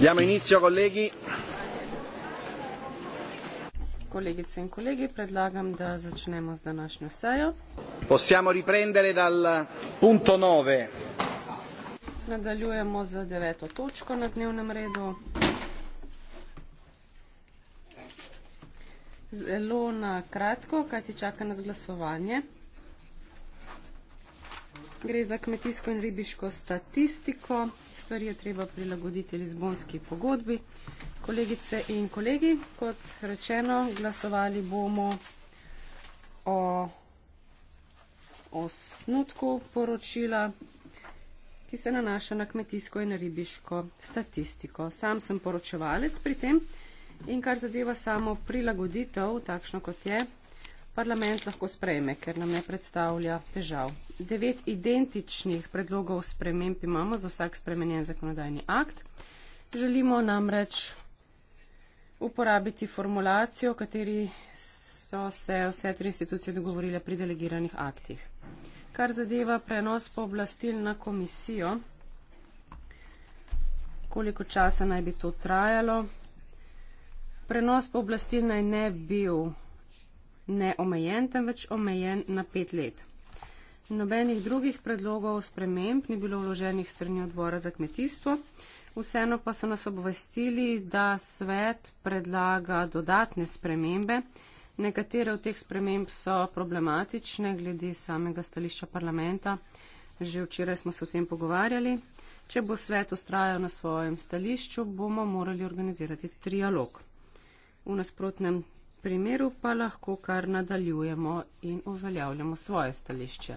Diamo inizio, colleghi. Kolegice in kolegi, predlagam, da začnemo z današnjo sejo. Possiamo riprendere dal punto 9. Nadaljujemo z deveto točko na dnevnem redu. Zelo na kratko, kajti čaka nas glasovanje. Gre za kmetijsko in ribiško statistiko. Stvari je treba prilagoditi Lizbonski pogodbi. Kolegice in kolegi, kot rečeno, glasovali bomo o osnutku poročila, ki se nanaša na kmetijsko in ribiško statistiko. Sam sem poročevalec pri tem in kar zadeva samo prilagoditev, takšno kot je, parlament lahko sprejme, ker nam ne predstavlja težav. Devet identičnih predlogov sprememb imamo za vsak spremenjen zakonodajni akt. Želimo namreč uporabiti formulacijo, v kateri so se vse tri institucije dogovorile pri delegiranih aktih. Kar zadeva prenos pooblastil na komisijo, koliko časa naj bi to trajalo. Prenos pooblastil naj ne bi bil ne omejen, temveč omejen na pet let. Nobenih drugih predlogov sprememb ni bilo vloženih strani odbora za kmetijstvo. Vseeno pa so nas obvestili, da svet predlaga dodatne spremembe. Nekatere od teh sprememb so problematične glede samega stališča parlamenta. Že včeraj smo se o tem pogovarjali. Če bo svet ustrajal na svojem stališču, bomo morali organizirati trialog. V nasprotnem primeru pa lahko kar nadaljujemo in uveljavljamo svoje stališče.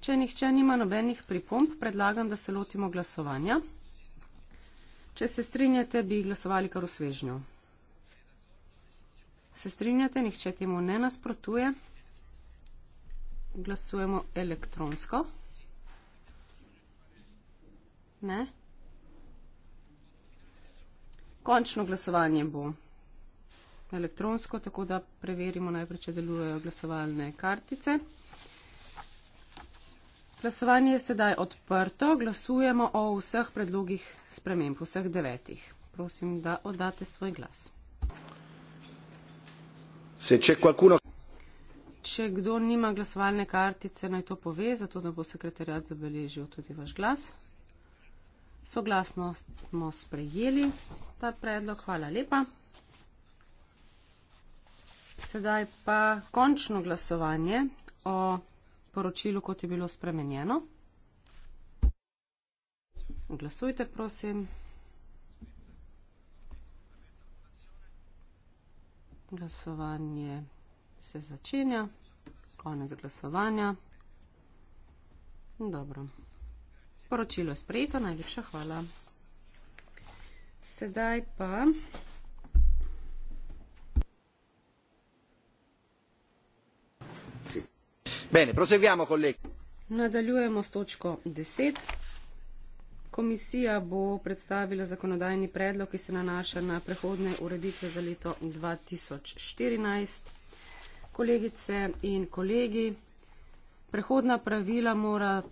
Če nihče nima nobenih pripomb, predlagam, da se lotimo glasovanja. Če se strinjate, bi glasovali kar v svežnju. Se strinjate, nihče temu ne nasprotuje. Glasujemo elektronsko. Ne. Končno glasovanje bo elektronsko, tako da preverimo najprej, če delujejo glasovalne kartice. Glasovanje je sedaj odprto, glasujemo o vseh predlogih sprememb, vseh devetih. Prosim, da oddate svoj glas. Se, če, kvalkuno... če kdo nima glasovalne kartice, naj to pove, zato da bo sekretarjat zabeležil tudi vaš glas. Soglasno smo sprejeli ta predlog. Hvala lepa. Sedaj pa končno glasovanje o poročilu, kot je bilo spremenjeno. Glasujte, prosim. Glasovanje se začenja. Konec glasovanja. Dobro. Poročilo je sprejeto. Najlepša hvala. Sedaj pa. Bene, proseguiamo con le... Nadaljujemo s točko 10. Komisija bo predstavila zakonodajni predlog, ki se nanaša na prehodne ureditve za leto 2014. Kolegice in kolegi, prehodna pravila mora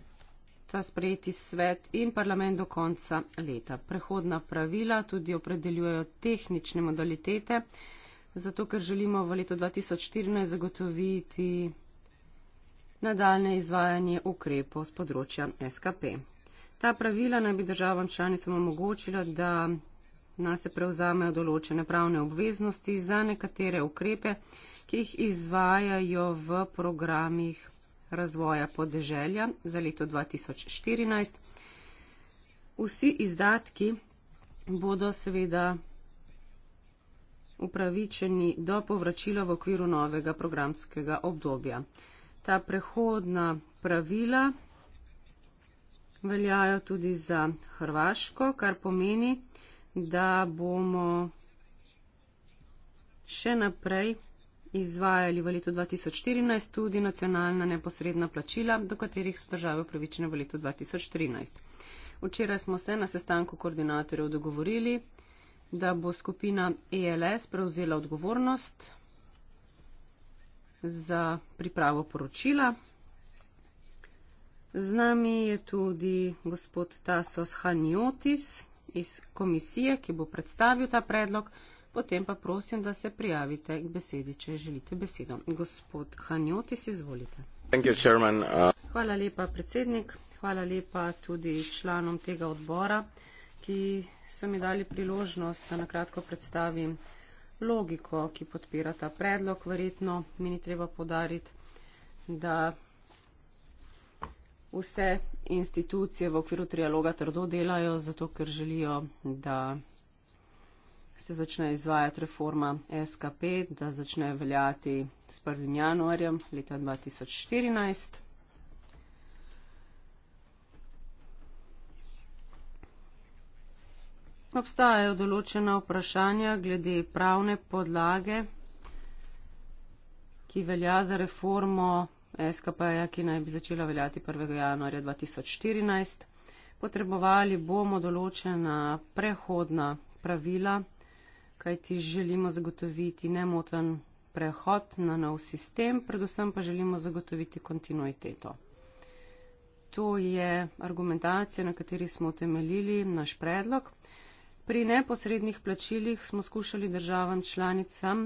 ta sprejeti svet in parlament do konca leta. Prehodna pravila tudi opredeljujejo tehnične modalitete, zato ker želimo v letu 2014 zagotoviti nadaljne izvajanje ukrepov z področja SKP. Ta pravila naj bi državam članicam omogočila, da nas se prevzamejo določene pravne obveznosti za nekatere ukrepe, ki jih izvajajo v programih razvoja podeželja za leto 2014. Vsi izdatki bodo seveda upravičeni do povračila v okviru novega programskega obdobja ta prehodna pravila veljajo tudi za Hrvaško, kar pomeni, da bomo še naprej izvajali v letu 2014 tudi nacionalna neposredna plačila, do katerih so države upravičene v letu 2013. Včeraj smo se na sestanku koordinatorjev dogovorili, da bo skupina ELS prevzela odgovornost za pripravo poročila. Z nami je tudi gospod Tasos Haniotis iz komisije, ki bo predstavil ta predlog. Potem pa prosim, da se prijavite k besedi, če želite besedo. Gospod Haniotis, izvolite. You, uh... Hvala lepa, predsednik. Hvala lepa tudi članom tega odbora, ki so mi dali priložnost, da nakratko predstavim logiko, ki podpira ta predlog. Verjetno mi ni treba podariti, da vse institucije v okviru trialoga trdo delajo, zato ker želijo, da se začne izvajati reforma SKP, da začne veljati s 1. januarjem leta 2014. Obstajajo določena vprašanja glede pravne podlage, ki velja za reformo SKP-ja, ki naj bi začela veljati 1. januarja 2014. Potrebovali bomo določena prehodna pravila, kajti želimo zagotoviti nemoten prehod na nov sistem, predvsem pa želimo zagotoviti kontinuiteto. To je argumentacija, na kateri smo temeljili naš predlog. Pri neposrednih plačilih smo skušali državam članicam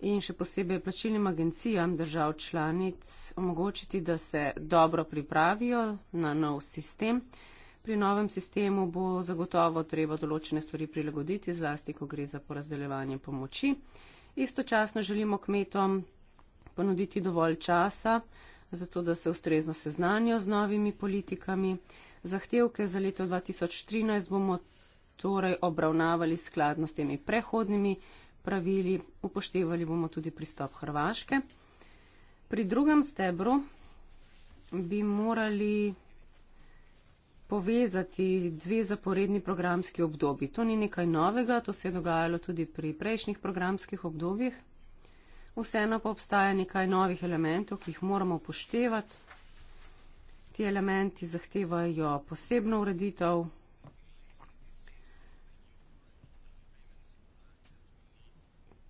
in še posebej plačilnim agencijam držav članic omogočiti, da se dobro pripravijo na nov sistem. Pri novem sistemu bo zagotovo treba določene stvari prilagoditi, zlasti, ko gre za porazdeljevanje pomoči. Istočasno želimo kmetom ponuditi dovolj časa, zato da se ustrezno seznanijo z novimi politikami. Zahtevke za leto 2013 bomo torej obravnavali skladno s temi prehodnimi pravili, upoštevali bomo tudi pristop Hrvaške. Pri drugem stebru bi morali povezati dve zaporedni programski obdobji. To ni nekaj novega, to se je dogajalo tudi pri prejšnjih programskih obdobjih. Vseeno pa obstaja nekaj novih elementov, ki jih moramo upoštevati. Ti elementi zahtevajo posebno ureditev.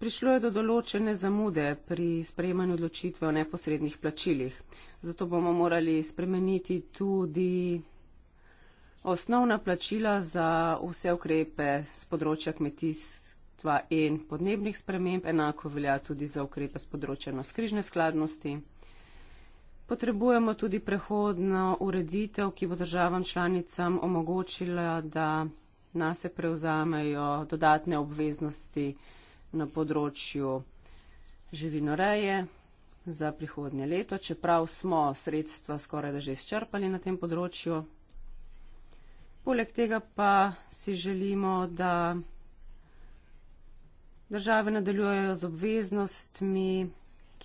Prišlo je do določene zamude pri sprejemanju odločitve o neposrednih plačilih, zato bomo morali spremeniti tudi osnovna plačila za vse ukrepe z področja kmetijstva in podnebnih sprememb, enako velja tudi za ukrepe z področja noskrižne skladnosti. Potrebujemo tudi prehodno ureditev, ki bo državam članicam omogočila, da nase preuzamejo dodatne obveznosti na področju živinoreje za prihodnje leto, čeprav smo sredstva skoraj da že izčrpali na tem področju. Poleg tega pa si želimo, da države nadaljujejo z obveznostmi,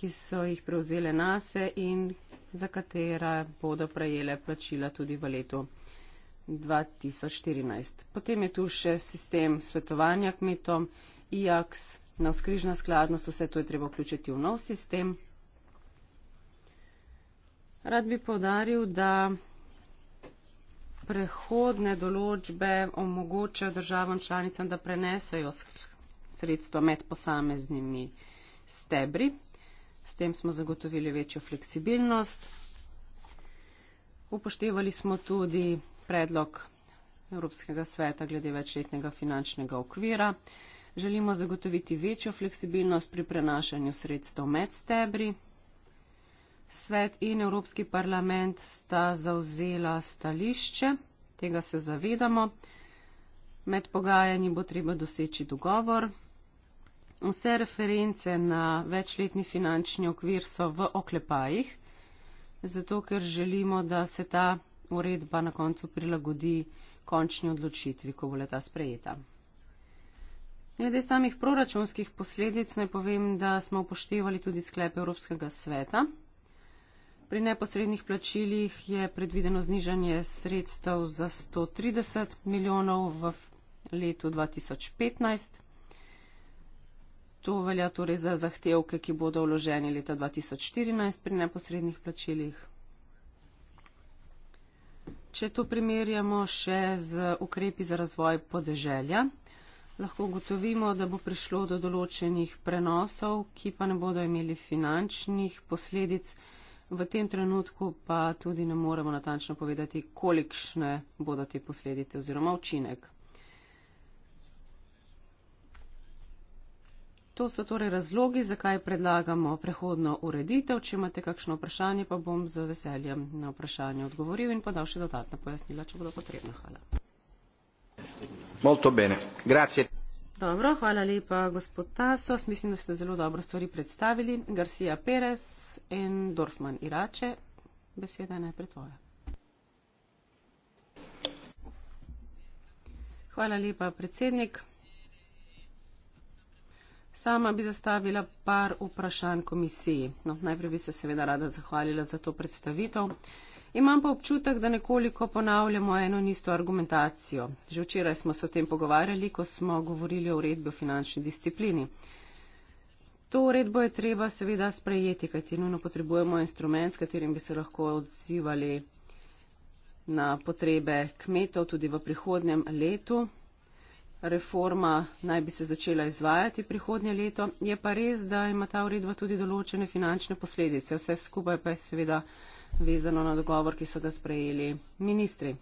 ki so jih prevzele nase in za katera bodo prejele plačila tudi v letu 2014. Potem je tu še sistem svetovanja kmetom, IAKS, navskrižna skladnost, vse to je treba vključiti v nov sistem. Rad bi povdaril, da prehodne določbe omogočajo državam članicam, da prenesejo sredstva med posameznimi stebri, S tem smo zagotovili večjo fleksibilnost. Upoštevali smo tudi predlog Evropskega sveta glede večletnega finančnega okvira. Želimo zagotoviti večjo fleksibilnost pri prenašanju sredstev med stebri. Svet in Evropski parlament sta zauzela stališče, tega se zavedamo. Med pogajanji bo treba doseči dogovor vse reference na večletni finančni okvir so v oklepajih, zato ker želimo, da se ta uredba na koncu prilagodi končni odločitvi, ko bo leta sprejeta. Glede samih proračunskih posledic naj povem, da smo upoštevali tudi sklep Evropskega sveta. Pri neposrednih plačilih je predvideno znižanje sredstev za 130 milijonov v letu 2015. To velja torej za zahtevke, ki bodo vloženi leta 2014 pri neposrednih plačilih. Če to primerjamo še z ukrepi za razvoj podeželja, lahko ugotovimo, da bo prišlo do določenih prenosov, ki pa ne bodo imeli finančnih posledic. V tem trenutku pa tudi ne moremo natančno povedati, kolikšne bodo te posledice oziroma učinek. To so torej razlogi, zakaj predlagamo prehodno ureditev. Če imate kakšno vprašanje, pa bom z veseljem na vprašanje odgovoril in podal še dodatna pojasnila, če bodo potrebna. Hvala. Dobro, hvala lepa, gospod Tasos. Mislim, da ste zelo dobro stvari predstavili. Garcia Perez in Dorfman Irače. Beseda je najprej tvoja. Hvala lepa, predsednik. Sama bi zastavila par vprašanj komisiji. No, najprej bi se seveda rada zahvalila za to predstavitev. Imam pa občutek, da nekoliko ponavljamo eno in isto argumentacijo. Že včeraj smo se o tem pogovarjali, ko smo govorili o uredbi o finančni disciplini. To uredbo je treba seveda sprejeti, kajti nujno potrebujemo instrument, s katerim bi se lahko odzivali na potrebe kmetov tudi v prihodnjem letu reforma naj bi se začela izvajati prihodnje leto. Je pa res, da ima ta uredba tudi določene finančne posledice. Vse skupaj pa je seveda vezano na dogovor, ki so ga sprejeli ministri.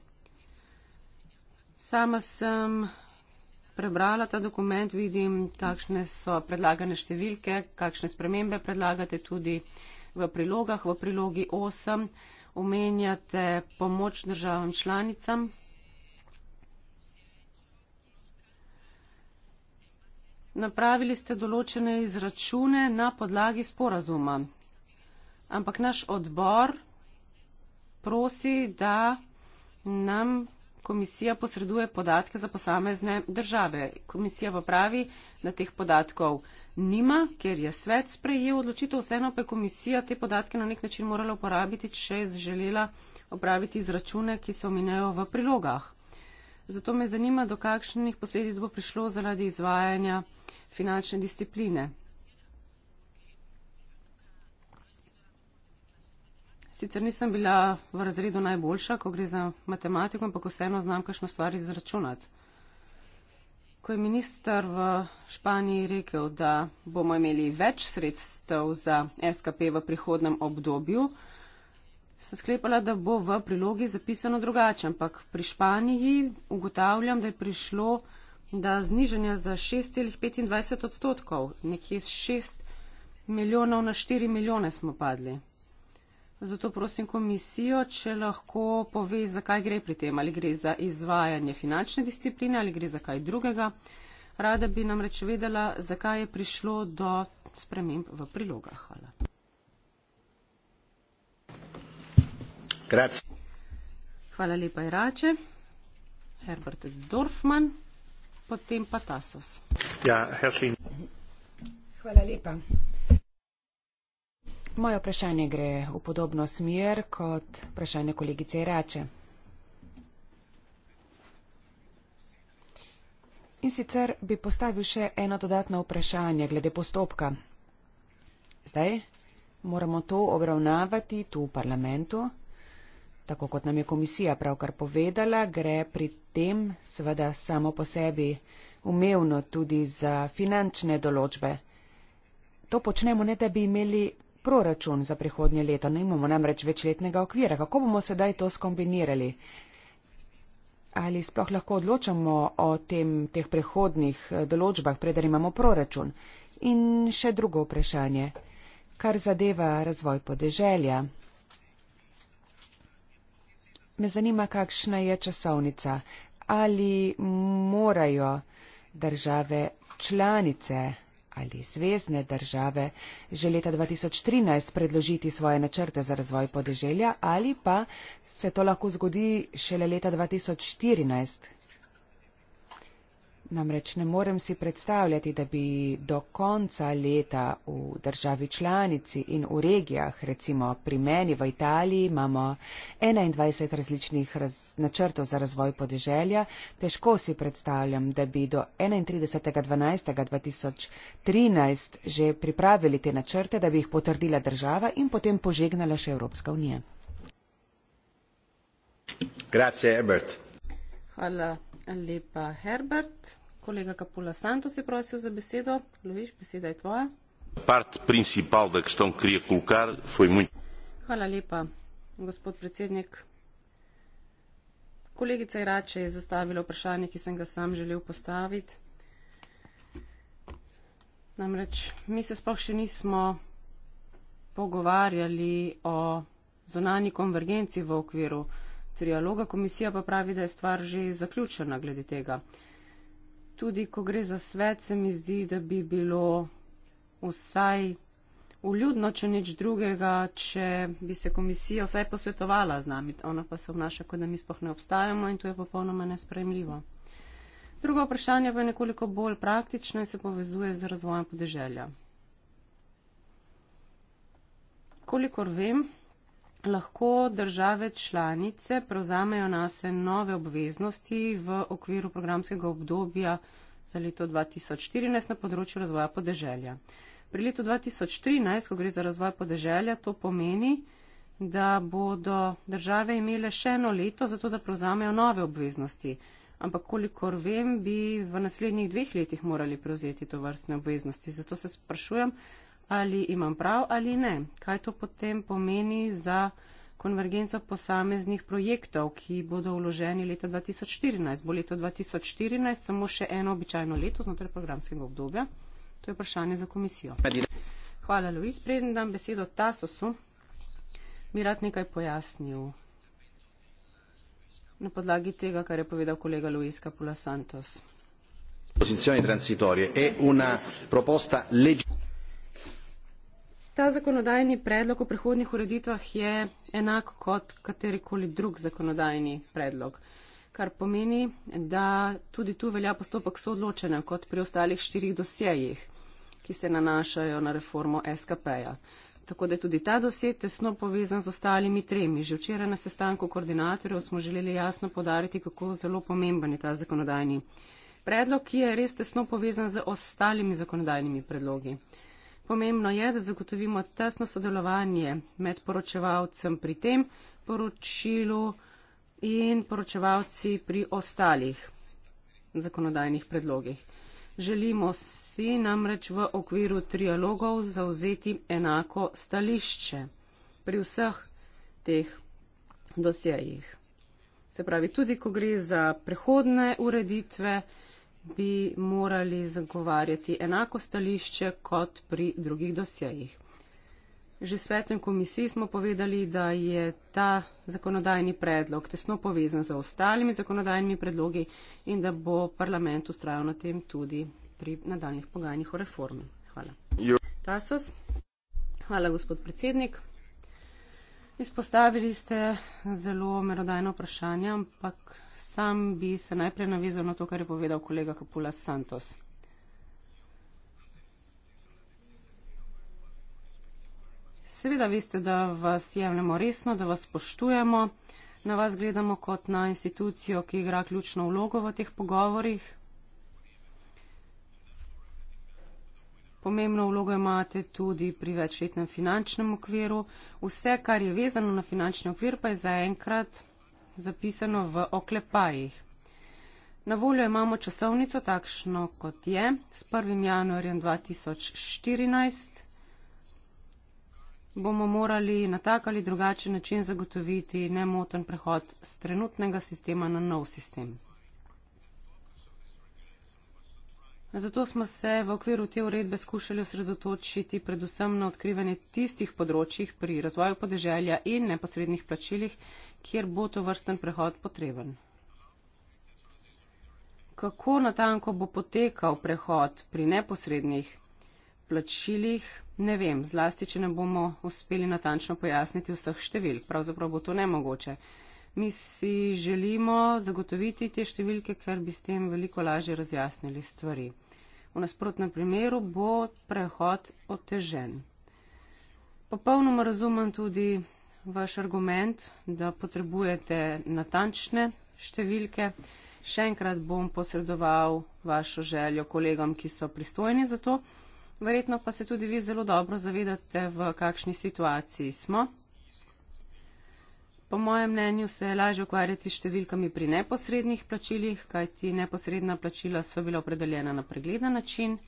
Sama sem prebrala ta dokument, vidim, kakšne so predlagane številke, kakšne spremembe predlagate tudi v prilogah. V prilogi 8 omenjate pomoč državam članicam napravili ste določene izračune na podlagi sporazuma. Ampak naš odbor prosi, da nam komisija posreduje podatke za posamezne države. Komisija pa pravi, da teh podatkov nima, ker je svet sprejel odločitev, vseeno pa je komisija te podatke na nek način morala uporabiti, če je želela opraviti izračune, ki se omenjajo v prilogah. Zato me zanima, do kakšnih posledic bo prišlo zaradi izvajanja finančne discipline. Sicer nisem bila v razredu najboljša, ko gre za matematiko, ampak vseeno znam, kakšno stvar izračunati. Ko je minister v Španiji rekel, da bomo imeli več sredstev za SKP v prihodnem obdobju, sem sklepala, da bo v prilogi zapisano drugače, ampak pri Španiji ugotavljam, da je prišlo in da zniženje za 6,25 odstotkov, nekje z 6 milijonov na 4 milijone smo padli. Zato prosim komisijo, če lahko pove, zakaj gre pri tem, ali gre za izvajanje finančne discipline ali gre za kaj drugega. Rada bi nam reč vedela, zakaj je prišlo do sprememb v prilogah. Hvala. Hvala lepa, Irače. Herbert Dorfman potem pa Tasos. Ja, Helsin. Hvala lepa. Moje vprašanje gre v podobno smer kot vprašanje kolegice Irače. In sicer bi postavil še eno dodatno vprašanje glede postopka. Zdaj moramo to obravnavati tu v parlamentu, Tako kot nam je komisija pravkar povedala, gre pri tem seveda samo po sebi umevno tudi za finančne določbe. To počnemo ne, da bi imeli proračun za prihodnje leto, ne imamo namreč večletnega okvira. Kako bomo sedaj to skombinirali? Ali sploh lahko odločamo o tem, teh prehodnih eh, določbah, preden imamo proračun? In še drugo vprašanje, kar zadeva razvoj podeželja me zanima, kakšna je časovnica. Ali morajo države članice ali zvezdne države že leta 2013 predložiti svoje načrte za razvoj podeželja ali pa se to lahko zgodi šele leta 2014? Namreč ne morem si predstavljati, da bi do konca leta v državi članici in v regijah, recimo pri meni v Italiji, imamo 21 različnih raz načrtov za razvoj podeželja. Težko si predstavljam, da bi do 31.12.2013 že pripravili te načrte, da bi jih potrdila država in potem požegnala še Evropska unija. Grazie, Herbert. Hvala. Lepa Herbert. Kolega Capula Santos je prosil za besedo. Luiz, beseda je tvoja. Parte principal da questão que queria colocar foi muito. Hvala lepa, gospod predsednik. Kolegica Irače je zastavila vprašanje, ki sem ga sam želel postaviti. Namreč mi se sploh še nismo pogovarjali o zonani konvergenci v okviru trialoga. Komisija pa pravi, da je stvar že zaključena glede tega tudi ko gre za svet, se mi zdi, da bi bilo vsaj uljudno, če nič drugega, če bi se komisija vsaj posvetovala z nami. Ona pa se obnaša, kot da mi spoh ne obstajamo in to je popolnoma nespremljivo. Drugo vprašanje pa je nekoliko bolj praktično in se povezuje z razvojem podeželja. Kolikor vem, lahko države članice prevzamejo nase nove obveznosti v okviru programskega obdobja za leto 2014 na področju razvoja podeželja. Pri letu 2013, ko gre za razvoj podeželja, to pomeni, da bodo države imele še eno leto za to, da prevzamejo nove obveznosti. Ampak kolikor vem, bi v naslednjih dveh letih morali prevzeti to vrstne obveznosti. Zato se sprašujem, ali imam prav ali ne. Kaj to potem pomeni za konvergenco posameznih projektov, ki bodo vloženi leta 2014? Bo leto 2014 samo še eno običajno leto znotraj programskega obdobja? To je vprašanje za komisijo. Hvala, Luis. Preden dam besedo Tasosu, bi rad nekaj pojasnil na podlagi tega, kar je povedal kolega Luis Capula Santos. Pozicioni transitorije je ena proposta legislativa ta zakonodajni predlog o prehodnih ureditvah je enak kot katerikoli drug zakonodajni predlog, kar pomeni, da tudi tu velja postopek soodločene kot pri ostalih štirih dosjejih, ki se nanašajo na reformo SKP-ja. Tako da je tudi ta dosed tesno povezan z ostalimi tremi. Že včeraj na sestanku koordinatorjev smo želeli jasno podariti, kako zelo pomemben je ta zakonodajni predlog, ki je res tesno povezan z ostalimi zakonodajnimi predlogi. Pomembno je, da zagotovimo tesno sodelovanje med poročevalcem pri tem poročilu in poročevalci pri ostalih zakonodajnih predlogih. Želimo si namreč v okviru trialogov zauzeti enako stališče pri vseh teh dosjejih. Se pravi, tudi ko gre za prehodne ureditve, bi morali zagovarjati enako stališče kot pri drugih dosjejih. Že svetem komisiji smo povedali, da je ta zakonodajni predlog tesno povezan z ostalimi zakonodajnimi predlogi in da bo parlament ustrajal na tem tudi pri nadaljnih pogajanjih o reformi. Hvala. Tasos. Hvala, gospod predsednik. Izpostavili ste zelo merodajno vprašanje, ampak sam bi se najprej navezal na to, kar je povedal kolega Kapula Santos. Seveda veste, da vas jemljemo resno, da vas spoštujemo, na vas gledamo kot na institucijo, ki igra ključno vlogo v teh pogovorih. Pomembno vlogo imate tudi pri večletnem finančnem okviru. Vse, kar je vezano na finančni okvir, pa je zaenkrat zapisano v oklepajih. Na voljo imamo časovnico takšno, kot je, s 1. januarjem 2014 bomo morali na tak ali drugačen način zagotoviti nemoten prehod z trenutnega sistema na nov sistem. Zato smo se v okviru te uredbe skušali osredotočiti predvsem na odkrivanje tistih področjih pri razvoju podeželja in neposrednih plačilih, kjer bo to vrsten prehod potreben. Kako natanko bo potekal prehod pri neposrednih plačilih, ne vem, zlasti, če ne bomo uspeli natančno pojasniti vseh števil. Pravzaprav bo to nemogoče. Mi si želimo zagotoviti te številke, ker bi s tem veliko lažje razjasnili stvari. V nasprotnem primeru bo prehod otežen. Popolnoma razumem tudi vaš argument, da potrebujete natančne številke. Še enkrat bom posredoval vašo željo kolegom, ki so pristojni za to. Verjetno pa se tudi vi zelo dobro zavedate, v kakšni situaciji smo. Po mojem mnenju se je lažje ukvarjati s številkami pri neposrednih plačilih, kajti neposredna plačila so bila opredeljena na pregleden način.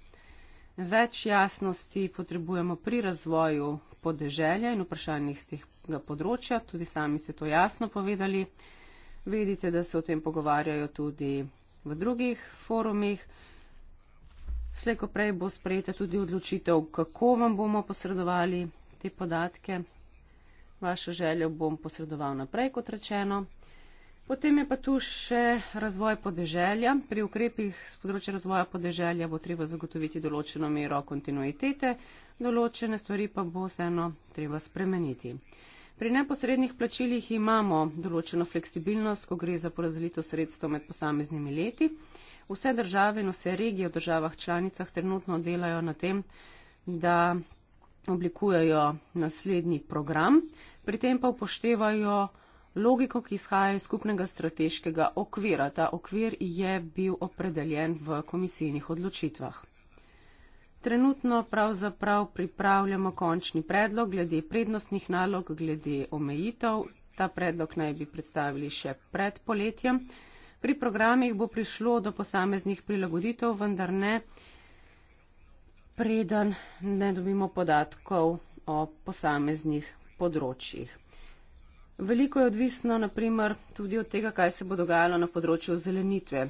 Več jasnosti potrebujemo pri razvoju podeželja in vprašanjih z tega področja, tudi sami ste to jasno povedali. Vidite, da se o tem pogovarjajo tudi v drugih forumih. Slejko prej bo sprejeta tudi odločitev, kako vam bomo posredovali te podatke. Vašo željo bom posredoval naprej, kot rečeno. Potem je pa tu še razvoj podeželja. Pri ukrepih z področja razvoja podeželja bo treba zagotoviti določeno mero kontinuitete, določene stvari pa bo vseeno treba spremeniti. Pri neposrednih plačilih imamo določeno fleksibilnost, ko gre za porazdelitev sredstev med posameznimi leti. Vse države in vse regije v državah članicah trenutno delajo na tem, da oblikujejo naslednji program pri tem pa upoštevajo logiko, ki izhaja iz skupnega strateškega okvira. Ta okvir je bil opredeljen v komisijnih odločitvah. Trenutno pravzaprav pripravljamo končni predlog glede prednostnih nalog, glede omejitev. Ta predlog naj bi predstavili še pred poletjem. Pri programih bo prišlo do posameznih prilagoditev, vendar ne, preden ne dobimo podatkov o posameznih področjih. Veliko je odvisno, naprimer, tudi od tega, kaj se bo dogajalo na področju zelenitve.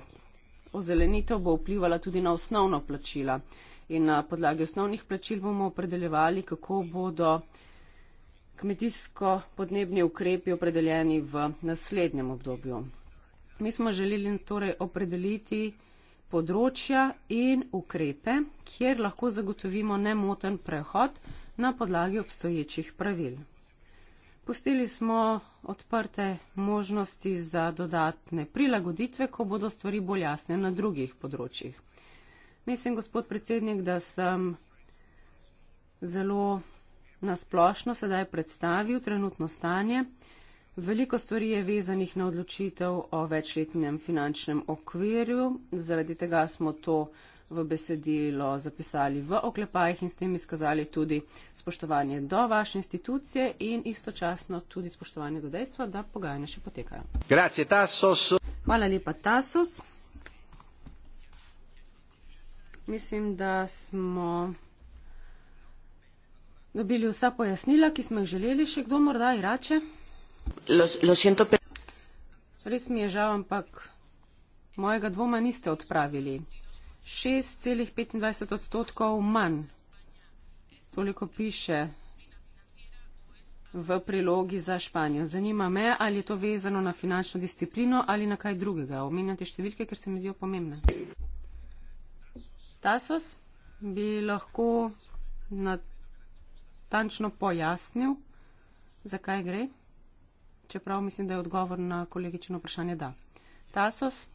Ozelenitev bo vplivala tudi na osnovno plačila in na podlagi osnovnih plačil bomo opredeljevali, kako bodo kmetijsko-podnebni ukrepi opredeljeni v naslednjem obdobju. Mi smo želeli torej opredeliti področja in ukrepe, kjer lahko zagotovimo nemoten prehod na podlagi obstoječih pravil. Pustili smo odprte možnosti za dodatne prilagoditve, ko bodo stvari bolj jasne na drugih področjih. Mislim, gospod predsednik, da sem zelo nasplošno sedaj predstavil trenutno stanje. Veliko stvari je vezanih na odločitev o večletnem finančnem okvirju. Zaradi tega smo to v besedilo zapisali v oklepajih in s tem izkazali tudi spoštovanje do vaše institucije in istočasno tudi spoštovanje do dejstva, da pogajanja še potekajo. Grazie, Hvala lepa, Tasos. Mislim, da smo dobili vsa pojasnila, ki smo jih želeli. Še kdo morda irače? Res mi je žal, ampak mojega dvoma niste odpravili. 6,25 odstotkov manj. Toliko piše v prilogi za Španijo. Zanima me, ali je to vezano na finančno disciplino ali na kaj drugega. Omenjate številke, ker se mi zdijo pomembne. Tasos bi lahko natančno pojasnil, zakaj gre, čeprav mislim, da je odgovor na kolegično vprašanje da. Tasos,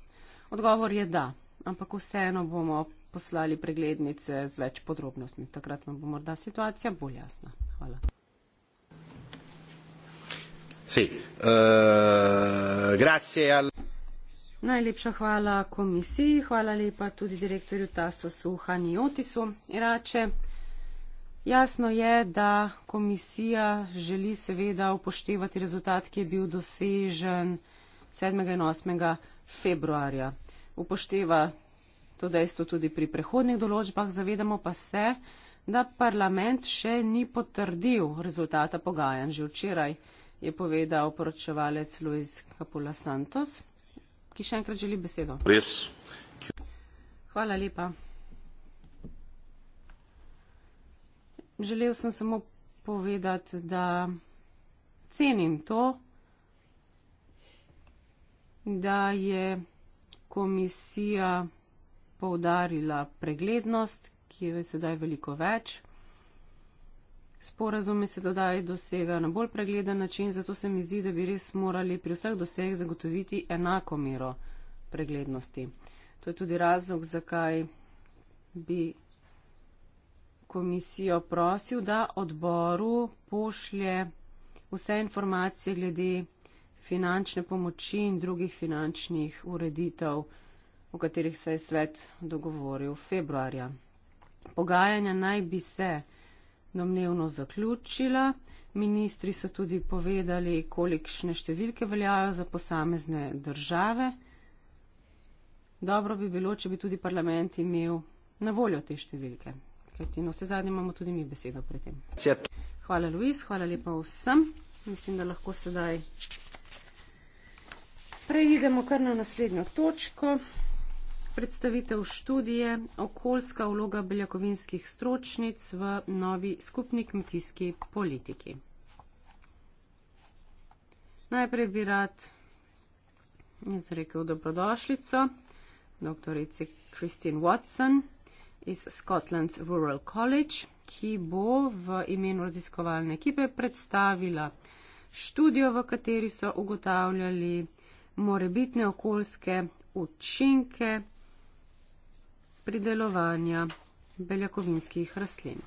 odgovor je da ampak vseeno bomo poslali preglednice z več podrobnostmi. Takrat vam bo morda situacija bolj jasna. Hvala. Sí. Uh, eh, al... Najlepša hvala komisiji, hvala lepa tudi direktorju Tasosu Haniotisu Irače. Jasno je, da komisija želi seveda upoštevati rezultat, ki je bil dosežen 7. in 8. februarja upošteva to dejstvo tudi pri prehodnih določbah, zavedamo pa se, da parlament še ni potrdil rezultata pogajanj. Že včeraj je povedal poročevalec Luis Capula Santos, ki še enkrat želi besedo. Res. Hvala lepa. Želel sem samo povedati, da cenim to, da je komisija poudarila preglednost, ki je sedaj veliko več. Sporazume se dodaj dosega na bolj pregleden način, zato se mi zdi, da bi res morali pri vseh doseh zagotoviti enako mero preglednosti. To je tudi razlog, zakaj bi komisijo prosil, da odboru pošlje vse informacije glede finančne pomoči in drugih finančnih ureditev, o katerih se je svet dogovoril februarja. Pogajanja naj bi se domnevno zaključila. Ministri so tudi povedali, kolikšne številke veljajo za posamezne države. Dobro bi bilo, če bi tudi parlament imel na voljo te številke. Kajti, no, vse zadnje imamo tudi mi besedo pri tem. Hvala, Luis, hvala lepa vsem. Mislim, da lahko sedaj. Preidemo kar na naslednjo točko. Predstavitev študije Okoljska vloga beljakovinskih stročnic v novi skupni kmetijski politiki. Najprej bi rad izrekel dobrodošlico doktorici Christine Watson iz Scotland's Rural College, ki bo v imenu raziskovalne ekipe predstavila študijo, v kateri so ugotavljali, morebitne okoljske učinke pridelovanja beljakovinskih rastlin.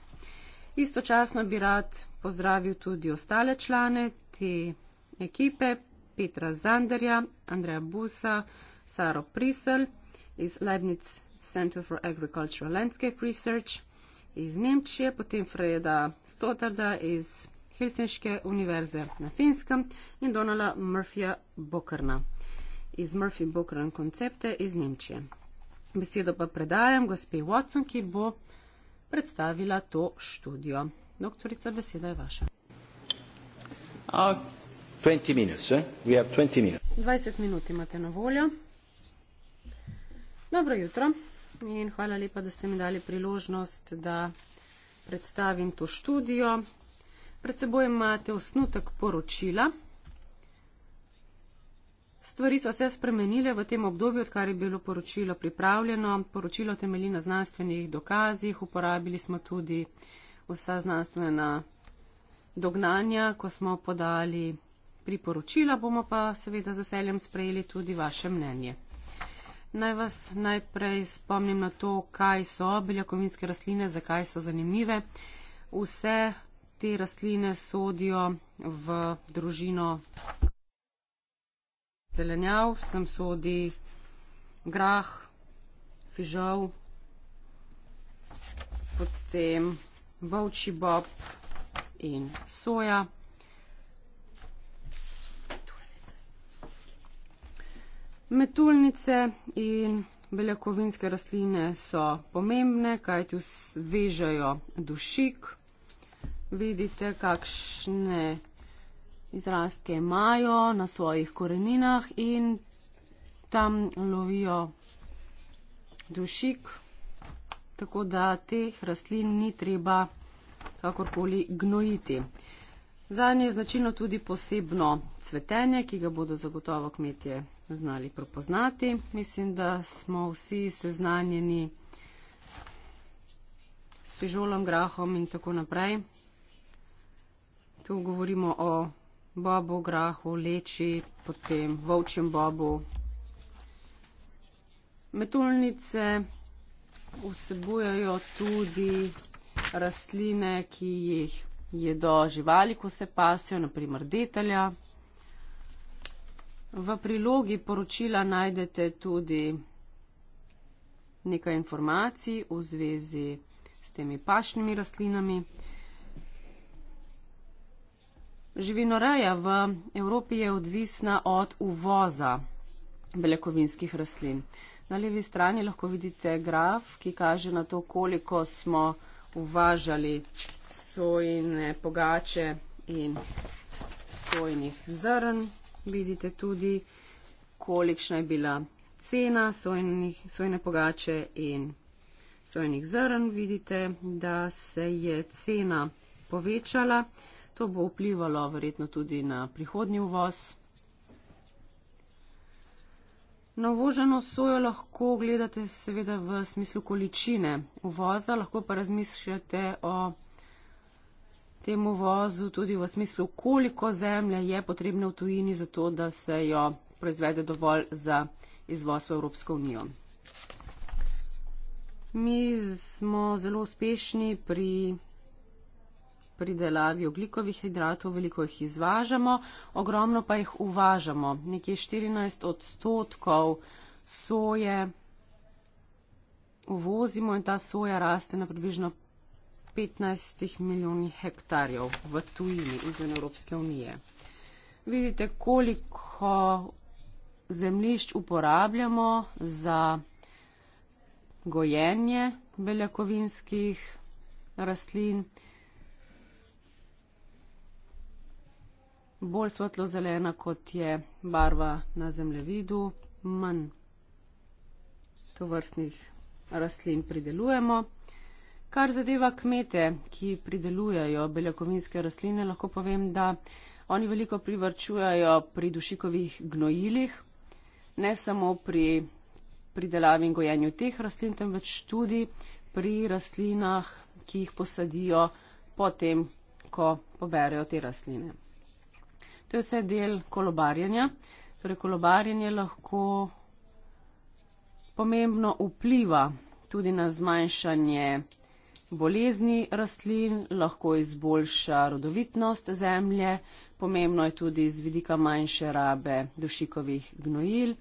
Istočasno bi rad pozdravil tudi ostale člane te ekipe, Petra Zanderja, Andreja Busa, Saro Prisel iz Leibniz Center for Agricultural Landscape Research iz Nemčije, potem Freda Stotarda iz Helsinške univerze na Finskem in Donala Murphyja Bokrna iz Murphy Bookran koncepte iz Nemčije. Besedo pa predajam gospe Watson, ki bo predstavila to študijo. Doktorica, beseda je vaša. 20 ah, minut, eh? 20 minut. 20 minut imate na voljo. Dobro jutro in hvala lepa, da ste mi dali priložnost, da predstavim to študijo. Pred seboj imate osnutek poročila. Stvari so se spremenile v tem obdobju, odkar je bilo poročilo pripravljeno. Poročilo temelji na znanstvenih dokazih, uporabili smo tudi vsa znanstvena dognanja, ko smo podali priporočila, bomo pa seveda z veseljem sprejeli tudi vaše mnenje. Naj vas najprej spomnim na to, kaj so beljakovinske rastline, zakaj so zanimive. Vse te rastline sodijo v družino zelenjav, sem sodi grah, fižol, potem volčji bob in soja. Metuljnice in beljakovinske rastline so pomembne, kajti vežejo dušik. Vidite, kakšne izrastke imajo na svojih koreninah in tam lovijo dušik, tako da teh rastlin ni treba kakorkoli gnojiti. Zanje je značilno tudi posebno cvetenje, ki ga bodo zagotovo kmetje znali prepoznati. Mislim, da smo vsi seznanjeni s fižolom, grahom in tako naprej. Tu govorimo o bobu, grahu, leči, potem volčjem bobu. Metulnice vsebujejo tudi rastline, ki jih jedo živali, ko se pasijo, naprimer detelja. V prilogi poročila najdete tudi nekaj informacij v zvezi s temi pašnimi rastlinami. Živinoreja v Evropi je odvisna od uvoza beljakovinskih rastlin. Na levi strani lahko vidite graf, ki kaže na to, koliko smo uvažali sojne pogače in sojnih zrn. Vidite tudi, kolikšna je bila cena sojnih, sojne pogače in sojnih zrn. Vidite, da se je cena povečala. To bo vplivalo verjetno tudi na prihodnji uvoz. Na uvoženo sojo lahko gledate seveda v smislu količine uvoza, lahko pa razmišljate o tem uvozu tudi v smislu, koliko zemlje je potrebno v tujini za to, da se jo proizvede dovolj za izvoz v Evropsko unijo. Mi smo zelo uspešni pri pridelavi oglikovih hidratov, veliko jih izvažamo, ogromno pa jih uvažamo. Nekje 14 odstotkov soje uvozimo in ta soja raste na približno 15 milijonih hektarjev v tujini izven Evropske unije. Vidite, koliko zemlišč uporabljamo za gojenje beljakovinskih rastlin. bolj svetlo zelena, kot je barva na zemljevidu, manj to vrstnih rastlin pridelujemo. Kar zadeva kmete, ki pridelujejo beljakovinske rastline, lahko povem, da oni veliko privrčujejo pri dušikovih gnojilih, ne samo pri pridelavi in gojenju teh rastlin, temveč tudi pri rastlinah, ki jih posadijo potem, ko poberejo te rastline. To je vse del kolobarjenja. Torej, kolobarjenje lahko pomembno vpliva tudi na zmanjšanje bolezni rastlin, lahko izboljša rodovitnost zemlje, pomembno je tudi z vidika manjše rabe dušikovih gnojil.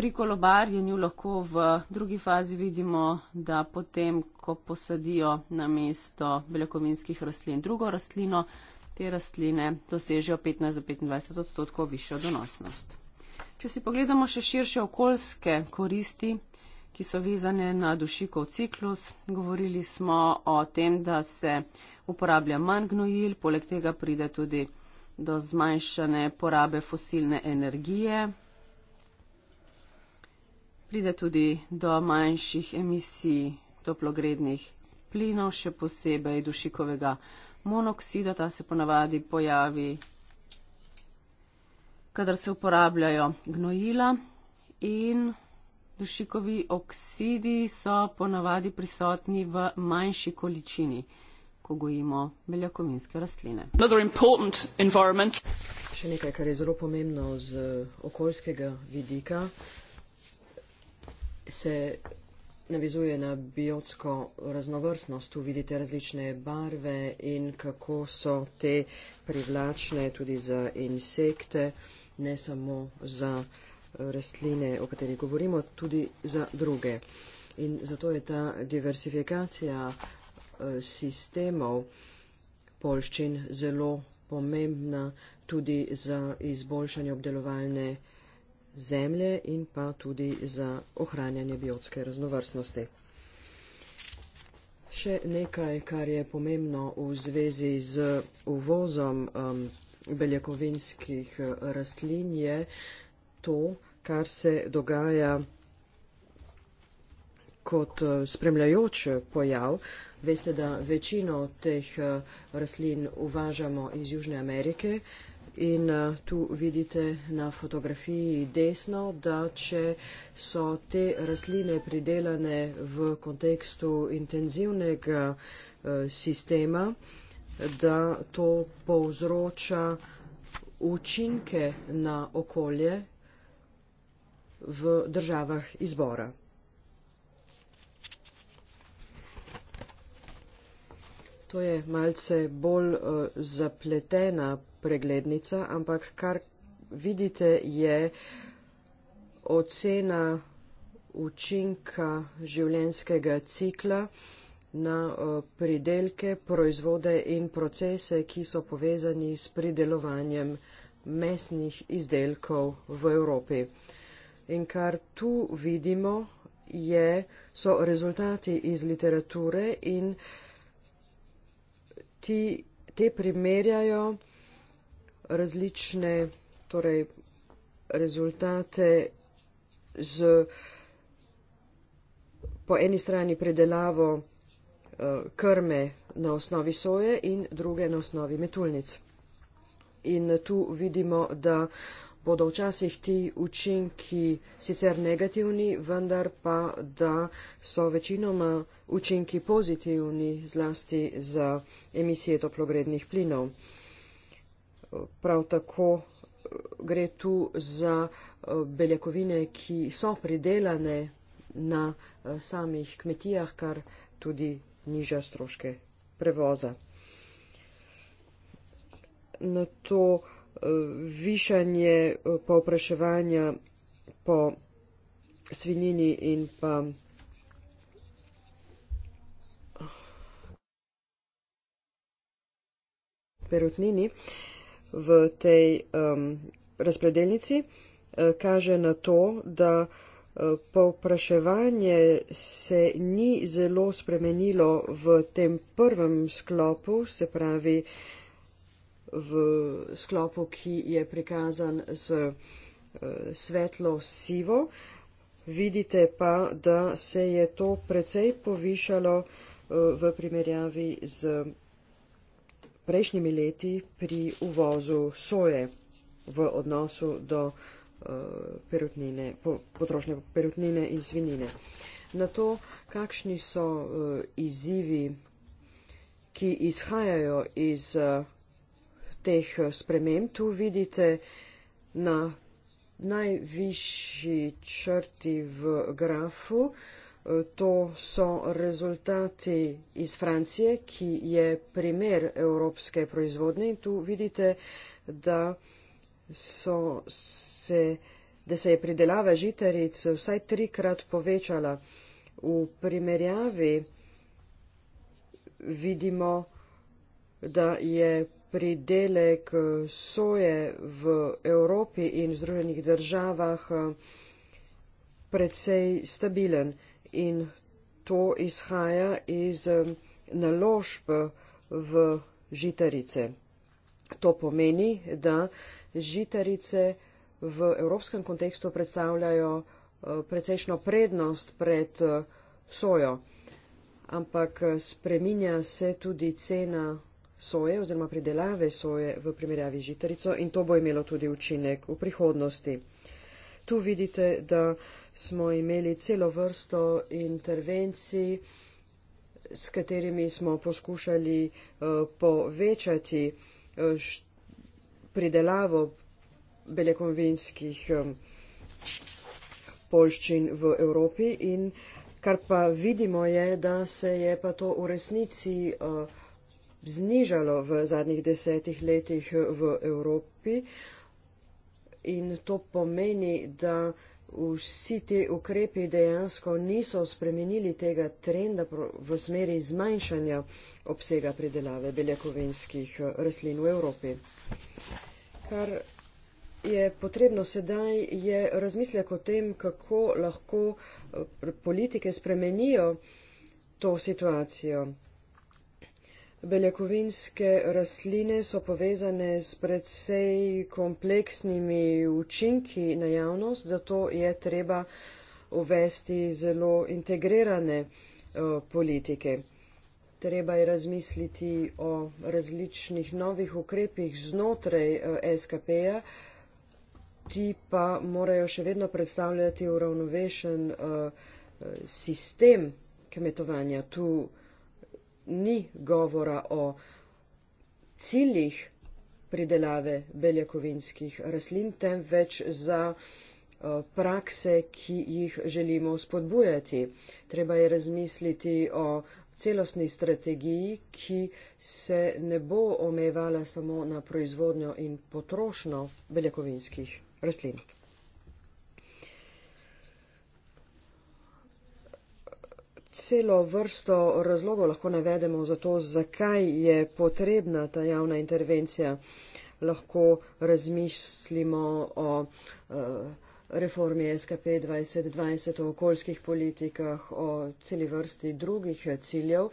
Pri kolobarjenju lahko v drugi fazi vidimo, da potem, ko posadijo na mesto beljakovinskih rastlin drugo rastlino, te rastline dosežejo 15 do 25 odstotkov višjo donosnost. Če si pogledamo še širše okoljske koristi, ki so vezane na dušikov ciklus, govorili smo o tem, da se uporablja manj gnojil, poleg tega pride tudi do zmanjšane porabe fosilne energije, pride tudi do manjših emisij toplogrednih plinov, še posebej dušikovega monoksida ta se ponavadi pojavi, kadar se uporabljajo gnojila in dušikovi oksidi so ponavadi prisotni v manjši količini, ko gojimo beljakovinske rastline. Še nekaj, kar je zelo pomembno z okoljskega vidika, se navizuje na biotsko raznovrstnost. Tu vidite različne barve in kako so te privlačne tudi za insekte, ne samo za eh, rastline, o kateri govorimo, tudi za druge. In zato je ta diversifikacija eh, sistemov polščin zelo pomembna tudi za izboljšanje obdelovalne zemlje in pa tudi za ohranjanje biotske raznovrstnosti. Še nekaj, kar je pomembno v zvezi z uvozom um, beljakovinskih eh, rastlin, je to, kar se dogaja kot eh, spremljajoč pojav. Veste, da večino teh eh, rastlin uvažamo iz Južne Amerike, In uh, tu vidite na fotografiji desno, da če so te rastline pridelane v kontekstu intenzivnega uh, sistema, da to povzroča učinke na okolje v državah izbora. To je malce bolj uh, zapletena preglednica, ampak kar vidite je ocena učinka življenskega cikla na eh, pridelke, proizvode in procese, ki so povezani s pridelovanjem mesnih izdelkov v Evropi. In kar tu vidimo, je, so rezultati iz literature in ti, te primerjajo različne torej, rezultate z po eni strani predelavo uh, krme na osnovi soje in druge na osnovi metulnic. In tu vidimo, da bodo včasih ti učinki sicer negativni, vendar pa, da so večinoma učinki pozitivni zlasti za emisije toplogrednih plinov prav tako eh, gre tu za eh, beljakovine, ki so pridelane na eh, samih kmetijah, kar tudi niža stroške prevoza. Na to višanje povpraševanja po svinini in pa perutnini v tej um, razpredeljnici uh, kaže na to, da uh, povpraševanje se ni zelo spremenilo v tem prvem sklopu, se pravi v sklopu, ki je prikazan z uh, svetlo sivo. Vidite pa, da se je to precej povišalo uh, v primerjavi z prejšnjimi leti pri uvozu soje v odnosu do eh, perutnine, potrošnje perutnine in svinine. Na to, kakšni so eh, izzivi, ki izhajajo iz eh, teh sprememb, tu vidite na najvišji črti v grafu, To so rezultati iz Francije, ki je primer evropske proizvodnje in tu vidite, da, se, da se je pridelava žitaric vsaj trikrat povečala. V primerjavi vidimo, da je pridelek soje v Evropi in v Združenih državah eh, precej stabilen in to izhaja iz um, naložb v žitarice. To pomeni, da žitarice v evropskem kontekstu predstavljajo uh, precejšno prednost pred uh, sojo, ampak uh, spreminja se tudi cena soje oziroma pridelave soje v primerjavi žitarico in to bo imelo tudi učinek v prihodnosti. Tu vidite, da uh, smo imeli celo vrsto intervencij, s katerimi smo poskušali eh, povečati eh, pridelavo belekovinskih eh, polščin v Evropi in kar pa vidimo je, da se je pa to v resnici znižalo v zadnjih desetih letih v Evropi in to pomeni, da vsi ti ukrepi dejansko niso spremenili tega trenda v smeri zmanjšanja obsega pridelave beljakovinskih eh, rastlin v Evropi. Kar je potrebno sedaj, je razmislek o tem, kako lahko eh, politike spremenijo to situacijo. Beljakovinske rastline so povezane s predvsej kompleksnimi učinki na javnost, zato je treba uvesti zelo integrirane eh, politike. Treba je razmisliti o različnih novih ukrepih znotraj eh, SKP-ja, ti pa morajo še vedno predstavljati uravnovešen eh, sistem kmetovanja tu ni govora o ciljih pridelave beljakovinskih raslin, temveč za eh, prakse, ki jih želimo spodbujati. Treba je razmisliti o celostni strategiji, ki se ne bo omejevala samo na proizvodnjo in potrošnjo beljakovinskih raslin. celo vrsto razlogov lahko navedemo za to, zakaj je potrebna ta javna intervencija. Lahko razmislimo o eh, reformi SKP 2020, o okoljskih politikah, o celi vrsti drugih ciljev,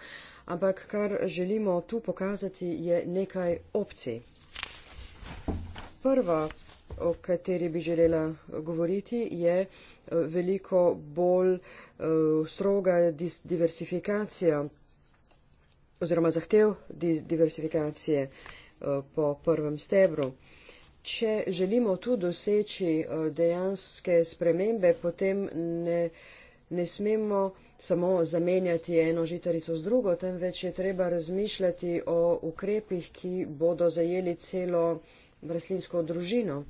ampak kar želimo tu pokazati je nekaj opcij. Prva o kateri bi želela govoriti, je eh, veliko bolj eh, stroga diversifikacija oziroma zahtev diversifikacije eh, po prvem stebru. Če želimo tu doseči dejanske spremembe, potem ne, ne smemo samo zamenjati eno žitarico z drugo, temveč je treba razmišljati o ukrepih, ki bodo zajeli celo v rastlinsko družino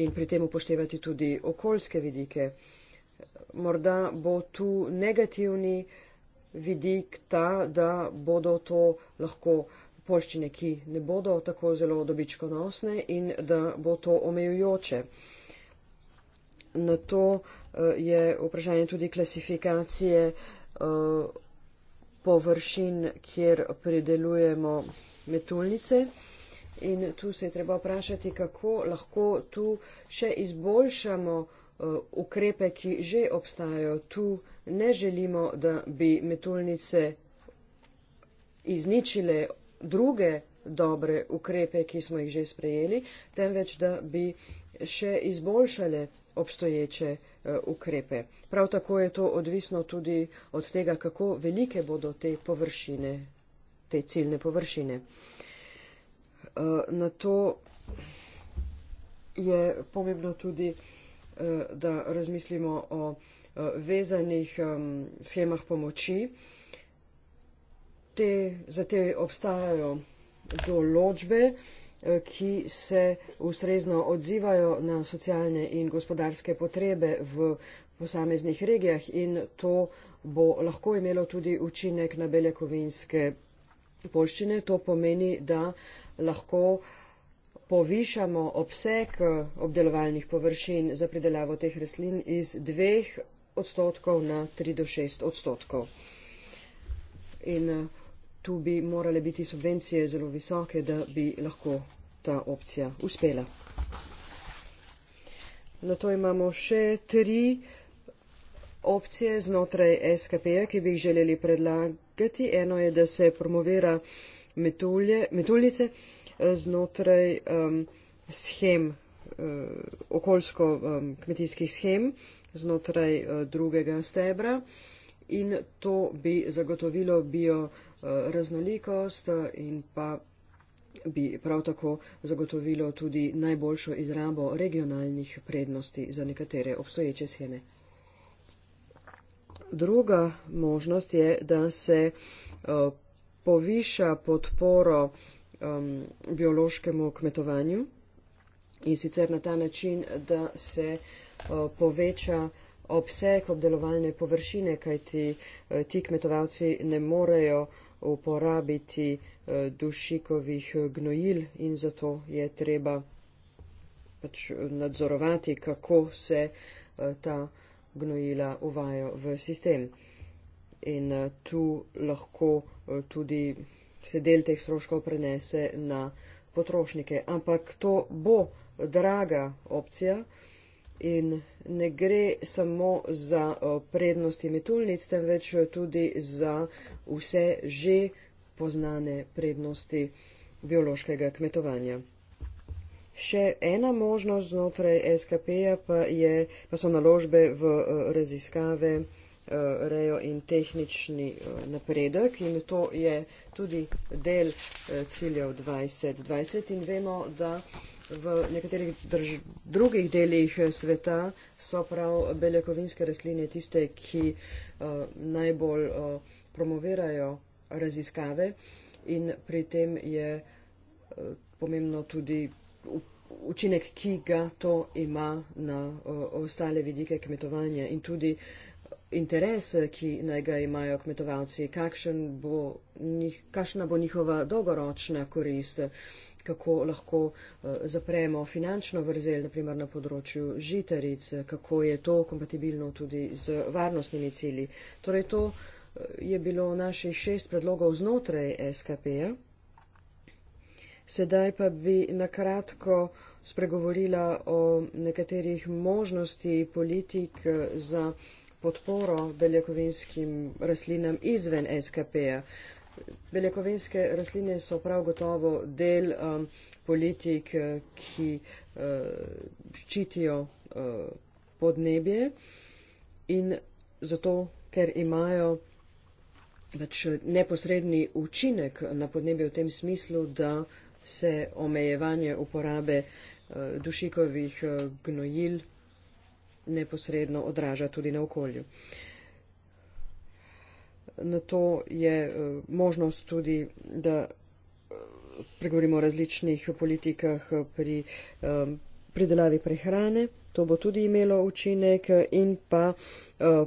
in pri tem upoštevati tudi okoljske vidike. Morda bo tu negativni vidik ta, da bodo to lahko poščine, ki ne bodo tako zelo dobičkonosne in da bo to omejujoče. Na to eh, je vprašanje tudi klasifikacije eh, površin, kjer pridelujemo metulnice. In tu se je treba vprašati, kako lahko tu še izboljšamo eh, ukrepe, ki že obstajajo. Tu ne želimo, da bi metulnice izničile druge dobre ukrepe, ki smo jih že sprejeli, temveč da bi še izboljšale obstoječe eh, ukrepe. Prav tako je to odvisno tudi od tega, kako velike bodo te površine, te ciljne površine. Eh, na to je pomembno tudi, eh, da razmislimo o eh, vezanih schemah pomoči. Te, za te obstajajo določbe, ki se ustrezno odzivajo na socialne in gospodarske potrebe v posameznih regijah in to bo lahko imelo tudi učinek na beljakovinske polščine. To pomeni, da uh, lahko povišamo obseg eh, obdelovalnih površin za pridelavo teh rastlin iz 2 odstotkov na 3 do 6 odstotkov. In eh, tu bi morale biti subvencije zelo visoke, da bi lahko ta opcija uspela. Na to imamo še tri opcije znotraj SKP-ja, ki bi jih želeli predlagati. Eno je, da se promovira metulje, metuljice eh, znotraj um, schem, uh, okoljsko um, kmetijskih schem znotraj uh, drugega stebra in to bi zagotovilo bio raznolikost in pa bi prav tako zagotovilo tudi najboljšo izrabo regionalnih prednosti za nekatere obstoječe scheme. Druga možnost je, da se poviša podporo um, biološkemu kmetovanju in sicer na ta način, da se uh, poveča obseg obdelovalne površine, kajti uh, ti kmetovalci ne morejo uporabiti uh, dušikovih gnojil in zato je treba pač nadzorovati, kako se uh, ta gnojila uvajo v sistem. Uh, in eh, tu lahko eh, tudi se del teh stroškov prenese na potrošnike. Ampak to bo draga opcija in ne gre samo za eh, prednosti metulnic, temveč tudi za vse že poznane prednosti biološkega kmetovanja. Še ena možnost znotraj SKP-ja pa, pa so naložbe v raziskave Eh, rejo in tehnični eh, napredek in to je tudi del eh, ciljev 2020 in vemo, da v nekaterih drž drugih delih sveta so prav beljakovinske rastline tiste, ki najbolj promovirajo raziskave in pri tem je pomembno tudi učinek, ki ga to ima na ostale vidike kmetovanja in tudi uh, interes, ki naj ga imajo kmetovalci, kakšen bo, njih, kakšna bo njihova dolgoročna korist, kako lahko uh, zapremo finančno vrzel, naprimer na področju žitaric, kako je to kompatibilno tudi z varnostnimi cili. Torej, to eh, je bilo naših šest predlogov znotraj SKP-ja. Sedaj pa bi nakratko spregovorila o nekaterih možnosti politik eh, za podporo beljakovinskim rastlinam izven SKP-ja. Beljakovinske rastline so prav gotovo del um, politik, eh, ki uh, ščitijo uh, podnebje in zato, ker imajo več pač neposredni učinek na podnebje v tem smislu, da se omejevanje uporabe dušikovih gnojil neposredno odraža tudi na okolju. Na to je eh, možnost tudi, da eh, pregovorimo o različnih politikah pri eh, pridelavi prehrane. To bo tudi imelo učinek in pa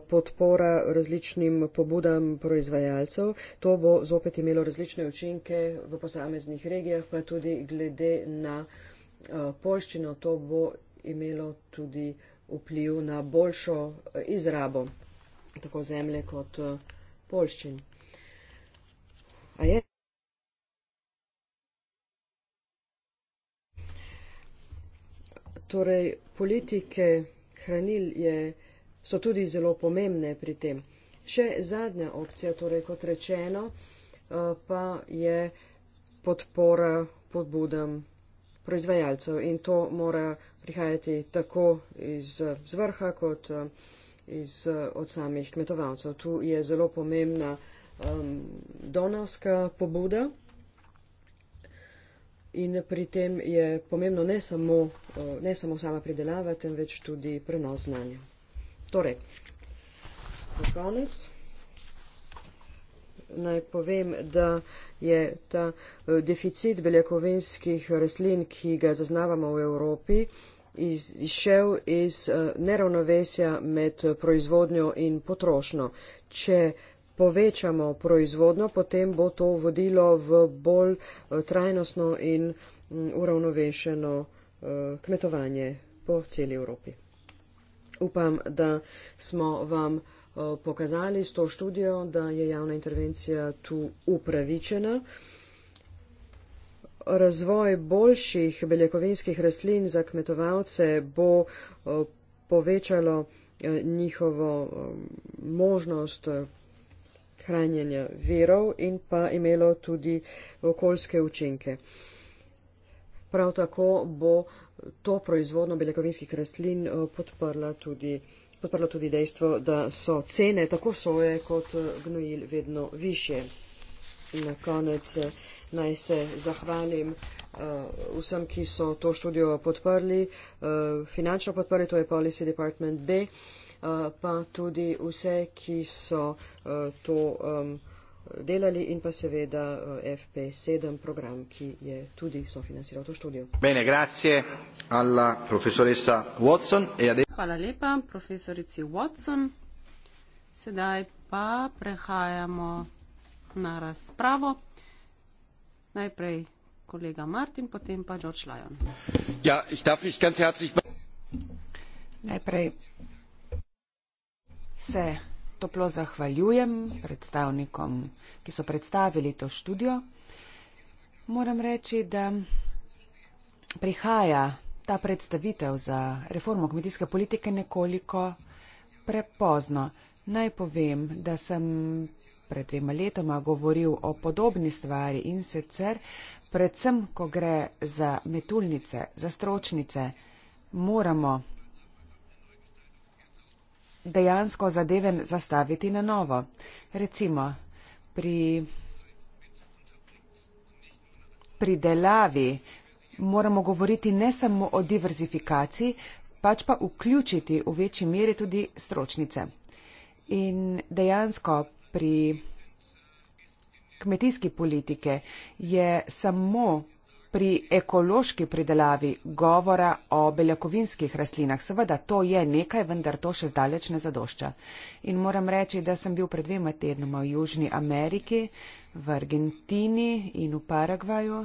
podpora različnim pobudam proizvajalcev. To bo zopet imelo različne učinke v posameznih regijah, pa tudi glede na poščino. To bo imelo tudi uh, vpliv na boljšo eh, izrabo tako zemlje kot eh, polščin. A je? Torej, politike hranil je, so tudi zelo pomembne pri tem. Še zadnja opcija, torej kot rečeno, eh, pa je podpora podbudam proizvajalcev in to mora prihajati tako iz vrha kot eh, iz, eh, od samih kmetovalcev. Tu je zelo pomembna um, ehm, donovska pobuda in pri tem je pomembno ne samo, eh, ne samo sama pridelava, temveč tudi prenos znanja. Torej, za konec naj povem, da je ta eh, deficit beljakovinskih rastlin, ki ga zaznavamo v Evropi, izšel iz eh, neravnovesja med eh, proizvodnjo in potrošnjo. Če povečamo proizvodnjo, potem bo to vodilo v bolj trajnostno in mm, uravnovešeno kmetovanje po celi Evropi. Upam, da smo vam Eh, pokazali s to študijo, da je javna intervencija tu upravičena. Razvoj boljših beljakovinskih rastlin za kmetovalce bo eh, povečalo eh, njihovo možnost hranjenja verov in pa imelo tudi okoljske učinke. Prav tako bo to proizvodno beljakovinskih rastlin podprla tudi podprlo tudi dejstvo, da so cene tako soje kot eh, gnojil vedno više. Na konec eh, naj se zahvalim uh, vsem, ki so to študijo podprli, uh, finančno podprli, to je Policy Department B, uh, pa tudi vse, ki so uh, to. Um, delali in pa seveda eh, FP7 program, ki je tudi sofinansiral to študijo. Bene, grazie alla profesoressa Watson. E adesso... Hvala lepa profesorici Watson. Sedaj pa prehajamo na razpravo. Najprej kolega Martin, potem pa George Lyon. Ja, ich darf mich ganz herzlich... Najprej se toplo zahvaljujem predstavnikom, ki so predstavili to študijo. Moram reči, da prihaja ta predstavitev za reformo kmetijske politike nekoliko prepozno. Naj povem, da sem pred dvema letoma govoril o podobni stvari in sicer, predvsem, ko gre za metulnice, za stročnice, moramo dejansko zadeve zastaviti na novo. Recimo, pri pridelavi moramo govoriti ne samo o diverzifikaciji, pač pa vključiti v večji meri tudi stročnice. In dejansko pri kmetijski politike je samo pri ekološki pridelavi govora o beljakovinskih rastlinah. Seveda, to je nekaj, vendar to še zdaleč ne zadošča. In moram reči, da sem bil pred dvema tednoma v Južni Ameriki, v Argentini in v Paragvaju.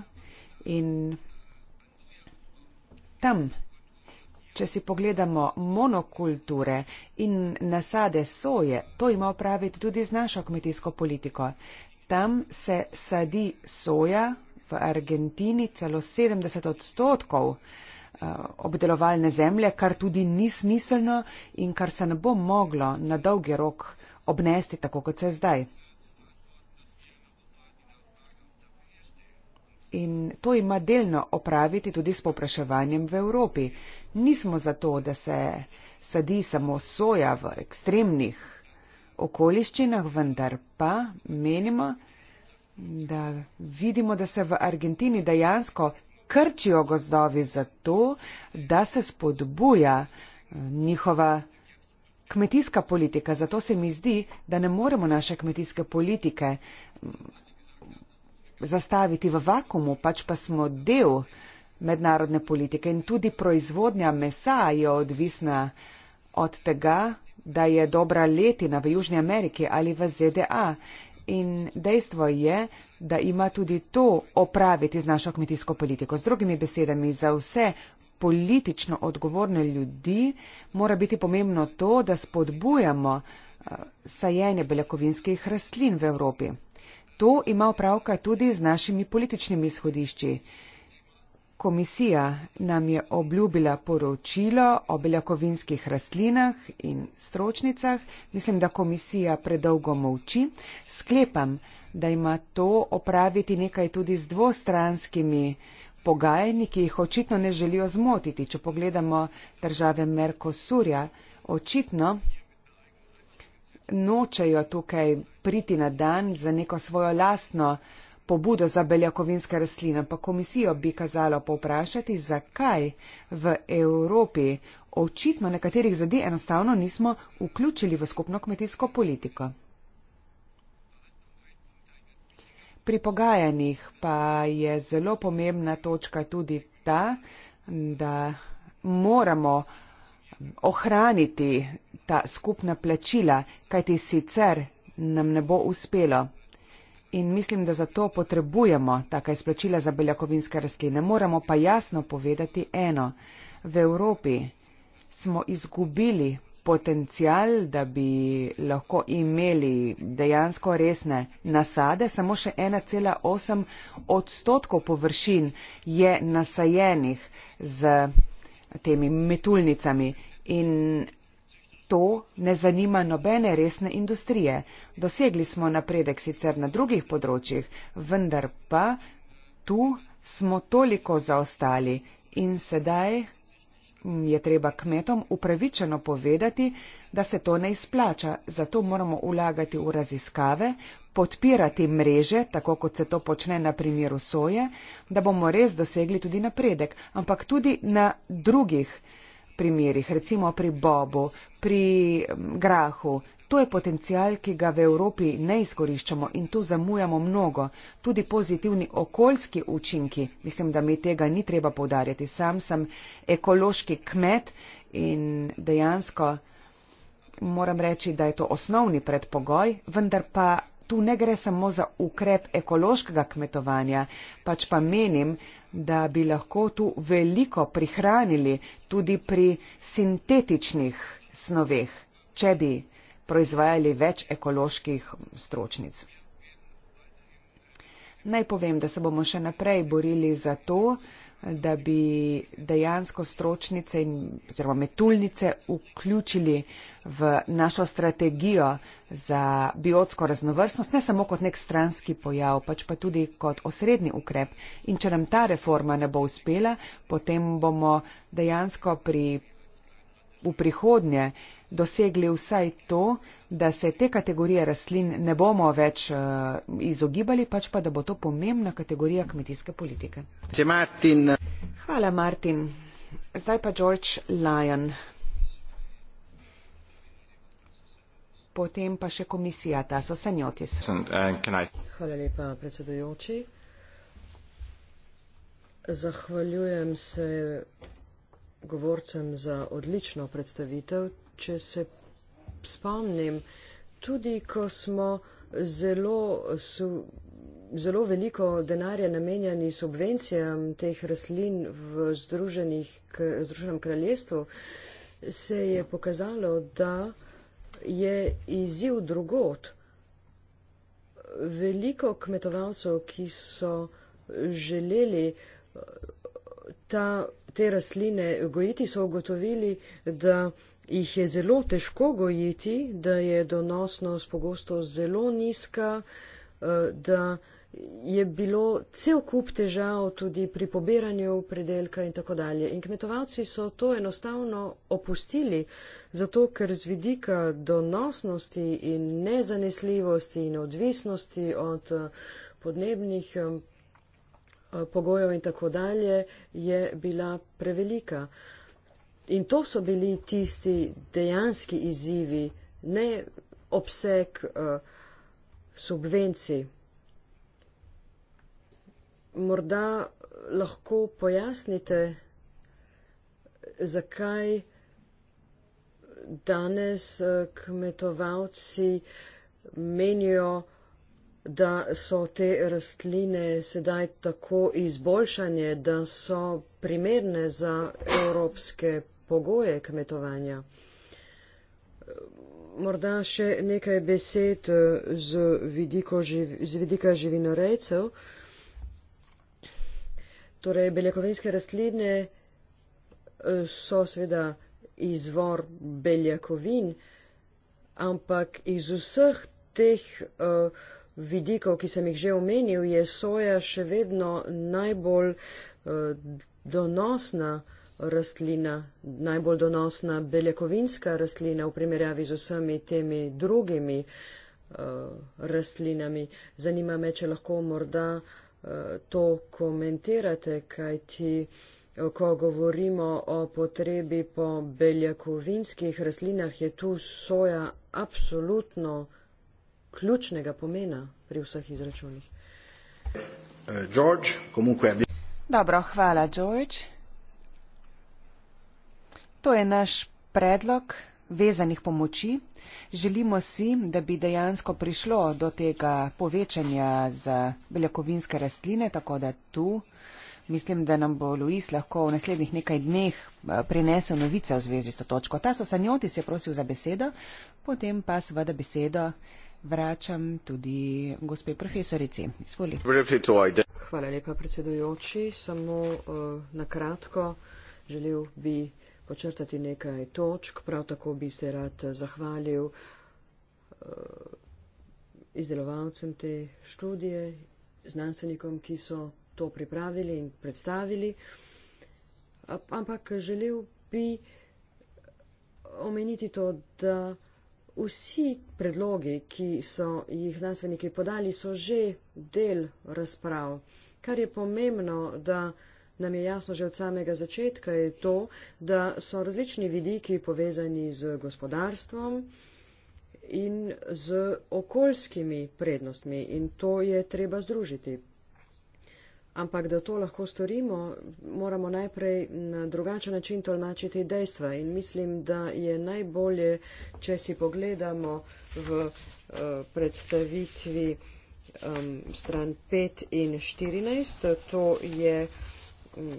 In tam, če si pogledamo monokulture in nasade soje, to ima opraviti tudi z našo kmetijsko politiko. Tam se sadi soja Argentini celo 70 odstotkov eh, obdelovalne zemlje, kar tudi ni smiselno in kar se ne bo moglo na dolgi rok obnesti tako, kot se je zdaj. In to ima delno opraviti tudi s povpraševanjem v Evropi. Nismo zato, da se sadi samo soja v ekstremnih okoliščinah, vendar pa menimo, da da vidimo, da se v Argentini dejansko krčijo gozdovi zato, da se spodbuja eh, njihova kmetijska politika. Zato se mi zdi, da ne moremo naše kmetijske politike mm, zastaviti v vakumu, pač pa smo del mednarodne politike in tudi proizvodnja mesa je odvisna od tega, da je dobra letina v Južni Ameriki ali v ZDA in dejstvo je, da ima tudi to opraviti z našo kmetijsko politiko. Z drugimi besedami, za vse politično odgovorne ljudi mora biti pomembno to, da spodbujamo eh, sajenje beljakovinskih rastlin v Evropi. To ima opravka tudi z našimi političnimi izhodišči. Komisija nam je obljubila poročilo o beljakovinskih rastlinah in stročnicah. Mislim, da komisija predolgo molči. Sklepam, da ima to opraviti nekaj tudi z dvostranskimi pogajanji, ki jih očitno ne želijo zmotiti. Če pogledamo države Merkosurja, očitno nočejo tukaj priti na dan za neko svojo lastno pobudo za beljakovinske rastline, pa komisijo bi kazalo povprašati, zakaj v Evropi očitno nekaterih zadi enostavno nismo vključili v skupno kmetijsko politiko. Pri pogajanjih pa je zelo pomembna točka tudi ta, da moramo ohraniti ta skupna plačila, kajti sicer nam ne bo uspelo. In mislim, da zato potrebujemo taka izplačila za beljakovinske rastline. Moramo pa jasno povedati eno. V Evropi smo izgubili potencial, da bi lahko imeli dejansko resne nasade. Samo še 1,8 odstotkov površin je nasajenih z temi metulnicami. In to ne zanima nobene resne industrije. Dosegli smo napredek sicer na drugih področjih, vendar pa tu smo toliko zaostali in sedaj je treba kmetom upravičeno povedati, da se to ne izplača. Zato moramo vlagati v raziskave, podpirati mreže, tako kot se to počne na primeru soje, da bomo res dosegli tudi napredek, ampak tudi na drugih primerih, recimo pri bobu, pri mm, grahu. To je potencial, ki ga v Evropi ne izkoriščamo in tu zamujamo mnogo. Tudi pozitivni okoljski učinki, mislim, da mi tega ni treba podarjati. Sam sem ekološki kmet in dejansko moram reči, da je to osnovni predpogoj, vendar pa tu ne gre samo za ukrep ekološkega kmetovanja, pač pa menim, da bi lahko tu veliko prihranili tudi pri sintetičnih snoveh, če bi proizvajali več ekoloških stročnic. Naj povem, da se bomo še naprej borili za to, da bi dejansko stročnice in oziroma metulnice vključili v našo strategijo za biotsko raznovrstnost, ne samo kot nek stranski pojav, pač pa tudi kot osrednji ukrep. In če nam ta reforma ne bo uspela, potem bomo dejansko pri v prihodnje dosegli vsaj to, da se te kategorije rastlin ne bomo več uh, izogibali, pač pa da bo to pomembna kategorija kmetijske politike. Martin. Hvala, Martin. Zdaj pa George Lyon. Potem pa še komisija, ta so senjotis. Uh, Hvala lepa, predsedujoči. Zahvaljujem se govorcem za odlično predstavitev. Če se spomnim, tudi ko smo zelo, su, zelo veliko denarja namenjali subvencijam teh rastlin v Združenem kraljestvu, se je pokazalo, da je izziv drugot. Veliko kmetovalcev, ki so želeli ta te rastline gojiti, so ugotovili, da jih je zelo težko gojiti, da je donosnost pogosto zelo nizka, eh, da je bilo cel kup težav tudi pri poberanju predelka in tako dalje. In kmetovalci so to enostavno opustili, zato ker z vidika donosnosti in nezanesljivosti in odvisnosti od eh, podnebnih eh, Eh, pogojev in tako dalje, je bila prevelika. In to so bili tisti dejanski izzivi, ne obseg eh, subvencij. Morda lahko pojasnite, zakaj danes eh, kmetovalci menijo, da so te rastline sedaj tako izboljšanje, da so primerne za evropske pogoje kmetovanja. Morda še nekaj besed eh, z, živ, z vidika živinorejcev. Torej, beljakovinske rastline eh, so seveda izvor beljakovin, ampak iz vseh teh uh, vidikov, ki sem jih že omenil, je soja še vedno najbolj eh, donosna rastlina, najbolj donosna beljakovinska rastlina v primerjavi z vsemi temi drugimi eh, rastlinami. Zanima me, če lahko morda eh, to komentirate, kaj ti. Ko govorimo o potrebi po beljakovinskih rastlinah, je tu soja absolutno ključnega pomena pri vseh izračunih. Eh, George, komunque... Dobro, hvala, George. To je naš predlog vezanih pomoči. Želimo si, da bi dejansko prišlo do tega povečanja za beljakovinske rastline, tako da tu mislim, da nam bo Luis lahko v naslednjih nekaj dneh eh, prinesel novice v zvezi s to točko. Ta so sanjoti se prosil za besedo, potem pa seveda besedo vračam tudi gospe profesorici. Izvolite. Hvala lepa, predsedujoči. Samo uh, na kratko želel bi počrtati nekaj točk. Prav tako bi se rad zahvalil uh, izdelovalcem te študije, znanstvenikom, ki so to pripravili in predstavili. Ampak želel bi omeniti to, da Vsi predlogi, ki so jih znanstveniki podali, so že del razprav. Kar je pomembno, da nam je jasno že od samega začetka, je to, da so različni vidiki povezani z gospodarstvom in z okoljskimi prednostmi in to je treba združiti. Ampak da to lahko storimo, moramo najprej na drugačen način tolmačiti dejstva in mislim, da je najbolje, če si pogledamo v eh, predstavitvi stran 5 in 14. To je mm,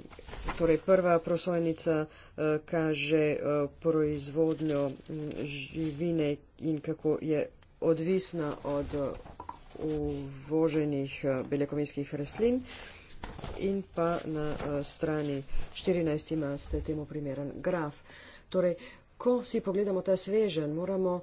torej prva prosojnica, eh, kaže eh, proizvodnjo mm, živine in kako je odvisna od uvoženih beljakovinskih rastlin in pa na uh, strani 14 imate temu primeren graf. Torej, ko si pogledamo ta svežen, moramo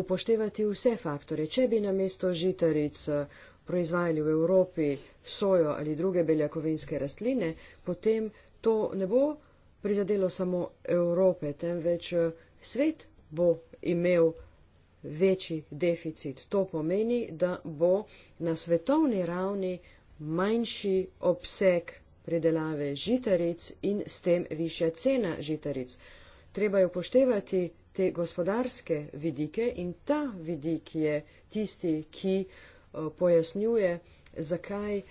upoštevati vse faktore. Če bi na mesto žitaric eh, proizvajali v Evropi sojo ali druge beljakovinske rastline, potem to ne bo prizadelo samo Evrope, temveč eh, svet bo imel večji deficit. To pomeni, da bo na svetovni ravni manjši obseg pridelave žitaric in s tem više cena žitaric. Treba je upoštevati te gospodarske vidike in ta vidik je tisti, ki eh, pojasnjuje, zakaj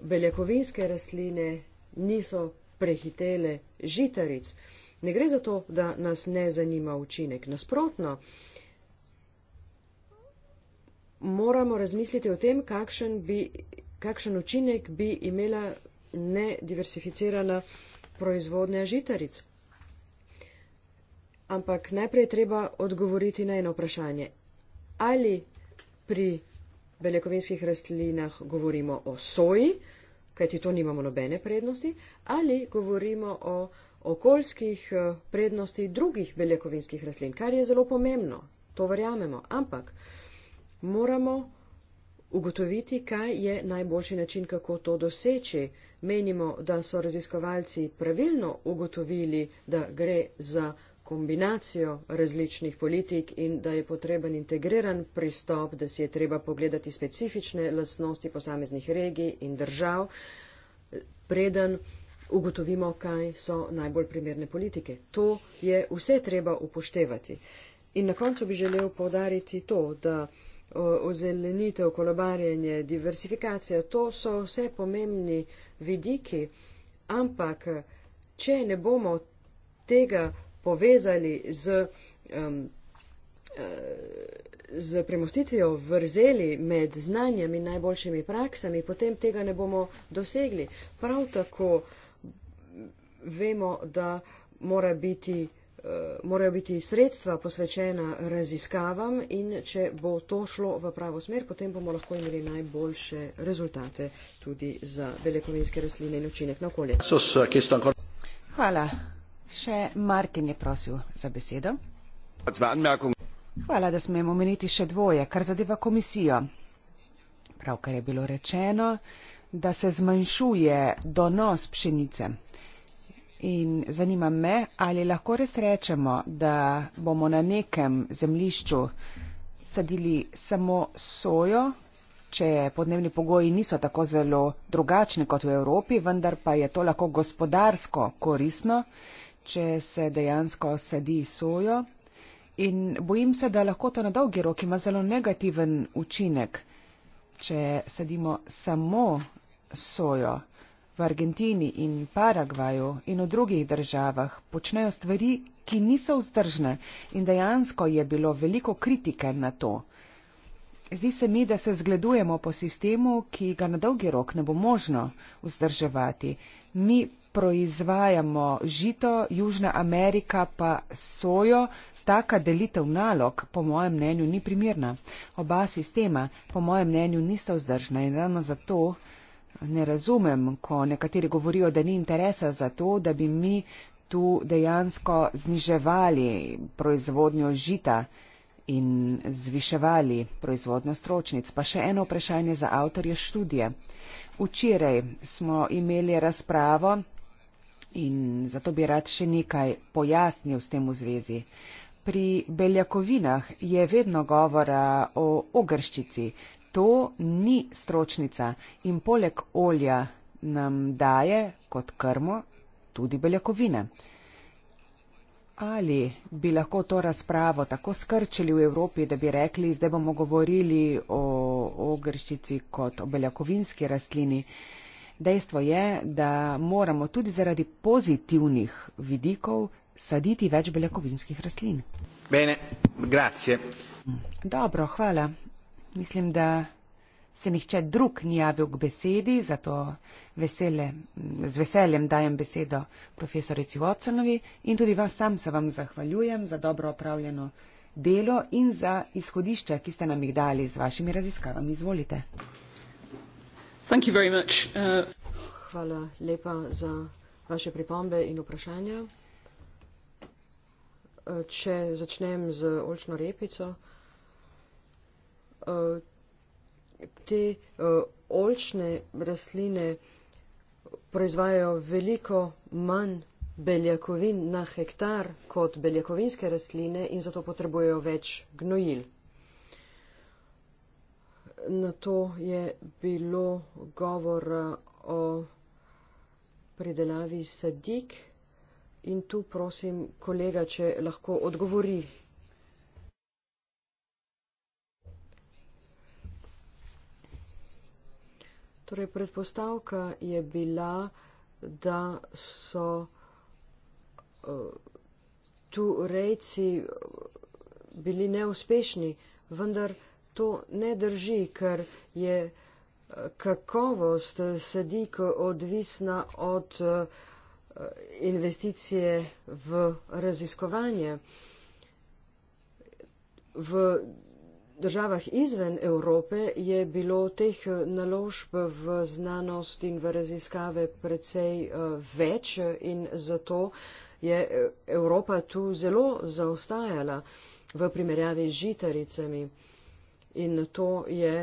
beljakovinske rastline niso prehitele žitaric. Ne gre za to, da nas ne zanima učinek. Nasprotno, moramo razmisliti o tem, kakšen bi kakšen učinek bi imela nediversificirana proizvodnja žitaric. Ampak najprej treba odgovoriti na eno vprašanje. Ali pri beljakovinskih rastlinah govorimo o soji, kajti to nimamo nobene prednosti, ali govorimo o okoljskih eh, prednosti drugih beljakovinskih rastlin, kar je zelo pomembno, to verjamemo. Ampak moramo Ugotoviti, kaj je najboljši način, kako to doseči. Menimo, da so raziskovalci pravilno ugotovili, da gre za kombinacijo različnih politik in da je potreben integriran pristop, da si je treba pogledati specifične lastnosti posameznih regij in držav, preden ugotovimo, kaj so najbolj primerne politike. To je vse treba upoštevati. In na koncu bi želel podariti to, da ozelenitev, kolobarjenje, diversifikacija, to so vse pomembni vidiki, ampak če ne bomo tega povezali z, um, z premostitvijo vrzeli med znanjami in najboljšimi praksami, potem tega ne bomo dosegli. Prav tako vemo, da mora biti Eh, morajo biti sredstva posvečena raziskavam in če bo to šlo v pravo smer, potem bomo lahko imeli najboljše rezultate tudi za belekovinske rastline in učinek na okolje. Eh, Hvala. Še Martin je prosil za besedo. Hvala, da smemo omeniti še dvoje, kar zadeva komisijo. Pravkar je bilo rečeno, da se zmanjšuje donos pšenice. In zanima me, ali lahko res rečemo, da bomo na nekem zemlišču sadili samo sojo, če podnebni pogoji niso tako zelo drugačni kot v Evropi, vendar pa je to lahko gospodarsko korisno, če se dejansko sadi sojo. In bojim se, da lahko to na dolgi rok ima zelo negativen učinek, če sadimo samo sojo v Argentini in Paragvaju in v drugih državah počnejo stvari, ki niso vzdržne in dejansko je bilo veliko kritike na to. Zdi se mi, da se zgledujemo po sistemu, ki ga na dolgi rok ne bo možno vzdrževati. Mi proizvajamo žito, Južna Amerika pa sojo. Taka delitev nalog, po mojem mnenju, ni primirna. Oba sistema, po mojem mnenju, nista vzdržna in ravno zato ne razumem, ko nekateri govorijo, da ni interesa za to, da bi mi tu dejansko zniževali proizvodnjo žita in zviševali proizvodnjo stročnic. Pa še eno vprašanje za avtorje študije. Včeraj smo imeli razpravo in zato bi rad še nekaj pojasnil s tem v zvezi. Pri beljakovinah je vedno govora o ogrščici, to ni stročnica in poleg olja nam daje kot krmo tudi beljakovine. Ali bi lahko to razpravo tako skrčili v Evropi, da bi rekli, zdaj bomo govorili o ogrščici kot o beljakovinski rastlini? Dejstvo je, da moramo tudi zaradi pozitivnih vidikov saditi več beljakovinskih rastlin. Bene, grazie. Dobro, hvala. Mislim, da se nihče drug ni javil k besedi, zato vesele, z veseljem dajem besedo profesorici Watsonovi in tudi vas sam se vam zahvaljujem za dobro opravljeno delo in za izhodišča, ki ste nam jih dali z vašimi raziskavami. Izvolite. Much, uh... Hvala lepa za vaše pripombe in vprašanja. Če začnem z olčno repico. Eh, te eh, oljčne rastline proizvajajo veliko manj beljakovin na hektar kot beljakovinske rastline in zato potrebujejo več gnojil. Na to je bilo govor eh, o pridelavi sadik in tu prosim kolega, če lahko odgovori. Torej, predpostavka je bila, da so uh, tu rejci bili neuspešni, vendar to ne drži, ker je eh, kakovost sadik odvisna od uh, investicije v raziskovanje. V državah izven Evrope je bilo teh eh, naložb v znanost in v raziskave precej eh, več eh, in zato je Evropa tu zelo zaostajala v primerjavi z žitaricami. In to je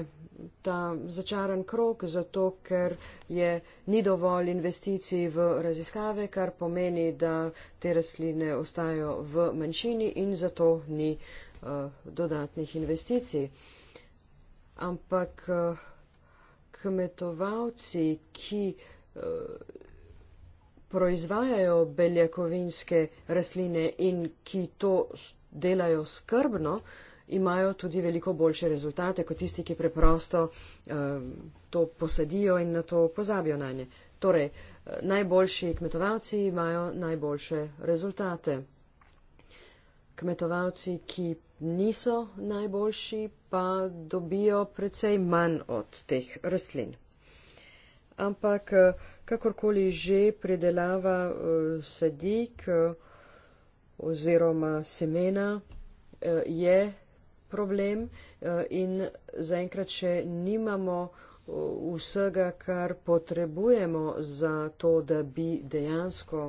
ta začaran krok, zato ker je ni dovolj investicij v raziskave, kar pomeni, da te rastline ostajajo v manjšini in zato ni uh, Eh, dodatnih investicij. Ampak eh, kmetovalci, ki eh, proizvajajo beljakovinske rastline in ki to delajo skrbno, imajo tudi veliko boljše rezultate kot tisti, ki preprosto to posadijo in na to pozabijo na nje. Torej, najboljši kmetovalci imajo najboljše rezultate. Kmetovalci, ki niso najboljši, pa dobijo precej manj od teh rastlin. Ampak eh, kakorkoli že pridelava eh, sadik eh, oziroma semena je problem in zaenkrat še nimamo vsega, kar potrebujemo za to, da bi dejansko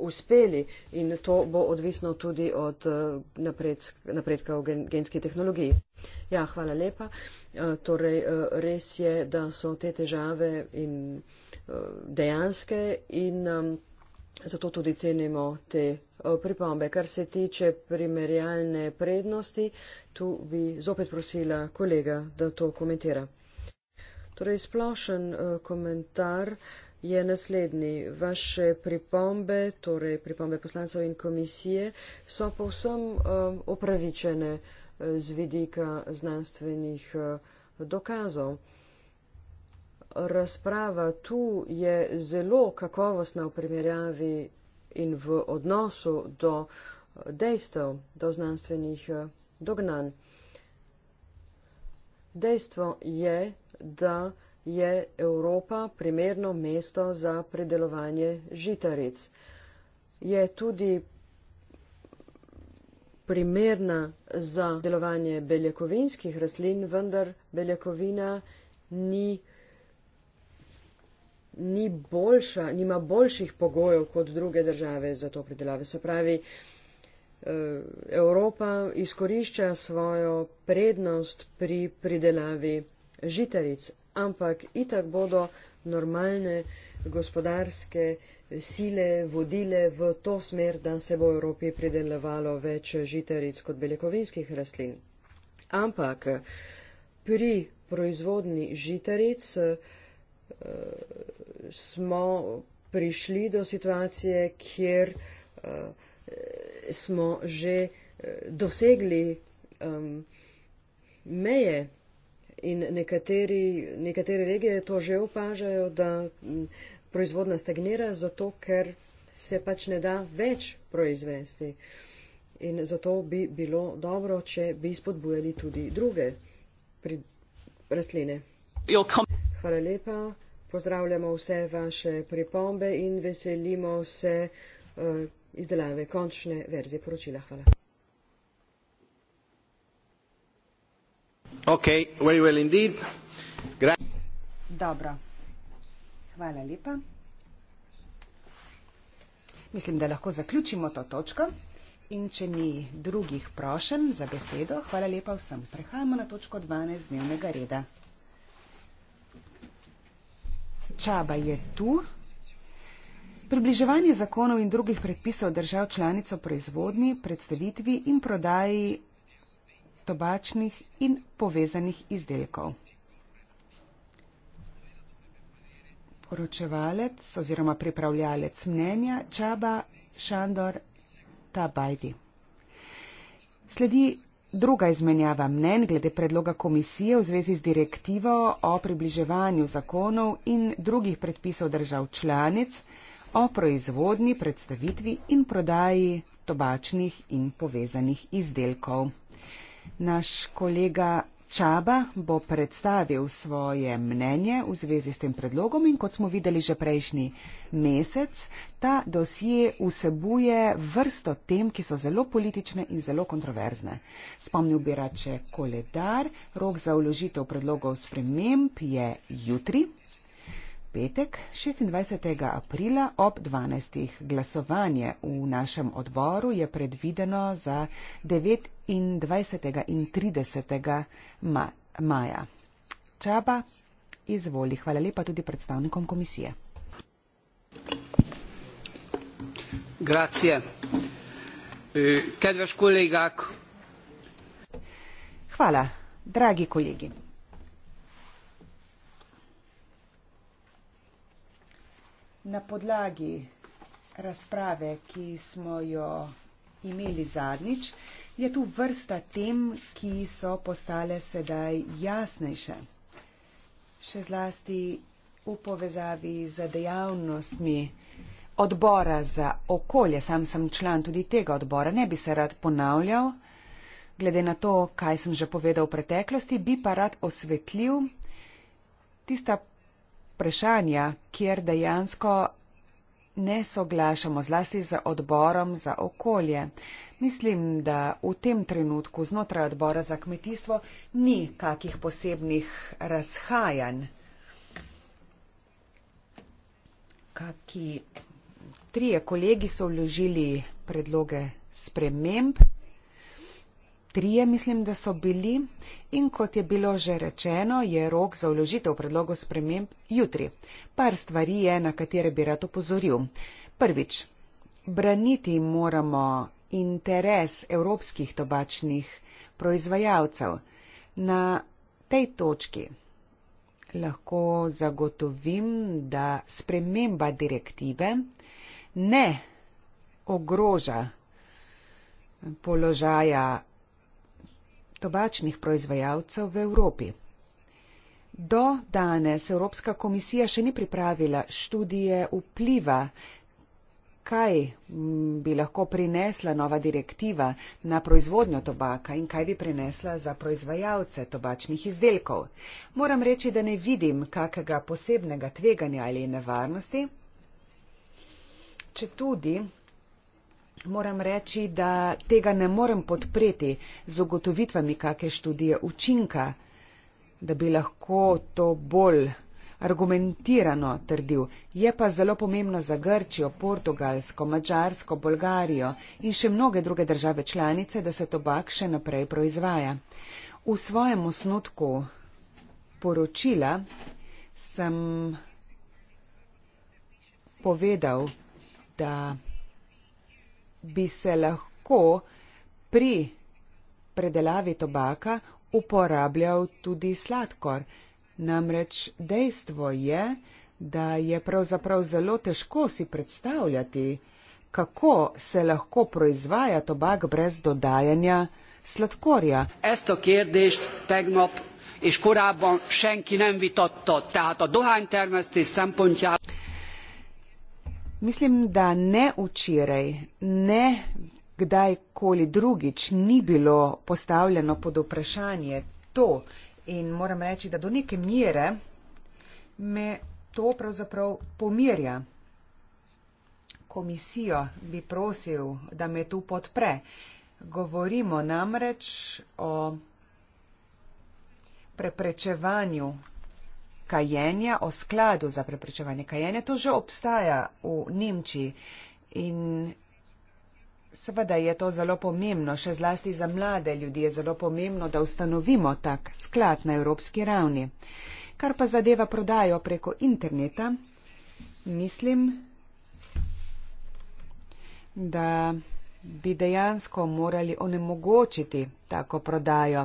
uspeli in to bo odvisno tudi od eh, napredka v genski tehnologiji. Ja, hvala lepa. Eh, torej, eh, res je, da so te težave in dejanske in zato tudi cenimo te pripombe. Kar se tiče primerjalne prednosti, tu bi zopet prosila kolega, da to komentira. Torej, splošen komentar je naslednji. Vaše pripombe, torej pripombe poslancev in komisije, so povsem opravičene um, uh, z vidika znanstvenih uh, dokazov. Razprava tu je zelo kakovostna v primerjavi in v odnosu do uh, dejstev, do znanstvenih dognanj. Dejstvo je, da je Evropa primerno mesto za predelovanje žitaric. Je tudi primerna za delovanje beljakovinskih rastlin, vendar beljakovina ni, ni boljša, nima boljših pogojev kot druge države za to predelave. Se pravi, eh, Evropa izkorišča svojo prednost pri pridelavi žitaric, ampak itak bodo normalne gospodarske sile vodile v to smer, da se bo v Evropi pridelovalo več žitaric kot beljakovinskih rastlin. Ampak pri proizvodni žitaric eh, smo prišli do situacije, kjer eh, smo že eh, dosegli ehm, meje in nekateri, nekatere regije to že opažajo, da proizvodna stagnira, zato ker se pač ne da več proizvesti. In zato bi bilo dobro, če bi spodbujali tudi druge pri, rastline. Hvala lepa, pozdravljamo vse vaše pripombe in veselimo se uh, izdelave končne verzije poročila. Hvala. Okay, very well indeed. Gra Dobro. Hvala lepa. Mislim, da lahko zaključimo to točko. In če ni drugih prošen za besedo, hvala lepa vsem. Prehajamo na točko 12 dnevnega reda. Čaba je tu. Približevanje zakonov in drugih predpisov držav članico proizvodnji, predstavitvi in prodaji tobačnih in povezanih izdelkov. Poročevalec oziroma pripravljalec mnenja Čaba Šandor Tabajdi. Sledi druga izmenjava mnen glede predloga komisije v zvezi z direktivo o približevanju zakonov in drugih predpisov držav članic o proizvodni, predstavitvi in prodaji tobačnih in povezanih izdelkov. Naš kolega Čaba bo predstavil svoje mnenje v zvezi s tem predlogom in kot smo videli že prejšnji mesec, ta dosje vsebuje vrsto tem, ki so zelo politične in zelo kontroverzne. Spomnil bi rače koledar, rok za uložitev predlogov sprememb je jutri petek, 26. aprila ob 12. glasovanje v našem odboru je predvideno za 29. in 30. Ma maja. Čaba, izvoli. Hvala lepa tudi predstavnikom komisije. Grazie. Eh, kedves kolegak. Hvala, dragi kolegi. na podlagi razprave, ki smo jo imeli zadnjič, je tu vrsta tem, ki so postale sedaj jasnejše. Še zlasti v povezavi z dejavnostmi odbora za okolje. Sam sem član tudi tega odbora, ne bi se rad ponavljal. Glede na to, kaj sem že povedal v preteklosti, bi pa rad osvetljil tista vprašanja, kjer dejansko ne soglašamo zlasti z odborom za okolje. Mislim, da v tem trenutku znotraj odbora za kmetijstvo ni kakih posebnih razhajanj. Kaki trije kolegi so vložili predloge sprememb, Trije mislim, da so bili in kot je bilo že rečeno, je rok za vložitev predlogov sprememb jutri. Par stvari je, na katere bi rad upozoril. Prvič, braniti moramo interes evropskih tobačnih proizvajalcev. Na tej točki lahko zagotovim, da sprememba direktive ne ogroža položaja tobačnih proizvajalcev v Evropi. Do danes Evropska komisija še ni pripravila študije vpliva, kaj bi lahko prinesla nova direktiva na proizvodnjo tobaka in kaj bi prinesla za proizvajalce tobačnih izdelkov. Moram reči, da ne vidim kakega posebnega tveganja ali nevarnosti, če tudi moram reči, da tega ne morem podpreti z ugotovitvami, kakšne študije učinka, da bi lahko to bolj argumentirano trdil. Je pa zelo pomembno za Grčijo, Portugalsko, Mačarsko, Bolgarijo in še mnoge druge države članice, da se tobak še naprej proizvaja. V svojem osnutku poročila sem povedal, da bi se lahko pri predelavi tobaka uporabljal tudi sladkor. Namreč dejstvo je, da je pravzaprav zelo težko si predstavljati, kako se lahko proizvaja tobak brez dodajanja sladkorja. Tegnop, korabon, vitotto, duhan, termesti, sempuntja... Mislim, da ne včeraj, ne kdajkoli drugič ni bilo postavljeno pod vprašanje to in moram reči, da do neke mere me to pravzaprav pomirja. Komisijo bi prosil, da me tu podpre. Govorimo namreč o preprečevanju kajenja, o skladu za preprečevanje kajenja. To že obstaja v Nemčiji in seveda je to zelo pomembno, še zlasti za mlade ljudi je zelo pomembno, da ustanovimo tak sklad na evropski ravni. Kar pa zadeva prodajo preko interneta, mislim, da bi dejansko morali onemogočiti tako prodajo.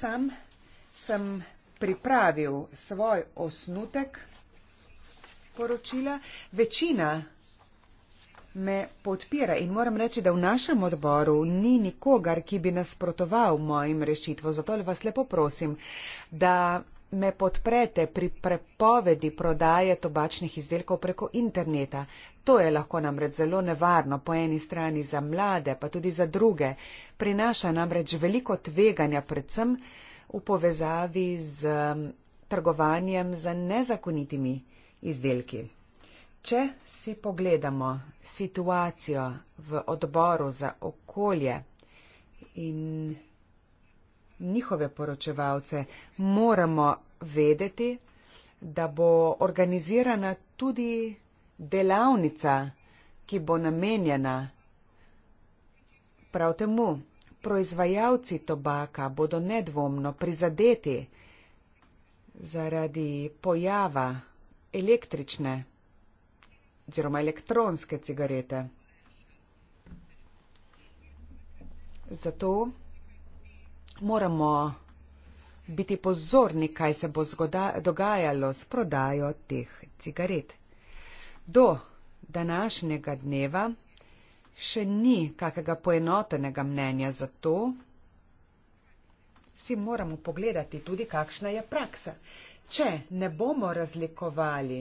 Sam sem pripravil svoj osnutek poročila. Večina me podpira in moram reči, da v našem odboru ni nikogar, ki bi nasprotoval mojim rešitvam. Zato vas lepo prosim, da me podprete pri prepovedi prodaje tobačnih izdelkov preko interneta. To je lahko namreč zelo nevarno po eni strani za mlade, pa tudi za druge. Prinaša namreč veliko tveganja, predvsem v povezavi z trgovanjem z nezakonitimi izdelki. Če si pogledamo situacijo v odboru za okolje in njihove poročevalce, moramo vedeti, da bo organizirana tudi delavnica, ki bo namenjena prav temu proizvajalci tobaka bodo nedvomno prizadeti zaradi pojava električne oziroma elektronske cigarete. Zato moramo biti pozorni, kaj se bo dogajalo s prodajo teh cigaret. Do današnjega dneva še ni kakega poenotenega mnenja za to, si moramo pogledati tudi, kakšna je praksa. Če ne bomo razlikovali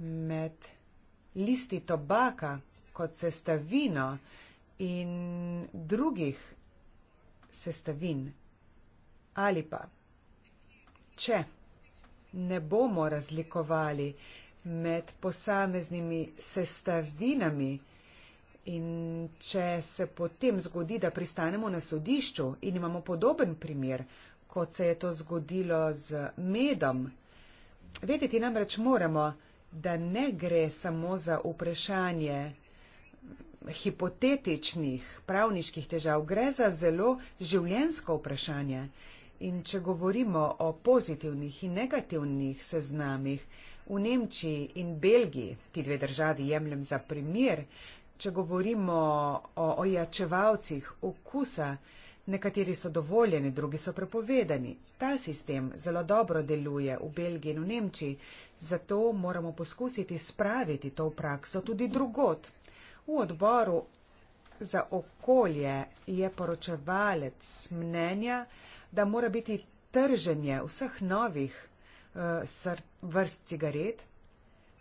med listi tobaka kot sestavino in drugih sestavin, ali pa če ne bomo razlikovali med posameznimi sestavinami, In če se potem zgodi, da pristanemo na sodišču in imamo podoben primer, kot se je to zgodilo z medom, vedeti namreč moramo, da ne gre samo za vprašanje hipotetičnih pravniških težav, gre za zelo življensko vprašanje. In če govorimo o pozitivnih in negativnih seznamih v Nemčiji in Belgiji, ti dve državi jemljem za primer, če govorimo o ojačevalcih okusa, nekateri so dovoljeni, drugi so prepovedani. Ta sistem zelo dobro deluje v Belgiji in v Nemčiji, zato moramo poskusiti spraviti to v prakso tudi drugot. V odboru za okolje je poročevalec mnenja, da mora biti trženje vseh novih uh, vrst cigaret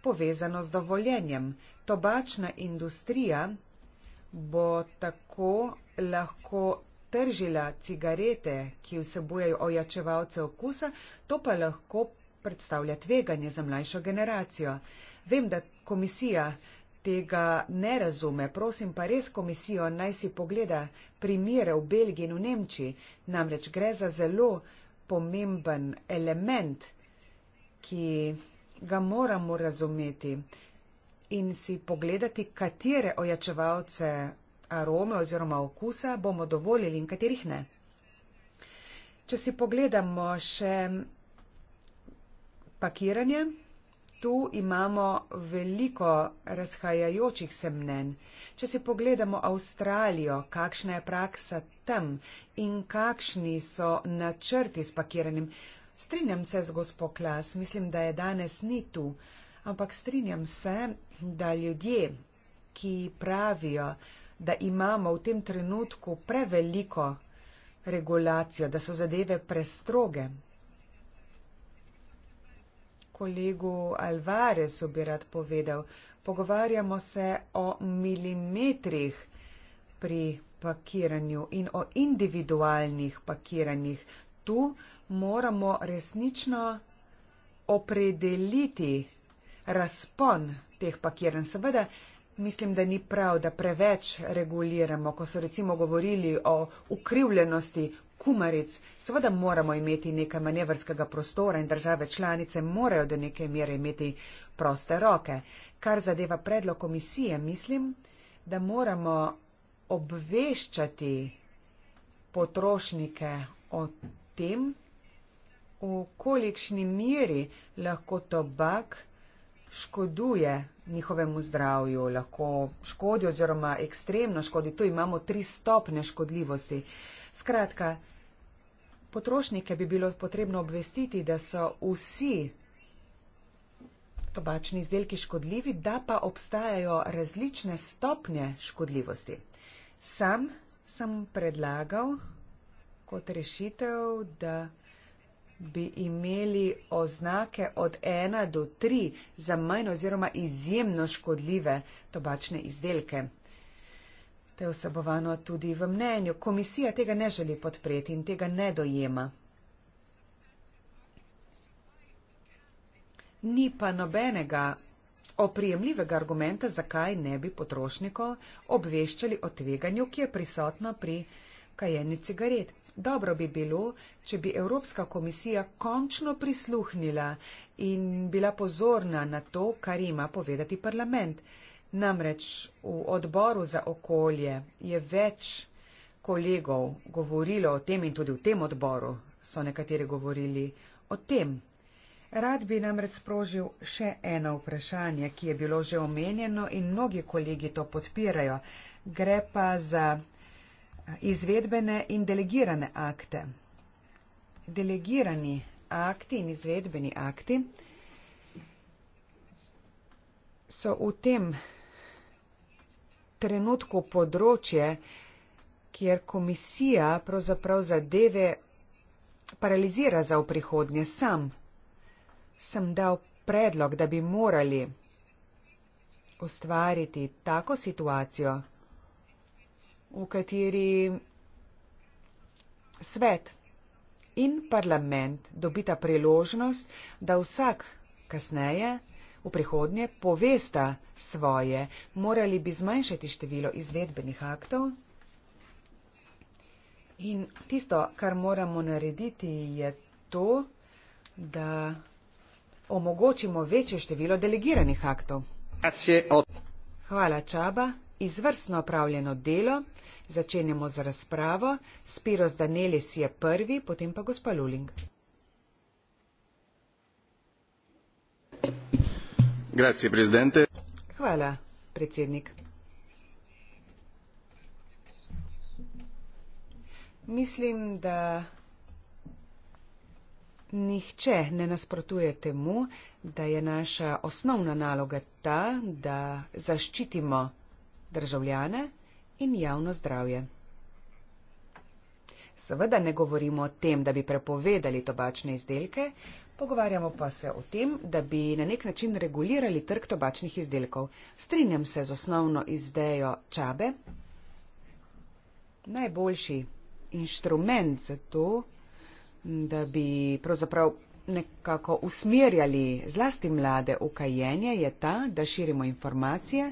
povezano z dovoljenjem. Tobačna industrija bo tako lahko tržila cigarete, ki vsebujejo ojačevalce okusa, to pa lahko predstavlja tveganje za mlajšo generacijo. Vem, da komisija tega ne razume, prosim pa res komisijo naj si pogleda primere v Belgiji in v Nemčiji, namreč gre za zelo pomemben element, ki ga moramo razumeti in si pogledati, katere ojačevalce arome oziroma okusa bomo dovolili in katerih ne. Če si pogledamo še pakiranje, tu imamo veliko razhajajočih se mnen. Če si pogledamo Avstralijo, kakšna je praksa tam in kakšni so načrti s pakiranjem, Strinjam se z gospo Klas, mislim, da je danes ni tu, ampak strinjam se, da ljudje, ki pravijo, da imamo v tem trenutku preveliko regulacijo, da so zadeve prestroge. Kolegu Alvarezu bi rad povedal, pogovarjamo se o milimetrih pri pakiranju in o individualnih pakiranjih. Tu moramo resnično opredeliti razpon teh pakiranj. Seveda, mislim, da ni prav, da preveč reguliramo, ko so recimo govorili o ukrivljenosti kumaric. Seveda moramo imeti nekaj manevrskega prostora in države članice morajo do neke mere imeti proste roke. Kar zadeva predlog komisije, mislim, da moramo obveščati potrošnike o tem, v kolikšni miri lahko tobak škoduje njihovemu zdravju, lahko škodi oziroma ekstremno škodi. Tu imamo tri stopne škodljivosti. Skratka, potrošnike bi bilo potrebno obvestiti, da so vsi tobačni izdelki škodljivi, da pa obstajajo različne stopnje škodljivosti. Sam sem predlagal kot rešitev, da bi imeli oznake od 1 do 3 za manj oziroma izjemno škodljive tobačne izdelke. To je vsebovano tudi v mnenju. Komisija tega ne želi podpreti in tega ne dojema. Ni pa nobenega oprijemljivega argumenta, zakaj ne bi potrošniko obveščali o tveganju, ki je prisotno pri kajenju cigaret. Dobro bi bilo, če bi Evropska komisija končno prisluhnila in bila pozorna na to, kar ima povedati parlament. Namreč v odboru za okolje je več kolegov govorilo o tem in tudi v tem odboru so nekateri govorili o tem. Rad bi namreč sprožil še eno vprašanje, ki je bilo že omenjeno in mnogi kolegi to podpirajo. Gre pa za izvedbene in delegirane akte. Delegirani akti in izvedbeni akti so v tem trenutku področje, kjer komisija pravzaprav zadeve paralizira za v prihodnje. Sam sem dal predlog, da bi morali ustvariti tako situacijo, v kateri svet in parlament dobita priložnost, da vsak kasneje v prihodnje povesta svoje. Morali bi zmanjšati število izvedbenih aktov. In tisto, kar moramo narediti, je to, da omogočimo večje število delegiranih aktov. Hvala, Čaba. Izvrstno opravljeno delo. Začenjamo z razpravo. Spiros Danelis je prvi, potem pa gospa Luling. Grazie, prezidente. Hvala, predsednik. Mislim, da nihče ne nasprotuje temu, da je naša osnovna naloga ta, da zaščitimo državljane in javno zdravje. Seveda ne govorimo o tem, da bi prepovedali tobačne izdelke, pogovarjamo pa se o tem, da bi na nek način regulirali trg tobačnih izdelkov. Strinjam se z osnovno izdejo čabe. Najboljši inštrument za to, da bi pravzaprav nekako usmerjali zlasti mlade v kajenje, je ta, da širimo informacije,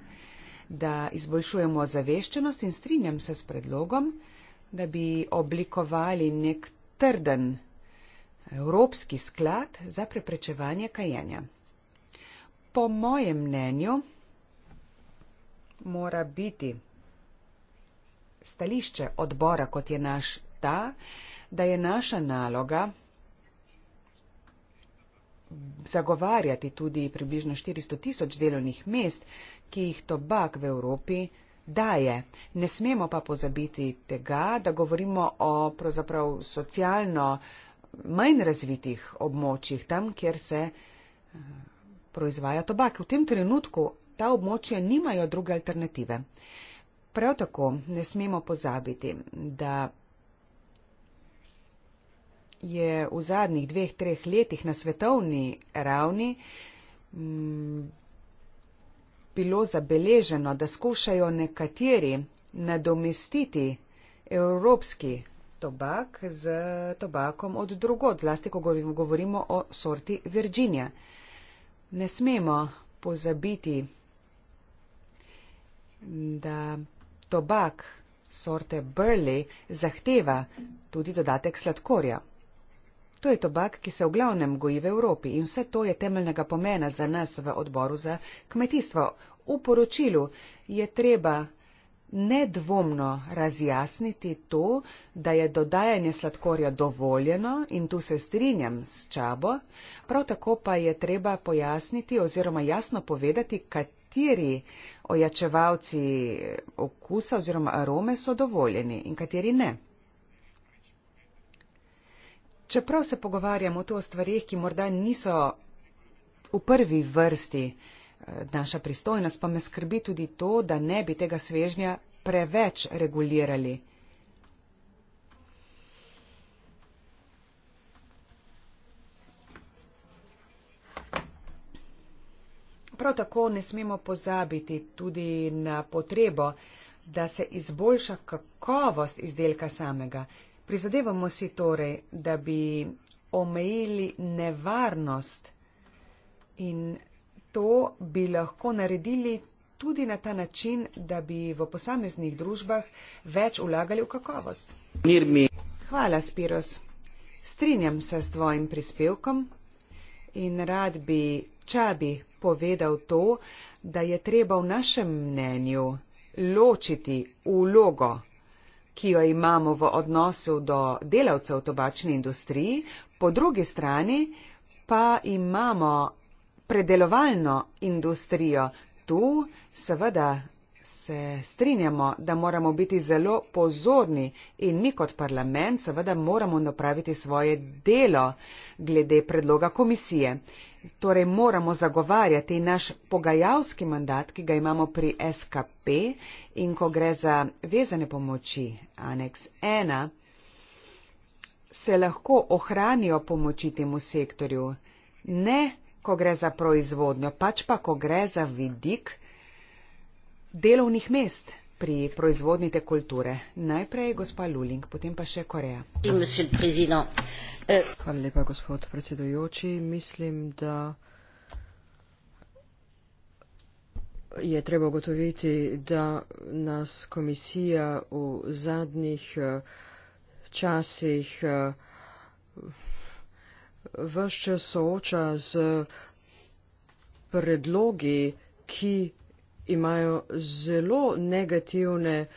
da izboljšujemo zaveščenost in strinjam se s predlogom, da bi oblikovali nek trden evropski sklad za preprečevanje kajenja. Po mojem mnenju mora biti stališče odbora, kot je naš ta, da je naša naloga zagovarjati tudi približno 400 tisoč delovnih mest, ki jih tobak v Evropi daje. Ne smemo pa pozabiti tega, da govorimo o pravzaprav socialno manj razvitih območjih, tam, kjer se eh, proizvaja tobak. V tem trenutku ta območja nimajo druge alternative. Prav tako ne smemo pozabiti, da je v zadnjih dveh, treh letih na svetovni ravni m, mm, bilo zabeleženo, da skušajo nekateri nadomestiti evropski tobak z tobakom od drugod, zlasti, ko govorimo o sorti Virginia. Ne smemo pozabiti, da tobak sorte Burley zahteva tudi dodatek sladkorja. To je tobak, ki se v glavnem goji v Evropi in vse to je temeljnega pomena za nas v odboru za kmetijstvo. V poročilu je treba nedvomno razjasniti to, da je dodajanje sladkorja dovoljeno in tu se strinjam s čabo, prav tako pa je treba pojasniti oziroma jasno povedati, kateri ojačevalci okusa oziroma arome so dovoljeni in kateri ne čeprav se pogovarjamo tu o stvarih, ki morda niso v prvi vrsti eh, naša pristojnost, pa me skrbi tudi to, da ne bi tega svežnja preveč regulirali. Prav tako ne smemo pozabiti tudi na potrebo, da se izboljša kakovost izdelka samega. Prizadevamo si torej, da bi omejili nevarnost in to bi lahko naredili tudi na ta način, da bi v posameznih družbah več ulagali v kakovost. Hvala, Spiros. Strinjam se s tvojim prispevkom in rad bi Čabi povedal to, da je treba v našem mnenju ločiti vlogo ki jo imamo v odnosu do delavcev v tobačni industriji, po drugi strani pa imamo predelovalno industrijo. Tu seveda se strinjamo, da moramo biti zelo pozorni in mi kot parlament seveda moramo napraviti svoje delo glede predloga komisije. Torej moramo zagovarjati naš pogajalski mandat, ki ga imamo pri SKP In ko gre za vezane pomoči, aneks 1, se lahko ohranijo pomoči temu sektorju, ne ko gre za proizvodnjo, pač pa ko gre za vidik delovnih mest pri proizvodni te kulture. Najprej gospa Luling, potem pa še Koreja. Hvala lepa, gospod predsedujoči. Mislim, da. je treba ugotoviti, da nas komisija v zadnjih eh, časih eh, vse čas sooča z predlogi, ki imajo zelo negativne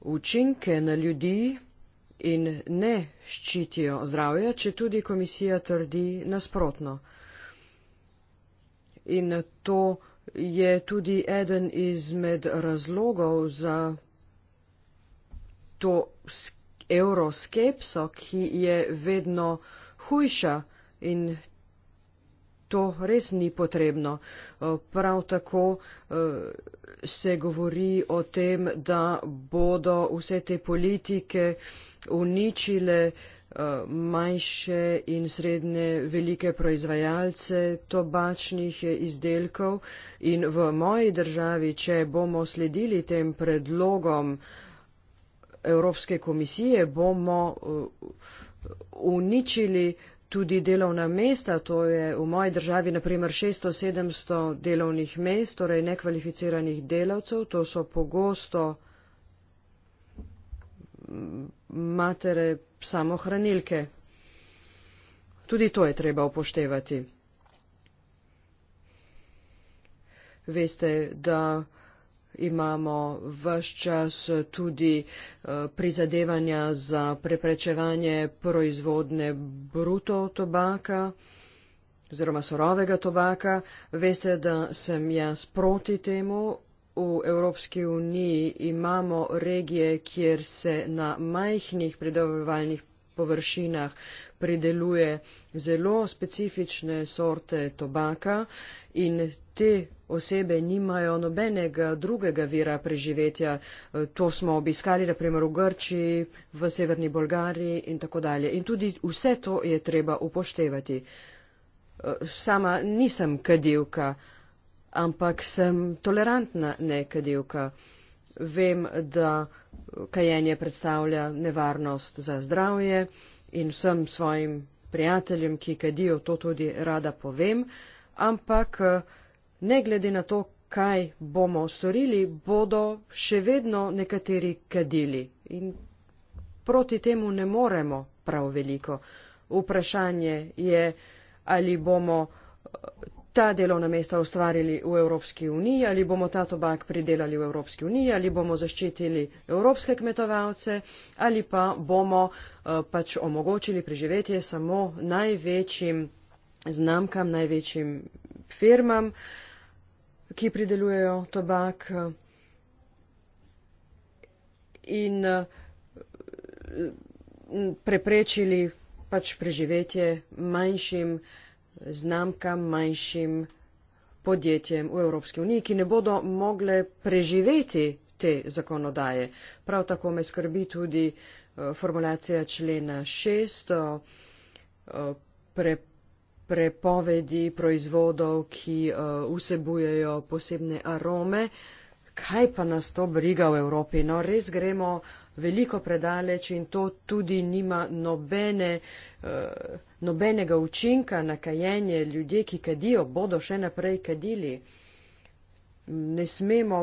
učinke na ljudi in ne ščitijo zdravja, če tudi komisija trdi nasprotno. In to je tudi eden izmed razlogov za to euroskepso, ki je vedno hujša in to res ni potrebno. Prav tako se govori o tem, da bodo vse te politike uničile uh, Eh, manjše in srednje velike proizvajalce tobačnih izdelkov in v moji državi, če bomo sledili tem predlogom Evropske komisije, bomo eh, uničili tudi delovna mesta, to je v moji državi naprimer 600-700 delovnih mest, torej nekvalificiranih delavcev, to so pogosto mm, matere samohranilke. Tudi to je treba upoštevati. Veste, da imamo vse čas tudi eh, prizadevanja za preprečevanje proizvodne bruto tobaka oziroma surovega tobaka. Veste, da sem jaz proti temu V Evropski uniji imamo regije, kjer se na majhnih pridelovalnih površinah prideluje zelo specifične sorte tobaka in te osebe nimajo nobenega drugega vira preživetja. To smo obiskali, na primer, v Grčiji, v severni Bolgariji in tako dalje. In tudi vse to je treba upoštevati. Sama nisem kadilka, ampak sem tolerantna neka divka. Vem, da kajenje predstavlja nevarnost za zdravje in vsem svojim prijateljem, ki kadijo, to tudi rada povem, ampak ne glede na to, kaj bomo storili, bodo še vedno nekateri kadili in proti temu ne moremo prav veliko. Vprašanje je, ali bomo ta delovna mesta ustvarili v Evropski uniji, ali bomo ta tobak pridelali v Evropski uniji, ali bomo zaščitili evropske kmetovalce, ali pa bomo eh, pač omogočili preživetje samo največjim znamkam, največjim firmam, ki pridelujejo tobak. In eh, preprečili pač preživetje manjšim uh, znamkam, manjšim podjetjem v Evropski uniji, ki ne bodo mogle preživeti te zakonodaje. Prav tako me skrbi tudi eh, formulacija člena 6 pre, prepovedi proizvodov, ki eh, vsebujejo posebne arome. Kaj pa nas to briga v Evropi? No, res gremo uh, veliko predaleč in to tudi nima nobene, eh, nobenega učinka na kajenje. Ljudje, ki kadijo, bodo še naprej kadili. Ne smemo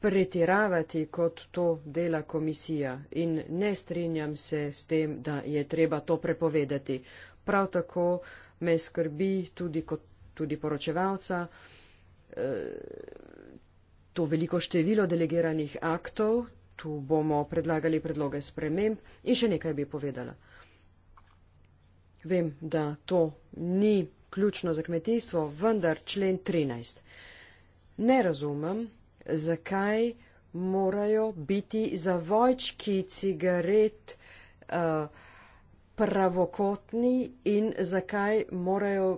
pretiravati, kot to dela komisija. In ne strinjam se s tem, da je treba to prepovedati. Prav tako me skrbi tudi kot tudi poročevalca eh, to veliko število delegiranih aktov, tu bomo predlagali predloge sprememb in še nekaj bi povedala. Vem, da to ni ključno za kmetijstvo, vendar člen 13. Ne razumem, zakaj morajo biti zavojčki cigaret uh, pravokotni in zakaj morajo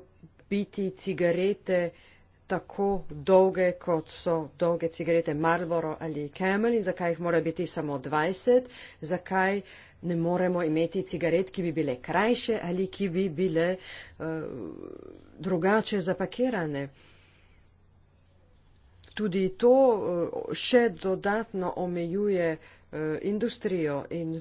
biti cigarete uh, tako dolge, kot so dolge cigarete Marlboro ali Camel in zakaj jih mora biti samo 20, zakaj ne moremo imeti cigaret, ki bi bile krajše ali ki bi bile uh, drugače zapakirane. Tudi to uh, še dodatno omejuje uh, industrijo in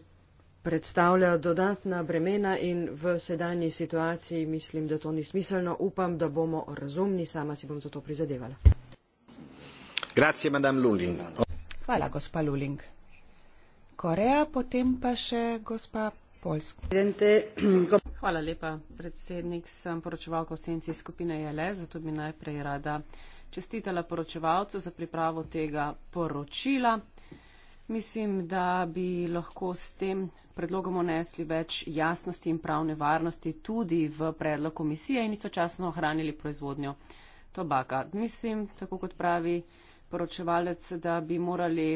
predstavlja dodatna bremena in v sedanji situaciji mislim, da to ni smiselno. Upam, da bomo razumni, sama si bom za to prizadevala. Grazie, Hvala, gospa Luling. Koreja, potem pa še gospa Poljska. Hvala lepa, predsednik. Sem poročevalka v senci skupine JLE, zato bi najprej rada čestitala poročevalcu za pripravo tega poročila. Mislim, da bi lahko s tem predlogom onesli več jasnosti in pravne varnosti tudi v predlog komisije in istočasno ohranili proizvodnjo tobaka. Mislim, tako kot pravi poročevalec, da bi morali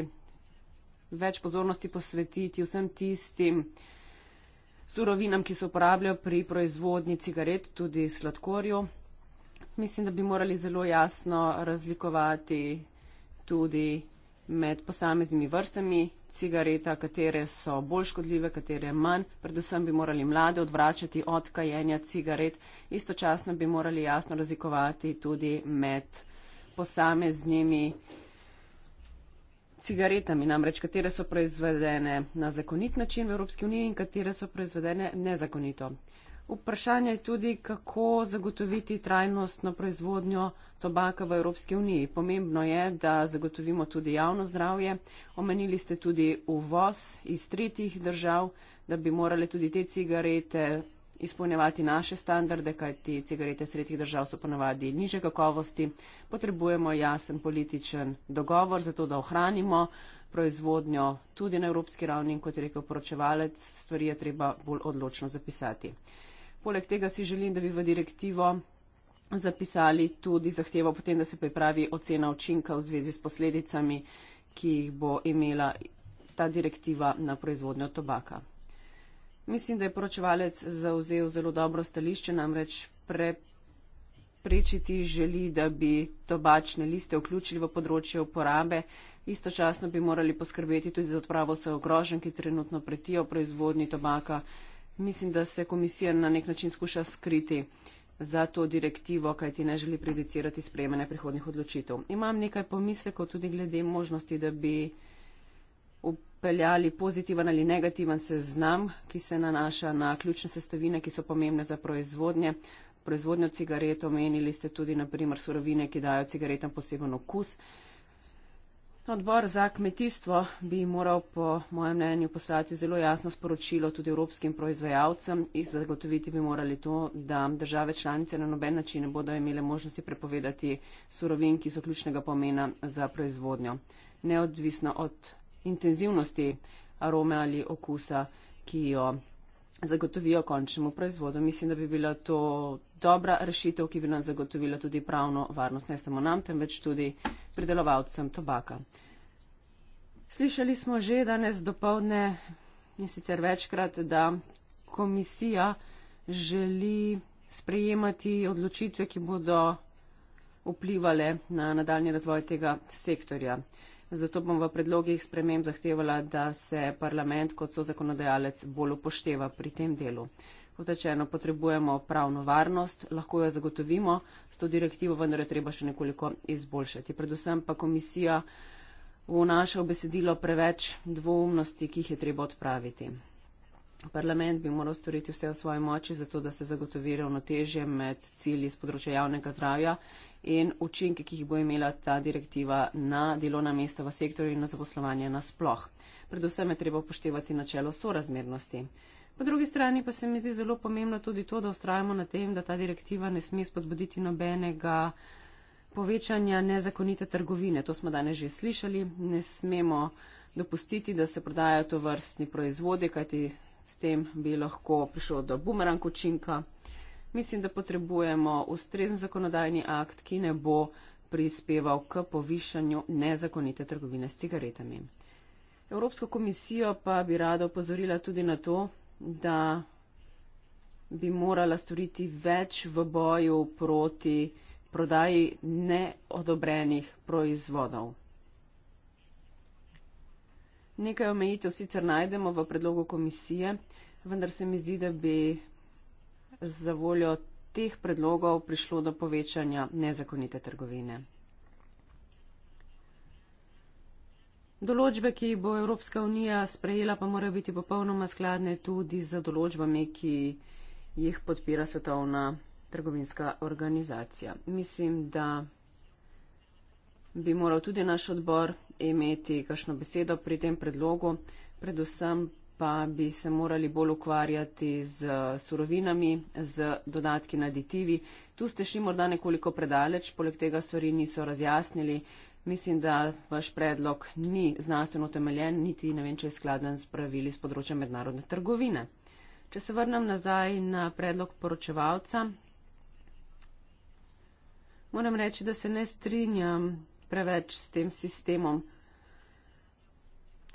več pozornosti posvetiti vsem tistim surovinam, ki se uporabljajo pri proizvodnji cigaret, tudi sladkorju. Mislim, da bi morali zelo jasno razlikovati tudi med posameznimi vrstami cigareta, katere so bolj škodljive, katere manj. Predvsem bi morali mlade odvračati od kajenja cigaret. Istočasno bi morali jasno razlikovati tudi med posameznimi cigaretami, namreč katere so proizvedene na zakonit način v Evropski uniji in katere so proizvedene nezakonito. Vprašanje je tudi, kako zagotoviti trajnostno proizvodnjo tobaka v Evropski uniji. Pomembno je, da zagotovimo tudi javno zdravje. Omenili ste tudi uvoz iz tretjih držav, da bi morali tudi te cigarete izpolnjevati naše standarde, kajti cigarete iz tretjih držav so ponavadi niže kakovosti. Potrebujemo jasen političen dogovor, zato da ohranimo proizvodnjo tudi na evropski ravni in kot je rekel poročevalec, stvari je treba bolj odločno zapisati. Poleg tega si želim, da bi v direktivo zapisali tudi zahtevo potem, da se pripravi ocena učinka v zvezi s posledicami, ki jih bo imela ta direktiva na proizvodnjo tobaka. Mislim, da je poročevalec zauzel zelo dobro stališče, namreč preprečiti želi, da bi tobačne liste vključili v področje uporabe. Istočasno bi morali poskrbeti tudi za odpravo vse ogrožen, ki trenutno pretijo proizvodni tobaka mislim, da se komisija na nek način skuša skriti za to direktivo, kaj ti ne želi predicirati sprejemanje prihodnih odločitev. Imam nekaj pomislekov tudi glede možnosti, da bi upeljali pozitiven ali negativen seznam, ki se nanaša na ključne sestavine, ki so pomembne za proizvodnje. Proizvodnjo cigaret omenili ste tudi, naprimer, surovine, ki dajo cigaretam poseben okus. Odbor za kmetijstvo bi moral po mojem mnenju poslati zelo jasno sporočilo tudi evropskim proizvajalcem in zagotoviti bi morali to, da države članice na noben način ne bodo imele možnosti prepovedati surovin, ki so ključnega pomena za proizvodnjo, neodvisno od intenzivnosti arome ali okusa, ki jo zagotovijo končnemu proizvodu. Mislim, da bi bilo to dobra rešitev, ki bi nam zagotovila tudi pravno varnost, ne samo nam, temveč tudi pridelovalcem tobaka. Slišali smo že danes dopovdne in sicer večkrat, da komisija želi sprejemati odločitve, ki bodo vplivale na nadaljni razvoj tega sektorja. Zato bom v predlogih sprememb zahtevala, da se parlament kot so zakonodajalec bolj upošteva pri tem delu kot rečeno, potrebujemo pravno varnost, lahko jo zagotovimo s to direktivo, vendar je treba še nekoliko izboljšati. Predvsem pa komisija vnaša v besedilo preveč dvomnosti, ki jih je treba odpraviti. Parlament bi moral storiti vse v svoji moči, zato da se zagotovi ravnotežje med cilji iz področja javnega zdravja in učinke, ki jih bo imela ta direktiva na delovna mesta v sektorju in na zaposlovanje nasploh. Predvsem je treba upoštevati načelo sorazmernosti. Po drugi strani pa se mi zdi zelo pomembno tudi to, da ustrajamo na tem, da ta direktiva ne sme spodbuditi nobenega povečanja nezakonite trgovine. To smo danes že slišali. Ne smemo dopustiti, da se prodajajo to vrstni proizvode, kajti s tem bi lahko prišlo do bumerang učinka. Mislim, da potrebujemo ustrezen zakonodajni akt, ki ne bo prispeval k povišanju nezakonite trgovine s cigaretami. Evropsko komisijo pa bi rada opozorila tudi na to, da bi morala storiti več v boju proti prodaji neodobrenih proizvodov. Nekaj omejitev sicer najdemo v predlogu komisije, vendar se mi zdi, da bi za voljo teh predlogov prišlo do povečanja nezakonite trgovine. Določbe, ki jih bo Evropska unija sprejela, pa morajo biti popolnoma skladne tudi z določbami, ki jih podpira Svetovna trgovinska organizacija. Mislim, da bi moral tudi naš odbor imeti kakšno besedo pri tem predlogu, predvsem pa bi se morali bolj ukvarjati z surovinami, z dodatki na aditivi. Tu ste šli morda nekoliko predaleč, poleg tega stvari niso razjasnili. Mislim, da vaš predlog ni znanstveno temeljen, niti ne vem, če je skladen z pravili z področja mednarodne trgovine. Če se vrnem nazaj na predlog poročevalca, moram reči, da se ne strinjam preveč s tem sistemom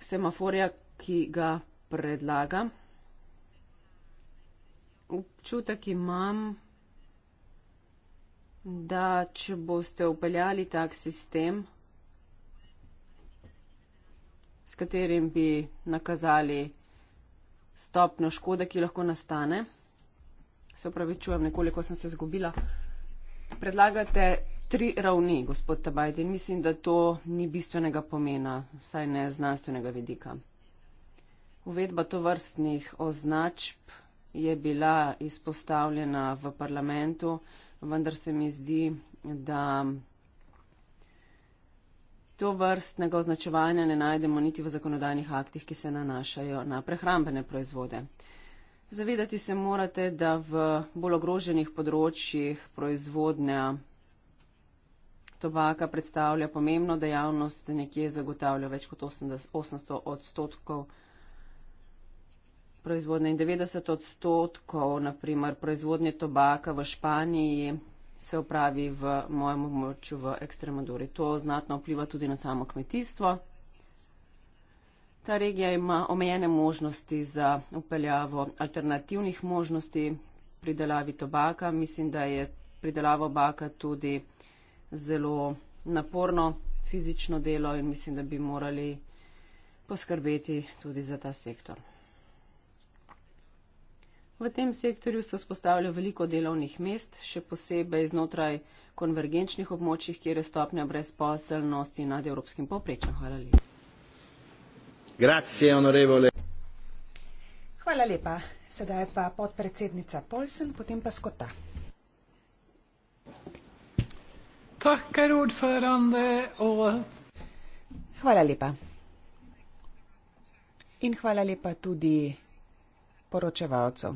semaforja, ki ga predlaga. Občutek imam, da če boste upeljali tak sistem, s katerim bi nakazali stopno škode, ki lahko nastane. Se pravi, čujem, nekoliko sem se zgubila. Predlagate tri ravni, gospod Tabajdi. Mislim, da to ni bistvenega pomena, vsaj ne znanstvenega vidika. Uvedba to vrstnih označb je bila izpostavljena v parlamentu, vendar se mi zdi, da To vrstnega označevanja ne najdemo niti v zakonodajnih aktih, ki se nanašajo na prehrambene proizvode. Zavedati se morate, da v bolj ogroženih področjih proizvodnja tobaka predstavlja pomembno dejavnost, nekje zagotavlja več kot 800 odstotkov proizvodnje in 90 odstotkov, naprimer proizvodnje tobaka v Španiji se upravi v mojem območju v Ekstremaduri. To znatno vpliva tudi na samo kmetijstvo. Ta regija ima omejene možnosti za upeljavo alternativnih možnosti pridelavi tobaka. Mislim, da je pridelava tobaka tudi zelo naporno fizično delo in mislim, da bi morali poskrbeti tudi za ta sektor. V tem sektorju se vzpostavlja veliko delovnih mest, še posebej znotraj konvergenčnih območjih, kjer je stopnja brezposelnosti nad evropskim poprečjem. Hvala lepa. Grazie, onorevole. Hvala lepa. Sedaj pa podpredsednica Polsen, potem pa Skota. Takar odferande o... Hvala lepa. In hvala lepa tudi poročevalcu.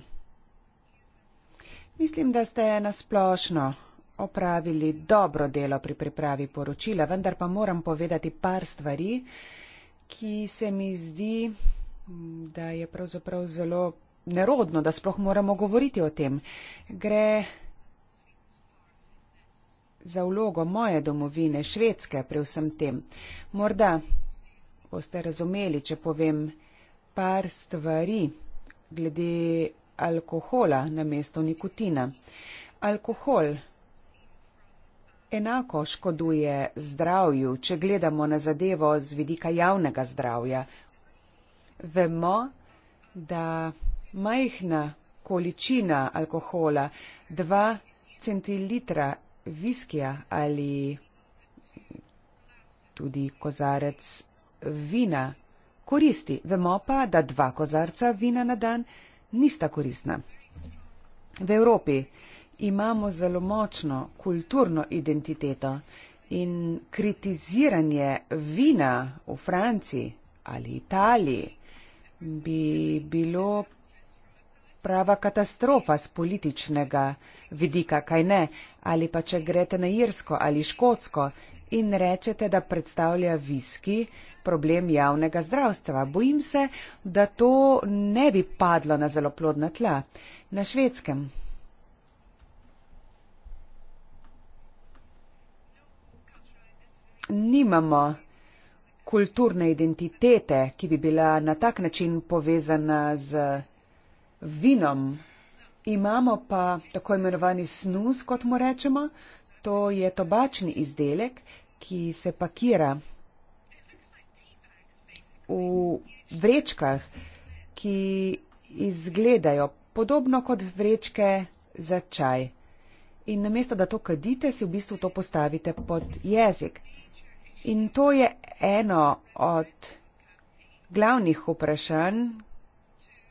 Mislim, da ste nasplošno opravili dobro delo pri pripravi poročila, vendar pa moram povedati par stvari, ki se mi zdi, da je pravzaprav zelo nerodno, da sploh moramo govoriti o tem. Gre za vlogo moje domovine, švedske, pri vsem tem. Morda boste razumeli, če povem par stvari glede alkohola na mesto nikotina. Alkohol enako škoduje zdravju, če gledamo na zadevo z vidika javnega zdravja. Vemo, da majhna količina alkohola, dva centilitra viskija ali tudi kozarec vina koristi, vemo pa, da dva kozarca vina na dan nista koristna. V Evropi imamo zelo močno kulturno identiteto in kritiziranje vina v Franciji ali Italiji bi bilo prava katastrofa z političnega vidika, kaj ne, ali pa če grete na Irsko ali Škotsko in rečete, da predstavlja viski problem javnega zdravstva. Bojim se, da to ne bi padlo na zelo plodna tla na švedskem. Nimamo kulturne identitete, ki bi bila na tak način povezana z vinom. Imamo pa tako imenovani snus, kot mu rečemo. To je tobačni izdelek, ki se pakira v vrečkah, ki izgledajo podobno kot vrečke za čaj. In namesto, da to kadite, si v bistvu to postavite pod jezik. In to je eno od glavnih vprašanj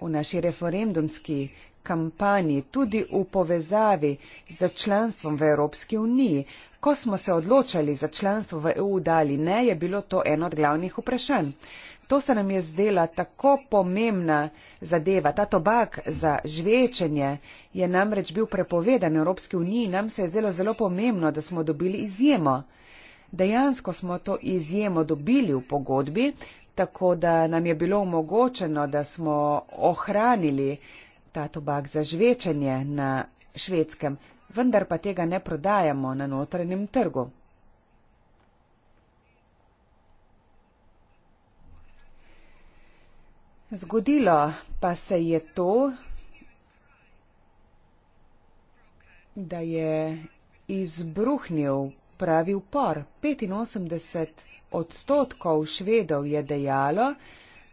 v naši referendumski kampanji, tudi v povezavi z članstvom v Evropski uniji. Ko smo se odločali za članstvo v EU, da ali ne, je bilo to eno od glavnih vprašanj. To se nam je zdela tako pomembna zadeva. Ta tobak za žvečenje je namreč bil prepovedan Evropski uniji in nam se je zdelo zelo pomembno, da smo dobili izjemo. Dejansko smo to izjemo dobili v pogodbi, tako da nam je bilo omogočeno, da smo ohranili ta tobak za žvečenje na švedskem, vendar pa tega ne prodajamo na notranjem trgu. Zgodilo pa se je to, da je izbruhnil pravi upor. 85 odstotkov švedov je dejalo,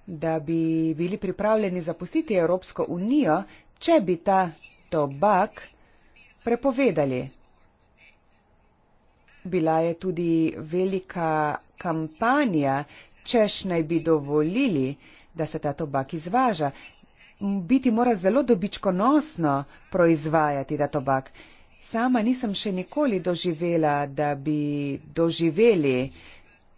da bi bili pripravljeni zapustiti Evropsko unijo, če bi ta tobak prepovedali. Bila je tudi velika kampanja, češ naj bi dovolili, da se ta tobak izvaža. Biti mora zelo dobičkonosno proizvajati ta tobak. Sama nisem še nikoli doživela, da bi doživeli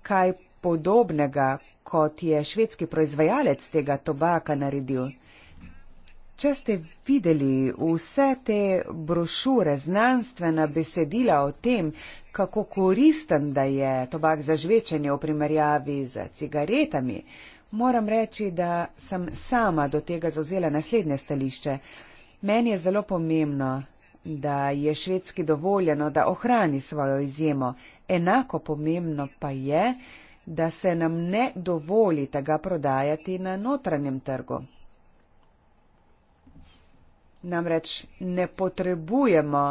kaj podobnega, kot je švedski proizvajalec tega tobaka naredil. Če ste videli vse te brošure, znanstvena besedila o tem, kako koristen da je tobak za žvečenje v primerjavi z cigaretami, moram reči, da sem sama do tega zauzela naslednje stališče. Meni je zelo pomembno, da je švedski dovoljeno, da ohrani svojo izjemo. Enako pomembno pa je, da se nam ne dovoli tega prodajati na notranjem trgu. Namreč ne potrebujemo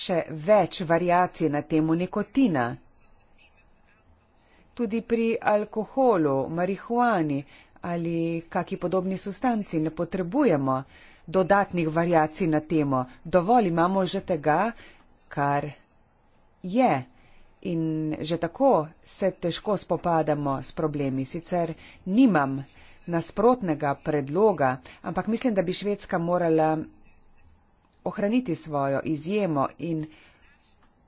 še več variacij na temu nikotina. Tudi pri alkoholu, marihuani ali kaki podobni substanci ne potrebujemo dodatnih variacij na temo. Dovolj imamo že tega, kar je in že tako se težko spopadamo s problemi. Sicer nimam nasprotnega predloga, ampak mislim, da bi Švedska morala ohraniti svojo izjemo in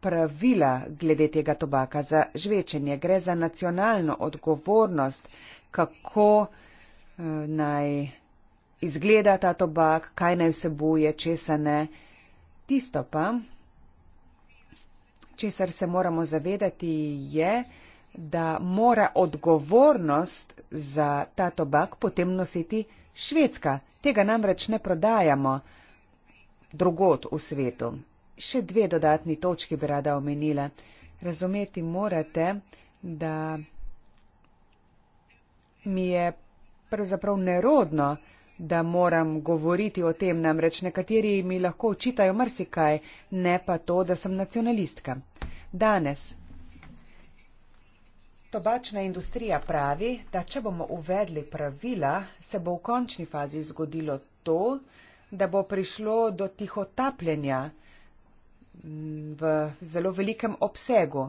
pravila glede tega tobaka za žvečenje. Gre za nacionalno odgovornost, kako eh, naj izgleda ta tobak, kaj naj vsebuje, česa ne. Tisto pa, česar se moramo zavedati, je, da mora odgovornost za ta tobak potem nositi Švedska. Tega namreč ne prodajamo drugot v svetu. Še dve dodatni točki bi rada omenila. Razumeti morate, da mi je pravzaprav nerodno, da moram govoriti o tem, namreč nekateri mi lahko očitajo marsikaj, ne pa to, da sem nacionalistka. Danes tobačna industrija pravi, da če bomo uvedli pravila, se bo v končni fazi zgodilo to, da bo prišlo do tihotapljenja v zelo velikem obsegu.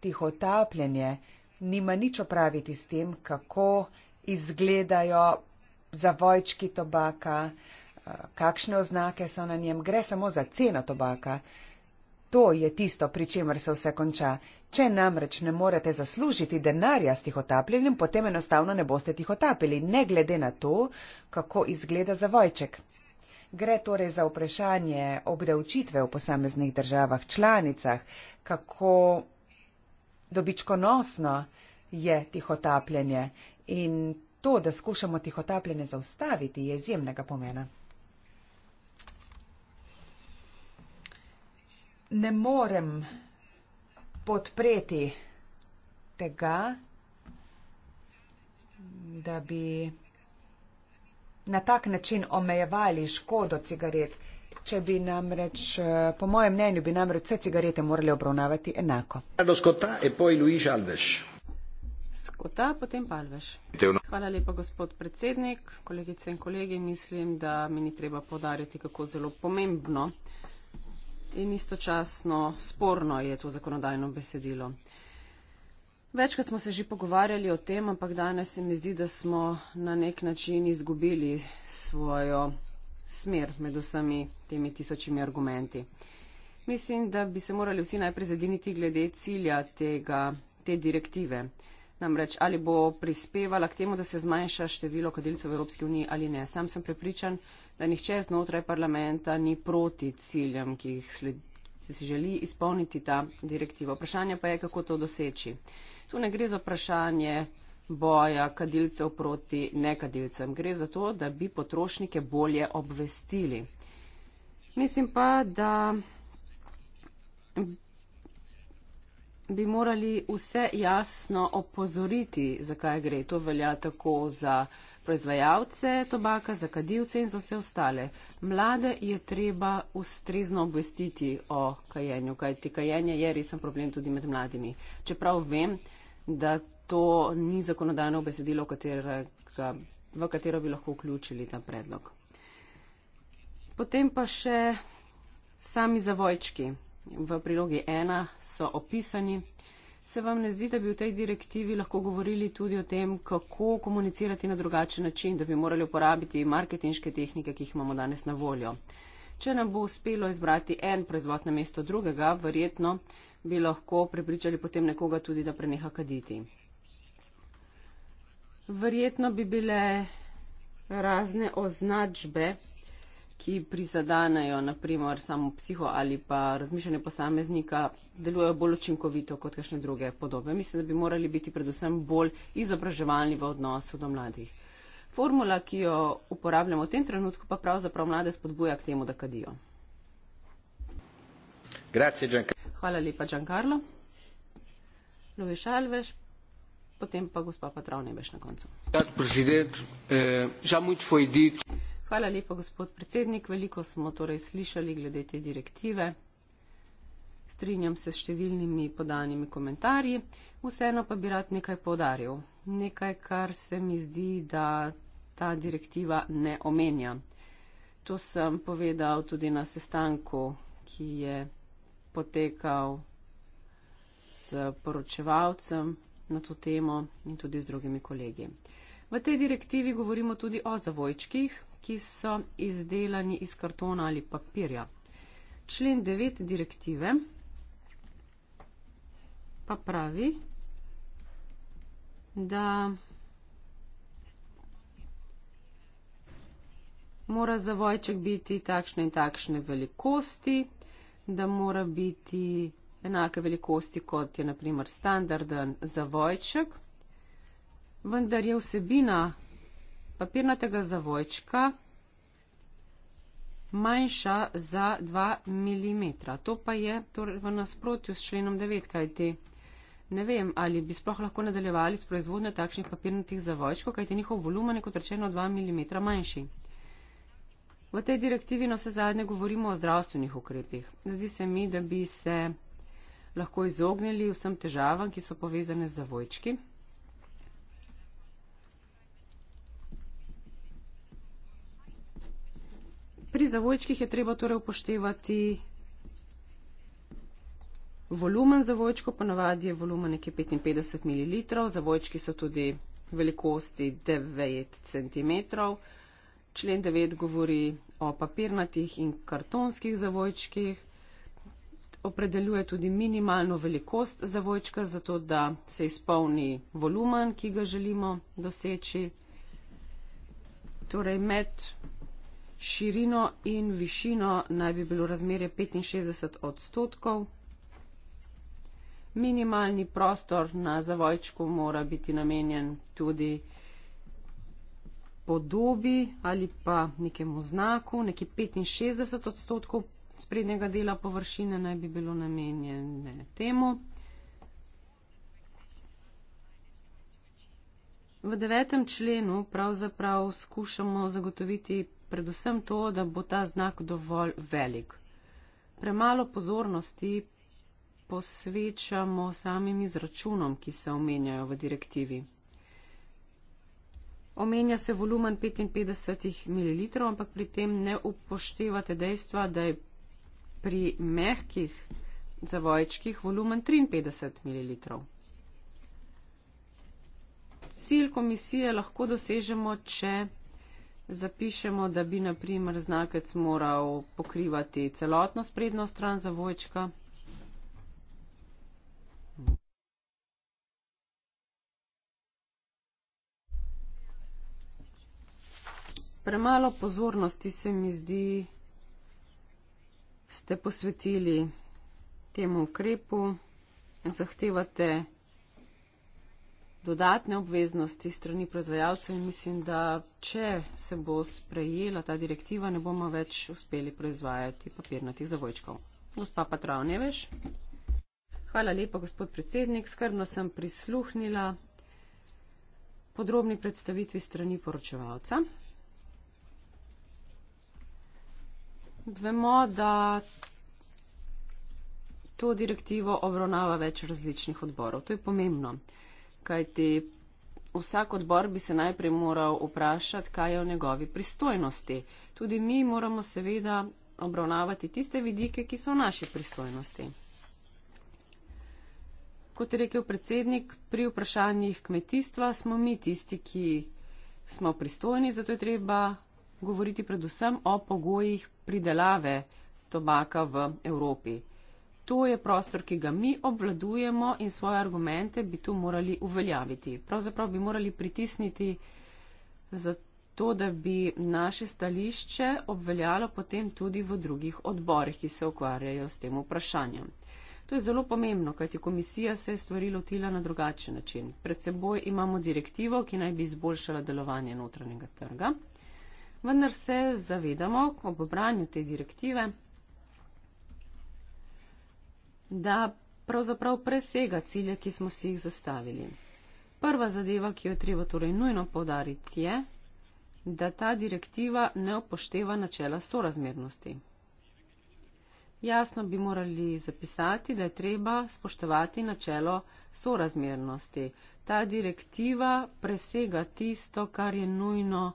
Tihotapljenje nima nič opraviti s tem, kako izgledajo zavojčki tobaka, eh, kakšne oznake so na njem, gre samo za ceno tobaka. To je tisto, pri čemer se vse konča. Če namreč ne morete zaslužiti denarja s tihotapljenjem, potem enostavno ne boste tihotapili, ne glede na to, kako izgleda zavojček. Gre torej za vprašanje obdavčitve v posameznih državah, članicah, kako dobičkonosno je tihotapljenje in to, da skušamo tihotapljenje zaustaviti, je izjemnega pomena. ne morem podpreti tega, da bi na tak način omejevali škodo cigaret, če bi namreč, eh, po mojem mnenju, bi namreč vse cigarete morali obravnavati enako. Skota, potem pa Alveš. Hvala lepa, gospod predsednik. Kolegice in kolegi, mislim, da mi ni treba podarjati, kako zelo pomembno in istočasno sporno je to zakonodajno besedilo. Večkrat smo se že pogovarjali o tem, ampak danes se mi zdi, da smo na nek način izgubili svojo smer med vsemi temi tisočimi argumenti. Mislim, da bi se morali vsi najprej zediniti glede cilja tega, te direktive. Namreč ali bo prispevala k temu, da se zmanjša število kadilcev v Evropski uniji ali ne. Sam sem prepričan, da nihče znotraj parlamenta ni proti ciljem, ki jih sledi se si želi izpolniti ta direktiva. Vprašanje pa je, kako to doseči. Tu ne gre za vprašanje boja kadilcev proti nekadilcem. Gre za to, da bi potrošnike bolje obvestili. Mislim pa, da bi morali vse jasno opozoriti, zakaj gre. To velja tako za proizvajalce tobaka, za kadilce in za vse ostale. Mlade je treba ustrezno obvestiti o kajenju, kajti kajenje je resen problem tudi med mladimi. Čeprav vem, da to ni zakonodajno besedilo, katerega, v katero bi lahko vključili ta predlog. Potem pa še sami zavojčki v prilogi ena so opisani. Se vam ne zdi, da bi v tej direktivi lahko govorili tudi o tem, kako komunicirati na drugačen način, da bi morali uporabiti marketinške tehnike, ki jih imamo danes na voljo? Če nam bo uspelo izbrati en proizvod na mesto drugega, verjetno bi lahko prepričali potem nekoga tudi, da preneha kaditi. Verjetno bi bile razne označbe ki prizadanejo naprimer samo psiho ali pa razmišljanje posameznika, delujejo bolj učinkovito kot kakšne druge podobe. Mislim, da bi morali biti predvsem bolj izobraževalni v odnosu do mladih. Formula, ki jo uporabljamo v tem trenutku, pa pravzaprav mlade spodbuja k temu, da kadijo. Grazie, Hvala lepa, Giancarlo. Lovi Šalveš, potem pa gospa Patravne veš na koncu. Ja, Hvala lepa, gospod predsednik. Veliko smo torej slišali glede te direktive. Strinjam se s številnimi podanimi komentarji, vseeno pa bi rad nekaj podaril. Nekaj, kar se mi zdi, da ta direktiva ne omenja. To sem povedal tudi na sestanku, ki je potekal s poročevalcem na to temo in tudi z drugimi kolegi. V tej direktivi govorimo tudi o zavojčkih, ki so izdelani iz kartona ali papirja. Člen 9 direktive pa pravi, da mora zavojček biti takšne in takšne velikosti, da mora biti enake velikosti, kot je naprimer standarden zavojček, vendar je vsebina papirnatega zavojčka manjša za 2 mm. To pa je torej v nasprotju s členom 9, kajti ne vem, ali bi sploh lahko nadaljevali s proizvodnjo takšnih papirnatih zavojčkov, kajti njihov volumen je kot rečeno 2 mm manjši. V tej direktivi na vse zadnje govorimo o zdravstvenih ukrepih. Zdi se mi, da bi se lahko izognili vsem težavam, ki so povezane z zavojčki. pri zavojčkih je treba torej upoštevati volumen zavojčkov, ponavadi je volumen nekje 55 ml, zavojčki so tudi velikosti 9 cm. Člen 9 govori o papirnatih in kartonskih zavojčkih, opredeljuje tudi minimalno velikost zavojčka, zato da se izpolni volumen, ki ga želimo doseči. Torej med širino in višino naj bi bilo razmerje 65 odstotkov. Minimalni prostor na zavojčku mora biti namenjen tudi podobi ali pa nekemu znaku. Nekje 65 odstotkov sprednjega dela površine naj bi bilo namenjene temu. V devetem členu pravzaprav skušamo zagotoviti predvsem to, da bo ta znak dovolj velik. Premalo pozornosti posvečamo samim izračunom, ki se omenjajo v direktivi. Omenja se volumen 55 ml, ampak pri tem ne upoštevate dejstva, da je pri mehkih zavojčkih volumen 53 ml. Cilj komisije lahko dosežemo, če zapišemo, da bi naprimer znakec moral pokrivati celotno sprednjo stran zavojčka. Premalo pozornosti se mi zdi, ste posvetili temu ukrepu, zahtevate dodatne obveznosti strani proizvajalcev in mislim, da če se bo sprejela ta direktiva, ne bomo več uspeli proizvajati papirnatih zavojčkov. Gospa Patrao, ne veš? Hvala lepa, gospod predsednik. Skrbno sem prisluhnila podrobni predstavitvi strani poročevalca. Vemo, da to direktivo obravnava več različnih odborov. To je pomembno kajti vsak odbor bi se najprej moral vprašati, kaj je v njegovi pristojnosti. Tudi mi moramo seveda obravnavati tiste vidike, ki so v naši pristojnosti. Kot je rekel predsednik, pri vprašanjih kmetijstva smo mi tisti, ki smo pristojni, zato je treba govoriti predvsem o pogojih pridelave tobaka v Evropi to je prostor, ki ga mi obvladujemo in svoje argumente bi tu morali uveljaviti. Pravzaprav bi morali pritisniti za to, da bi naše stališče obveljalo potem tudi v drugih odborih, ki se ukvarjajo s tem vprašanjem. To je zelo pomembno, kajti komisija se je stvari lotila na drugačen način. Pred seboj imamo direktivo, ki naj bi izboljšala delovanje notranjega trga. Vendar se zavedamo ob branju te direktive, da pravzaprav presega cilje, ki smo si jih zastavili. Prva zadeva, ki jo treba torej nujno podariti, je, da ta direktiva ne upošteva načela sorazmernosti. Jasno bi morali zapisati, da je treba spoštovati načelo sorazmernosti. Ta direktiva presega tisto, kar je nujno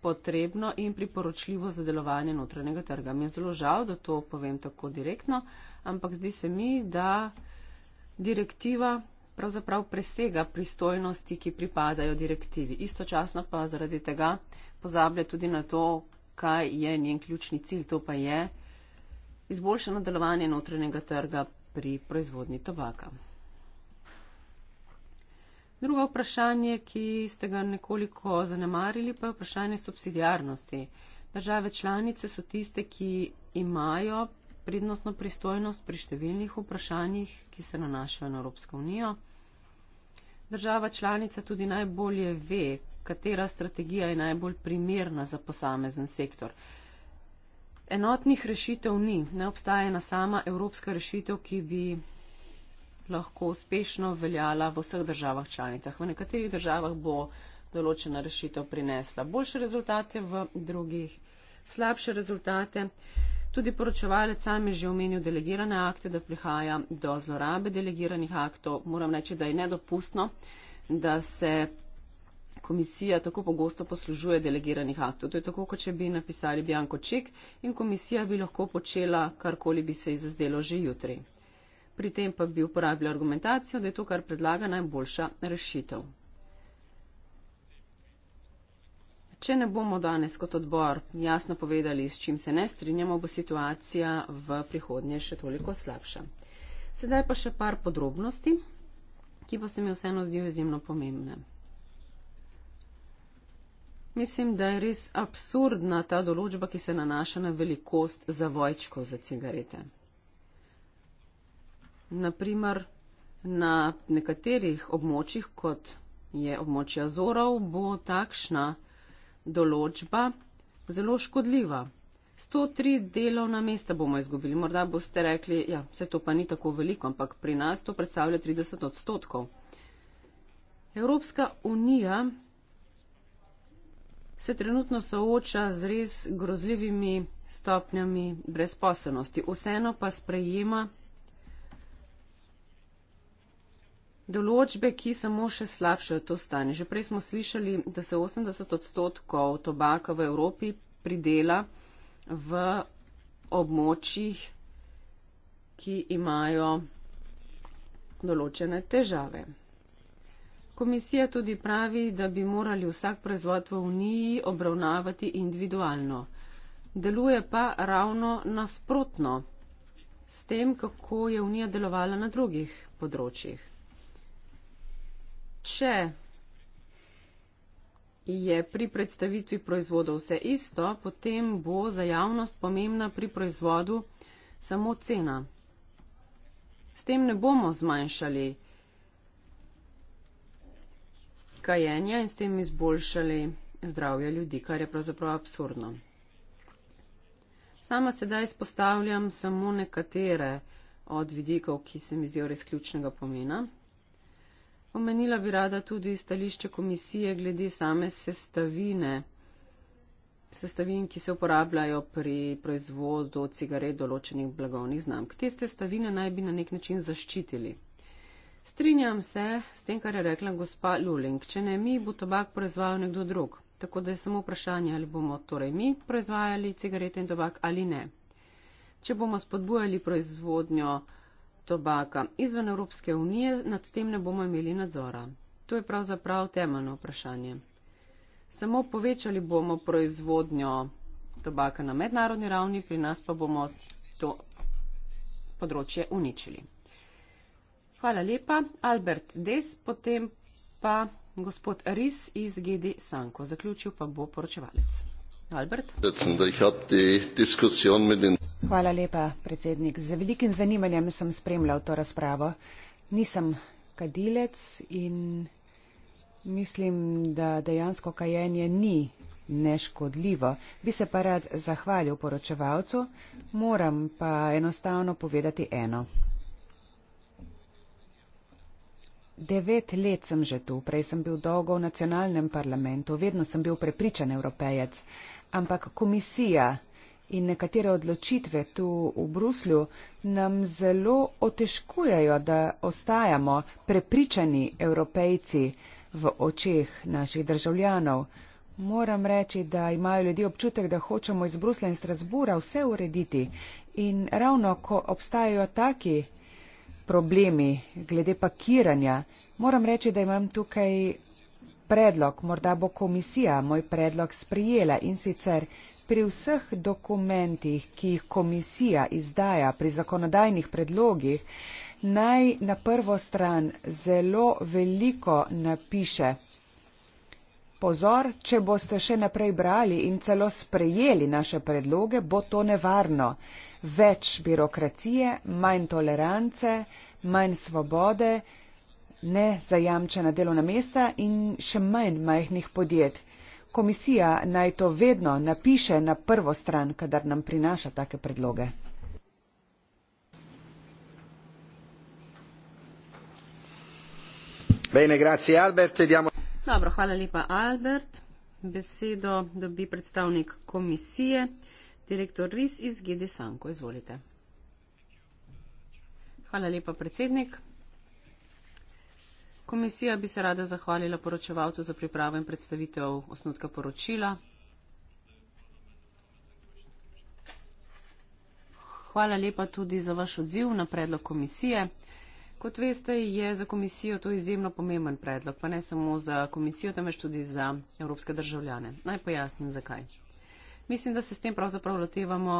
potrebno in priporočljivo za delovanje notranjega trga. Mi je zelo žal, da to povem tako direktno ampak zdi se mi, da direktiva pravzaprav presega pristojnosti, ki pripadajo direktivi. Istočasno pa zaradi tega pozablja tudi na to, kaj je njen ključni cilj. To pa je izboljšano delovanje notranjega trga pri proizvodni tobaka. Drugo vprašanje, ki ste ga nekoliko zanemarili, pa je vprašanje subsidijarnosti. Države članice so tiste, ki imajo prednostno pristojnost pri številnih vprašanjih, ki se nanašajo na Evropsko unijo. Država članica tudi najbolje ve, katera strategija je najbolj primerna za posamezen sektor. Enotnih rešitev ni, ne obstaja ena sama evropska rešitev, ki bi lahko uspešno veljala v vseh državah članicah. V nekaterih državah bo določena rešitev prinesla boljše rezultate, v drugih slabše rezultate. Tudi poročevalec sam je že omenil delegirane akte, da prihaja do zlorabe delegiranih aktov. Moram reči, da je nedopustno, da se komisija tako pogosto poslužuje delegiranih aktov. To je tako, kot če bi napisali Bjanko Čik in komisija bi lahko počela, karkoli bi se ji zazdelo že jutri. Pri tem pa bi uporabljal argumentacijo, da je to, kar predlaga, najboljša rešitev. Če ne bomo danes kot odbor jasno povedali, s čim se ne strinjamo, bo situacija v prihodnje še toliko slabša. Sedaj pa še par podrobnosti, ki pa se mi vseeno zdijo izjemno pomembne. Mislim, da je res absurdna ta določba, ki se nanaša na velikost zavojčkov za cigarete. Naprimer, na nekaterih območjih, kot je območje Azorov, bo takšna določba zelo škodljiva. 103 delovna mesta bomo izgubili. Morda boste rekli, ja, vse to pa ni tako veliko, ampak pri nas to predstavlja 30 odstotkov. Evropska unija se trenutno sooča z res grozljivimi stopnjami brezposobnosti. Vseeno pa sprejema določbe, ki samo še slabšajo to stanje. Že prej smo slišali, da se 80 odstotkov tobaka v Evropi pridela v območjih, ki imajo določene težave. Komisija tudi pravi, da bi morali vsak proizvod v Uniji obravnavati individualno. Deluje pa ravno nasprotno s tem, kako je Unija delovala na drugih področjih če je pri predstavitvi proizvoda vse isto, potem bo za javnost pomembna pri proizvodu samo cena. S tem ne bomo zmanjšali kajenja in s tem izboljšali zdravje ljudi, kar je pravzaprav absurdno. Sama sedaj izpostavljam samo nekatere od vidikov, ki se mi zdijo res ključnega pomena. Omenila bi rada tudi stališče komisije glede same sestavine, sestavin, ki se uporabljajo pri proizvodu cigaret določenih blagovnih znamk. Te sestavine naj bi na nek način zaščitili. Strinjam se s tem, kar je rekla gospa Luling. Če ne mi, bo tobak proizvajal nekdo drug. Tako da je samo vprašanje, ali bomo torej mi proizvajali cigarete in tobak ali ne. Če bomo spodbujali proizvodnjo tobaka. Izven Evropske unije nad tem ne bomo imeli nadzora. To je pravzaprav temeljno vprašanje. Samo povečali bomo proizvodnjo tobaka na mednarodni ravni, pri nas pa bomo to področje uničili. Hvala lepa. Albert Des, potem pa gospod Ris iz Gedi Sanko. Zaključil pa bo poročevalec. Albert? Ja, Hvala lepa, predsednik. Z velikim zanimanjem sem spremljal to razpravo. Nisem kadilec in mislim, da dejansko kajenje ni neškodljivo. Bi se pa rad zahvalil poročevalcu, moram pa enostavno povedati eno. Devet let sem že tu, prej sem bil dolgo v nacionalnem parlamentu, vedno sem bil prepričan evropejec, ampak komisija in nekatere odločitve tu v Bruslju nam zelo otežkujejo, da ostajamo prepričani evropejci v očeh naših državljanov. Moram reči, da imajo ljudje občutek, da hočemo iz Brusla in Strasbura vse urediti. In ravno ko obstajajo taki problemi glede pakiranja, moram reči, da imam tukaj predlog, morda bo komisija moj predlog sprijela in sicer Pri vseh dokumentih, ki jih komisija izdaja pri zakonodajnih predlogih, naj na prvo stran zelo veliko napiše. Pozor, če boste še naprej brali in celo sprejeli naše predloge, bo to nevarno. Več birokracije, manj tolerance, manj svobode, ne zajamčena delovna mesta in še manj majhnih podjetij komisija naj to vedno napiše na prvo stran, kadar nam prinaša take predloge. Bene, grazie, Albert. Diamo... Dobro, hvala lepa, Albert. Besedo dobi predstavnik komisije, direktor Riz iz GD Sanko. Izvolite. Hvala lepa, predsednik. Komisija bi se rada zahvalila poročevalcu za pripravo in predstavitev osnutka poročila. Hvala lepa tudi za vaš odziv na predlog komisije. Kot veste, je za komisijo to izjemno pomemben predlog, pa ne samo za komisijo, temveč tudi za evropske državljane. Naj pojasnim, zakaj. Mislim, da se s tem pravzaprav lotevamo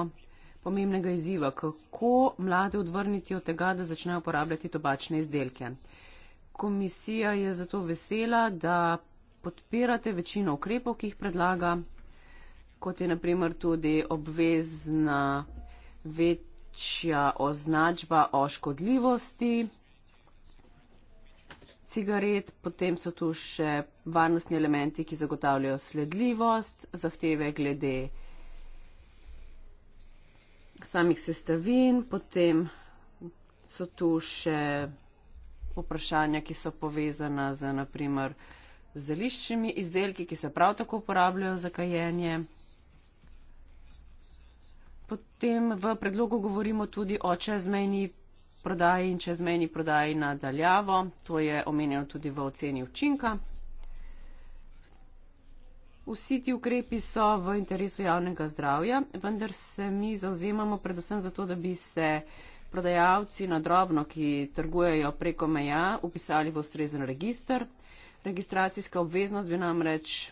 pomembnega izziva, kako mlade odvrniti od tega, da začnejo uporabljati tobačne izdelke komisija je zato vesela, da podpirate večino ukrepov, ki jih predlaga, kot je naprimer tudi obvezna večja označba o škodljivosti cigaret, potem so tu še varnostni elementi, ki zagotavljajo sledljivost, zahteve glede samih sestavin, potem so tu še vprašanja, ki so povezana z naprimer zeliščnimi izdelki, ki se prav tako uporabljajo za kajenje. Potem v predlogu govorimo tudi o čezmejni prodaji in čezmejni prodaji nadaljavo. To je omenjeno tudi v oceni učinka. Vsi ti ukrepi so v interesu javnega zdravja, vendar se mi zauzemamo predvsem zato, da bi se uh, prodajalci na drobno, ki trgujejo preko meja, upisali v ustrezen registr. Registracijska obveznost bi namreč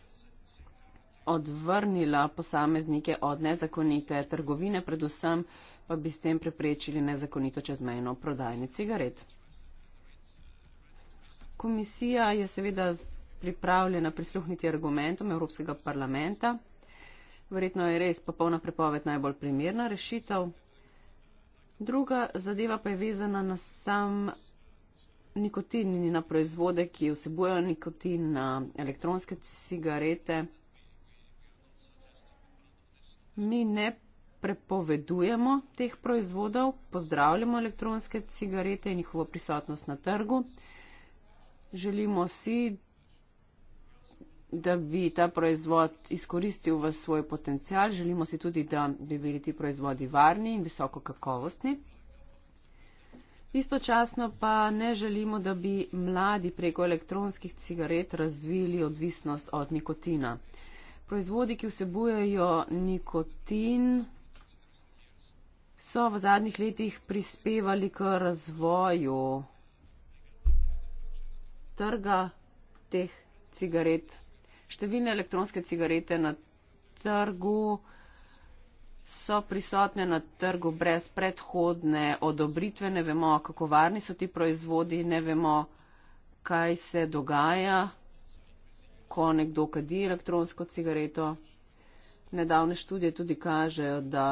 odvrnila posameznike od nezakonite trgovine, predvsem pa bi s tem preprečili nezakonito čezmejno prodajanje cigaret. Komisija je seveda pripravljena prisluhniti argumentom Evropskega parlamenta. Verjetno je res popolna prepoved najbolj primerna rešitev. Druga zadeva pa je vezana na sam nikotin in na proizvode, ki vsebujejo nikotin, na elektronske cigarete. Mi ne prepovedujemo teh proizvodov, pozdravljamo elektronske cigarete in njihovo prisotnost na trgu. Želimo si, da bi ta proizvod izkoristil v svoj potencial. Želimo si tudi, da bi bili ti proizvodi varni in visoko kakovostni. Istočasno pa ne želimo, da bi mladi preko elektronskih cigaret razvili odvisnost od nikotina. Proizvodi, ki vsebujejo nikotin, so v zadnjih letih prispevali k razvoju trga teh cigaret Številne elektronske cigarete na trgu so prisotne na trgu brez predhodne odobritve, ne vemo, kako varni so ti proizvodi, ne vemo, kaj se dogaja, ko nekdo kadi elektronsko cigareto. Nedavne študije tudi kažejo, da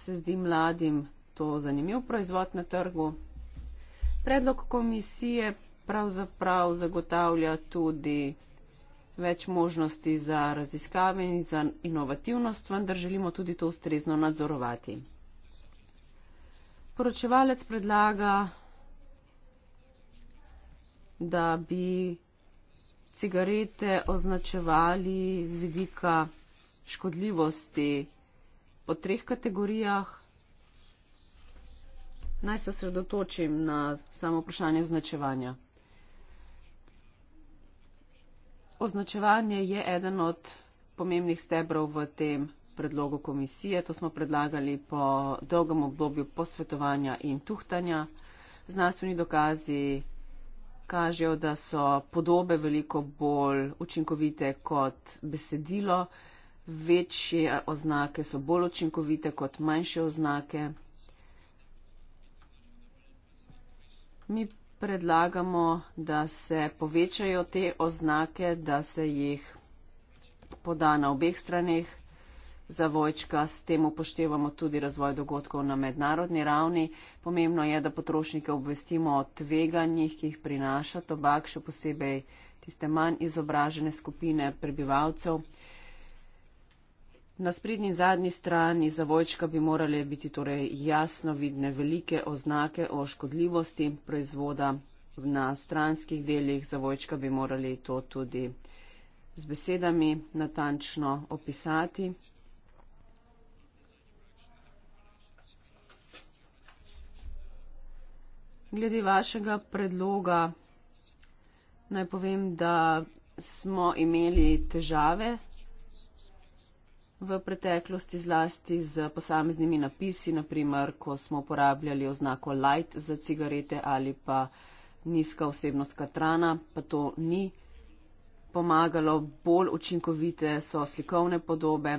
se zdi mladim to zanimiv proizvod na trgu. Predlog komisije pravzaprav zagotavlja tudi več možnosti za raziskave in za inovativnost, vendar želimo tudi to ustrezno nadzorovati. Poročevalec predlaga, da bi cigarete označevali z vidika škodljivosti po treh kategorijah. Naj se osredotočim na samo vprašanje označevanja. označevanje je eden od pomembnih stebrov v tem predlogu komisije. To smo predlagali po dolgem obdobju posvetovanja in tuhtanja. Znanstveni dokazi kažejo, da so podobe veliko bolj učinkovite kot besedilo, večje oznake so bolj učinkovite kot manjše oznake. Mi predlagamo, da se povečajo te oznake, da se jih poda na obeh straneh zavojčka, s tem upoštevamo tudi razvoj dogodkov na mednarodni ravni. Pomembno je, da potrošnike obvestimo o tveganjih, ki jih prinaša tobak, še posebej tiste manj izobražene skupine prebivalcev. Na sprednji in zadnji strani zavojčka bi morali biti torej jasno vidne velike oznake o škodljivosti proizvoda. Na stranskih delih zavojčka bi morali to tudi z besedami natančno opisati. Glede vašega predloga naj povem, da smo imeli težave v preteklosti zlasti z posameznimi napisi, naprimer, ko smo uporabljali oznako light za cigarete ali pa nizka osebnost katrana, pa to ni pomagalo, bolj učinkovite so slikovne podobe.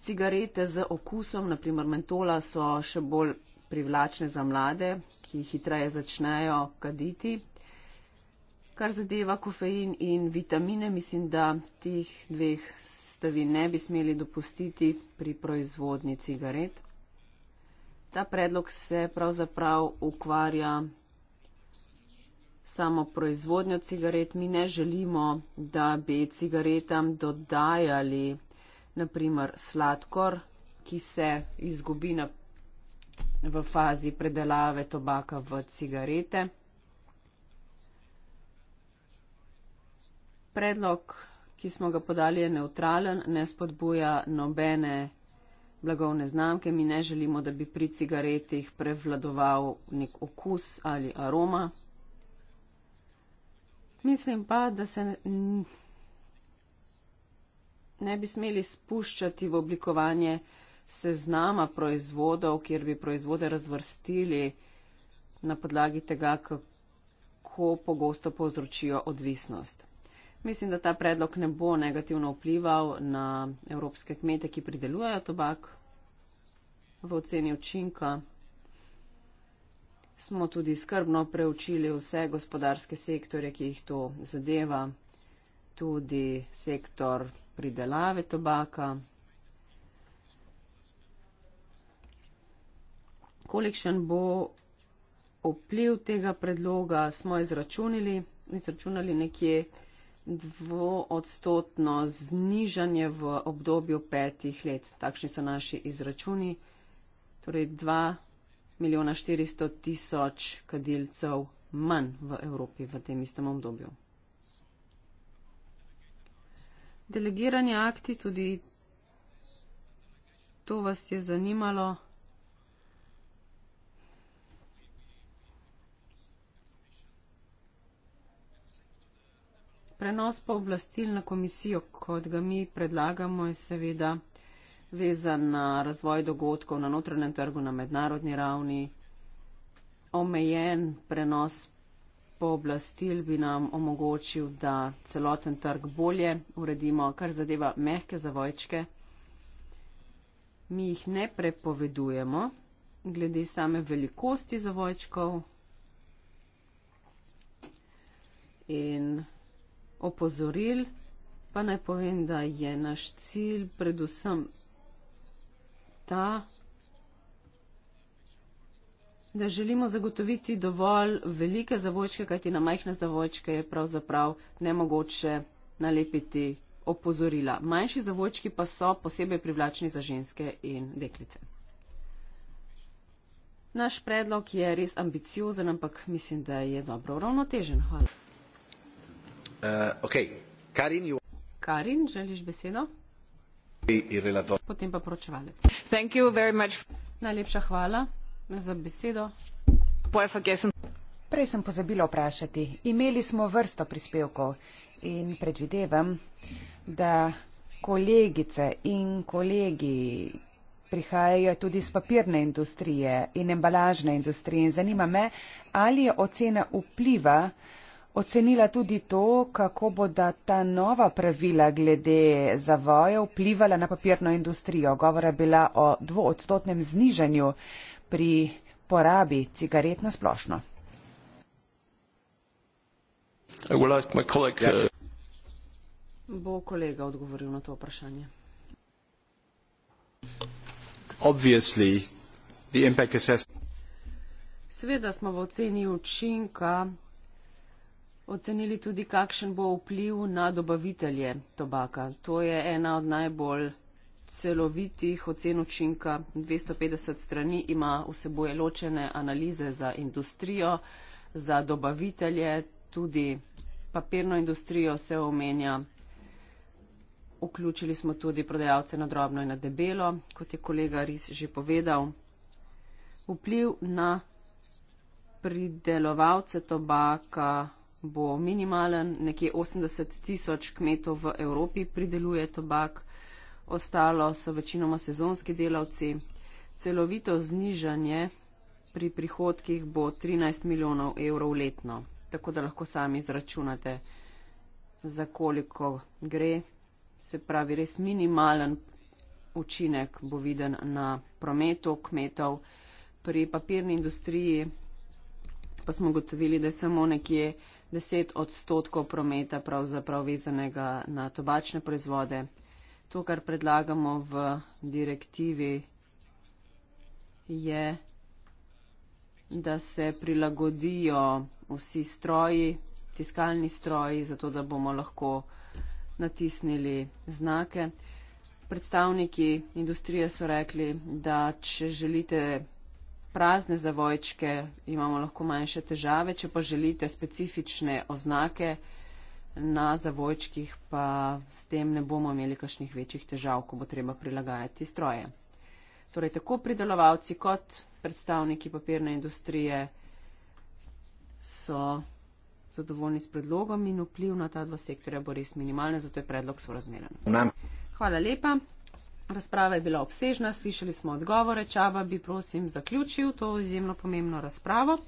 Cigarete z okusom, naprimer mentola, so še bolj privlačne za mlade, ki hitreje začnejo kaditi. Kar zadeva kofein in vitamine, mislim, da tih dveh sestavi ne bi smeli dopustiti pri proizvodni cigaret. Ta predlog se pravzaprav ukvarja samo proizvodnjo cigaret. Mi ne želimo, da bi cigaretam dodajali naprimer sladkor, ki se izgubi na, v fazi predelave tobaka v cigarete. Predlog ki smo ga podali, je neutralen, ne spodbuja nobene blagovne znamke. Mi ne želimo, da bi pri cigaretih prevladoval nek okus ali aroma. Mislim pa, da se ne, ne bi smeli spuščati v oblikovanje seznama proizvodov, kjer bi proizvode razvrstili na podlagi tega, kako pogosto povzročijo odvisnost. Mislim, da ta predlog ne bo negativno vplival na evropske kmete, ki pridelujejo tobak. V oceni učinka smo tudi skrbno preučili vse gospodarske sektorje, ki jih to zadeva, tudi sektor pridelave tobaka. Kolikšen bo vpliv tega predloga, smo izračunali, izračunali nekje dvoodstotno znižanje v obdobju petih let. Takšni so naši izračuni. Torej 2 milijona 400 tisoč kadilcev manj v Evropi v tem istem obdobju. Delegirani akti, tudi to vas je zanimalo. prenos pa oblastil na komisijo, kot ga mi predlagamo, je seveda vezan na razvoj dogodkov na notranjem trgu, na mednarodni ravni. Omejen prenos pooblastil bi nam omogočil, da celoten trg bolje uredimo, kar zadeva mehke zavojčke. Mi jih ne prepovedujemo glede same velikosti zavojčkov in opozoril, pa naj povem, da je naš cilj predvsem ta, da želimo zagotoviti dovolj velike zavojčke, kajti na majhne zavojčke je pravzaprav nemogoče nalepiti opozorila. Manjši zavojčki pa so posebej privlačni za ženske in deklice. Naš predlog je res ambiciozen, ampak mislim, da je dobro uravnotežen. Hvala. Uh, ok, Karin, you... Karin, želiš besedo? Potem pa poročevalec. Najlepša hvala za besedo. Prej sem pozabila vprašati. Imeli smo vrsto prispevkov in predvidevam, da kolegice in kolegi prihajajo tudi iz papirne industrije in embalažne industrije. In zanima me, ali je ocena vpliva uh, ocenila tudi to, kako bodo ta nova pravila glede zavoja vplivala na papirno industrijo. Govora je bila o dvoodstotnem znižanju pri porabi cigaret na splošno. Uh, Bo kolega odgovoril na to vprašanje. Seveda smo v oceni učinka ocenili tudi, kakšen bo vpliv na dobavitelje tobaka. To je ena od najbolj celovitih ocen učinka. 250 strani ima vseboje ločene analize za industrijo, za dobavitelje, tudi papirno industrijo se omenja. Vključili smo tudi prodajalce na drobno in na debelo, kot je kolega Ris že povedal. Vpliv na pridelovalce tobaka bo minimalen, nekje 80 tisoč kmetov v Evropi prideluje tobak, ostalo so večinoma sezonski delavci. Celovito znižanje pri prihodkih bo 13 milijonov evrov letno, tako da lahko sami izračunate, za koliko gre. Se pravi, res minimalen učinek bo viden na prometu kmetov. Pri papirni industriji pa smo gotovili, da je samo nekje 10 odstotkov prometa pravzaprav vezanega na tobačne proizvode. To, kar predlagamo v direktivi, je, da se prilagodijo vsi stroji, tiskalni stroji, zato da bomo lahko natisnili znake. Predstavniki industrije so rekli, da če želite prazne zavojčke, imamo lahko manjše težave, če pa želite specifične oznake na zavojčkih, pa s tem ne bomo imeli kakšnih večjih težav, ko bo treba prilagajati stroje. Torej, tako pridelovalci kot predstavniki papirne industrije so zadovoljni s predlogom in vpliv na ta dva sektorja bo res minimalen, zato je predlog sorazmeren. Hvala lepa. Razprava je bila obsežna, slišali smo odgovore. Čaba bi, prosim, zaključil to izjemno pomembno razpravo.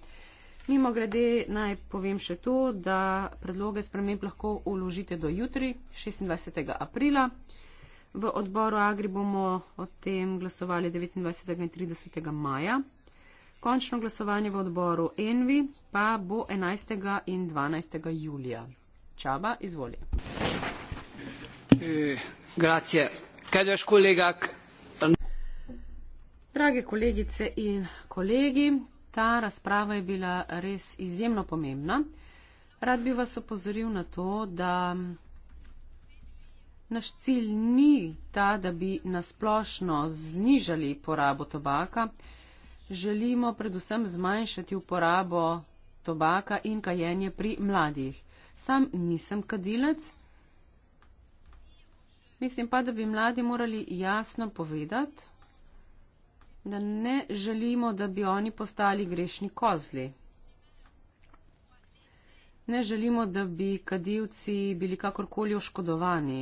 Mimo grede naj povem še to, da predloge sprememb lahko uložite do jutri, 26. aprila. V odboru Agri bomo o tem glasovali 29. in 30. maja. Končno glasovanje v odboru Envi pa bo 11. in 12. julija. Čaba, izvolite. Eh, e, Kedves kollégák! Drage kolegice in kolegi, ta razprava je bila res izjemno pomembna. Rad bi vas opozoril na to, da naš cilj ni ta, da bi nasplošno znižali porabo tobaka. Želimo predvsem zmanjšati uporabo tobaka in kajenje pri mladih. Sam nisem kadilec, Mislim pa, da bi mladi morali jasno povedati, da ne želimo, da bi oni postali grešni kozli. Ne želimo, da bi kadilci bili kakorkoli oškodovani.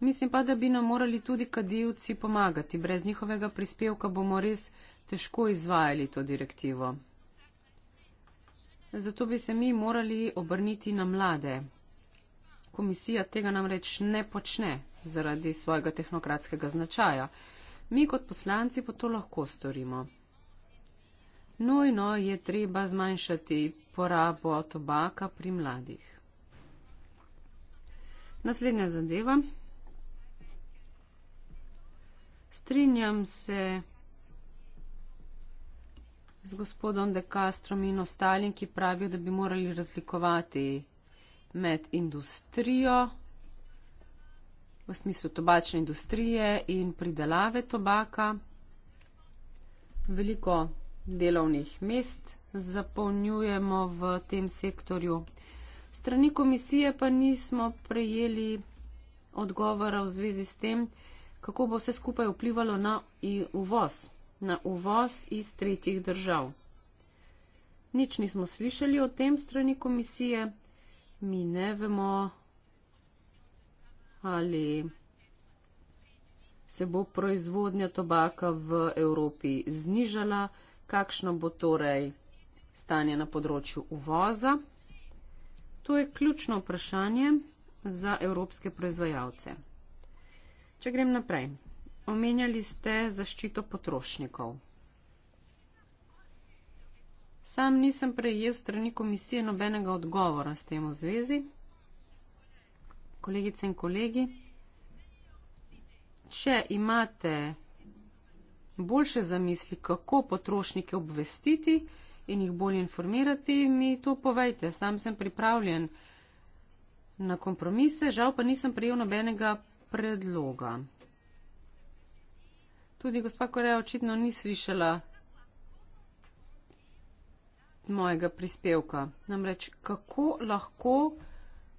Mislim pa, da bi nam morali tudi kadilci pomagati. Brez njihovega prispevka bomo res težko izvajali to direktivo. Zato bi se mi morali obrniti na mlade komisija tega namreč ne počne zaradi svojega tehnokratskega značaja. Mi kot poslanci pa to lahko storimo. Nujno je treba zmanjšati porabo tobaka pri mladih. Naslednja zadeva. Strinjam se z gospodom De Castrom in ostalim, ki pravijo, da bi morali razlikovati med industrijo, v smislu tobačne industrije in pridelave tobaka. Veliko delovnih mest zapolnjujemo v tem sektorju. Strani komisije pa nismo prejeli odgovora v zvezi s tem, kako bo vse skupaj vplivalo na uvoz, na uvoz iz tretjih držav. Nič nismo slišali o tem strani komisije mi ne vemo, ali se bo proizvodnja tobaka v Evropi znižala, kakšno bo torej stanje na področju uvoza. To je ključno vprašanje za evropske proizvajalce. Če grem naprej. Omenjali ste zaščito potrošnikov. Sam nisem prejel strani komisije nobenega odgovora s tem v zvezi. Kolegice in kolegi, če imate boljše zamisli, kako potrošnike obvestiti in jih bolje informirati, mi to povejte. Sam sem pripravljen na kompromise, žal pa nisem prejel nobenega predloga. Tudi gospa Koreja očitno ni slišala mojega prispevka. Namreč, kako lahko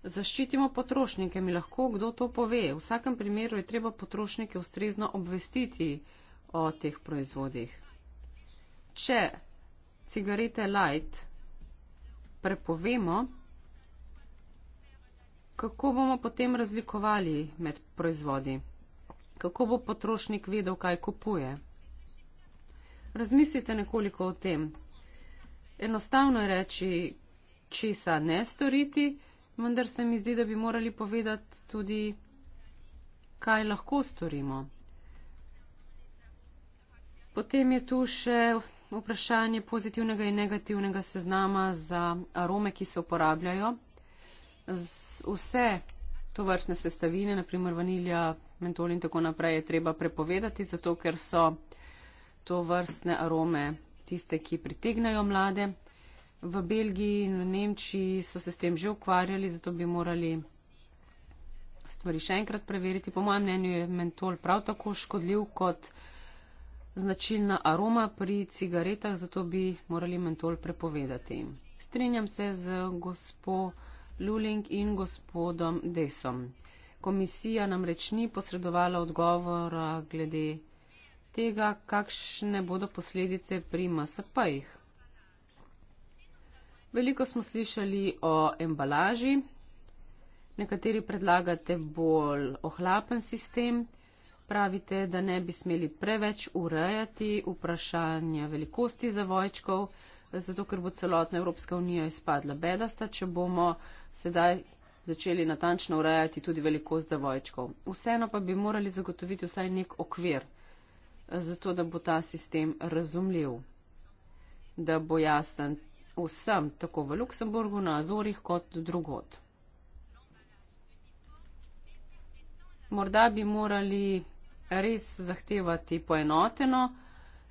zaščitimo potrošnike? Mi lahko kdo to pove. V vsakem primeru je treba potrošnike ustrezno obvestiti o teh proizvodih. Če cigarete light prepovemo, kako bomo potem razlikovali med proizvodi? Kako bo potrošnik vedel, kaj kupuje? Razmislite nekoliko o tem enostavno je reči, česa ne storiti, vendar se mi zdi, da bi morali povedati tudi, kaj lahko storimo. Potem je tu še vprašanje pozitivnega in negativnega seznama za arome, ki se uporabljajo. Z vse to vrstne sestavine, naprimer vanilja, mentol in tako naprej, je treba prepovedati, zato ker so to vrstne arome tiste, ki pritegnajo mlade. V Belgiji in v Nemčiji so se s tem že ukvarjali, zato bi morali stvari še enkrat preveriti. Po mojem mnenju je mentol prav tako škodljiv kot značilna aroma pri cigaretah, zato bi morali mentol prepovedati. Strinjam se z gospo Luling in gospodom Desom. Komisija namreč ni posredovala odgovora glede tega, kakšne bodo posledice pri MSP-jih. Veliko smo slišali o embalaži, nekateri predlagate bolj ohlapen sistem, pravite, da ne bi smeli preveč urejati vprašanja velikosti zavojčkov, zato ker bo celotna Evropska unija izpadla bedasta, če bomo sedaj začeli natančno urejati tudi velikost zavojčkov. Vseeno pa bi morali zagotoviti vsaj nek okvir zato da bo ta sistem razumljiv, da bo jasen vsem, tako v Luksemburgu, na Azorih kot drugot. Morda bi morali res zahtevati poenoteno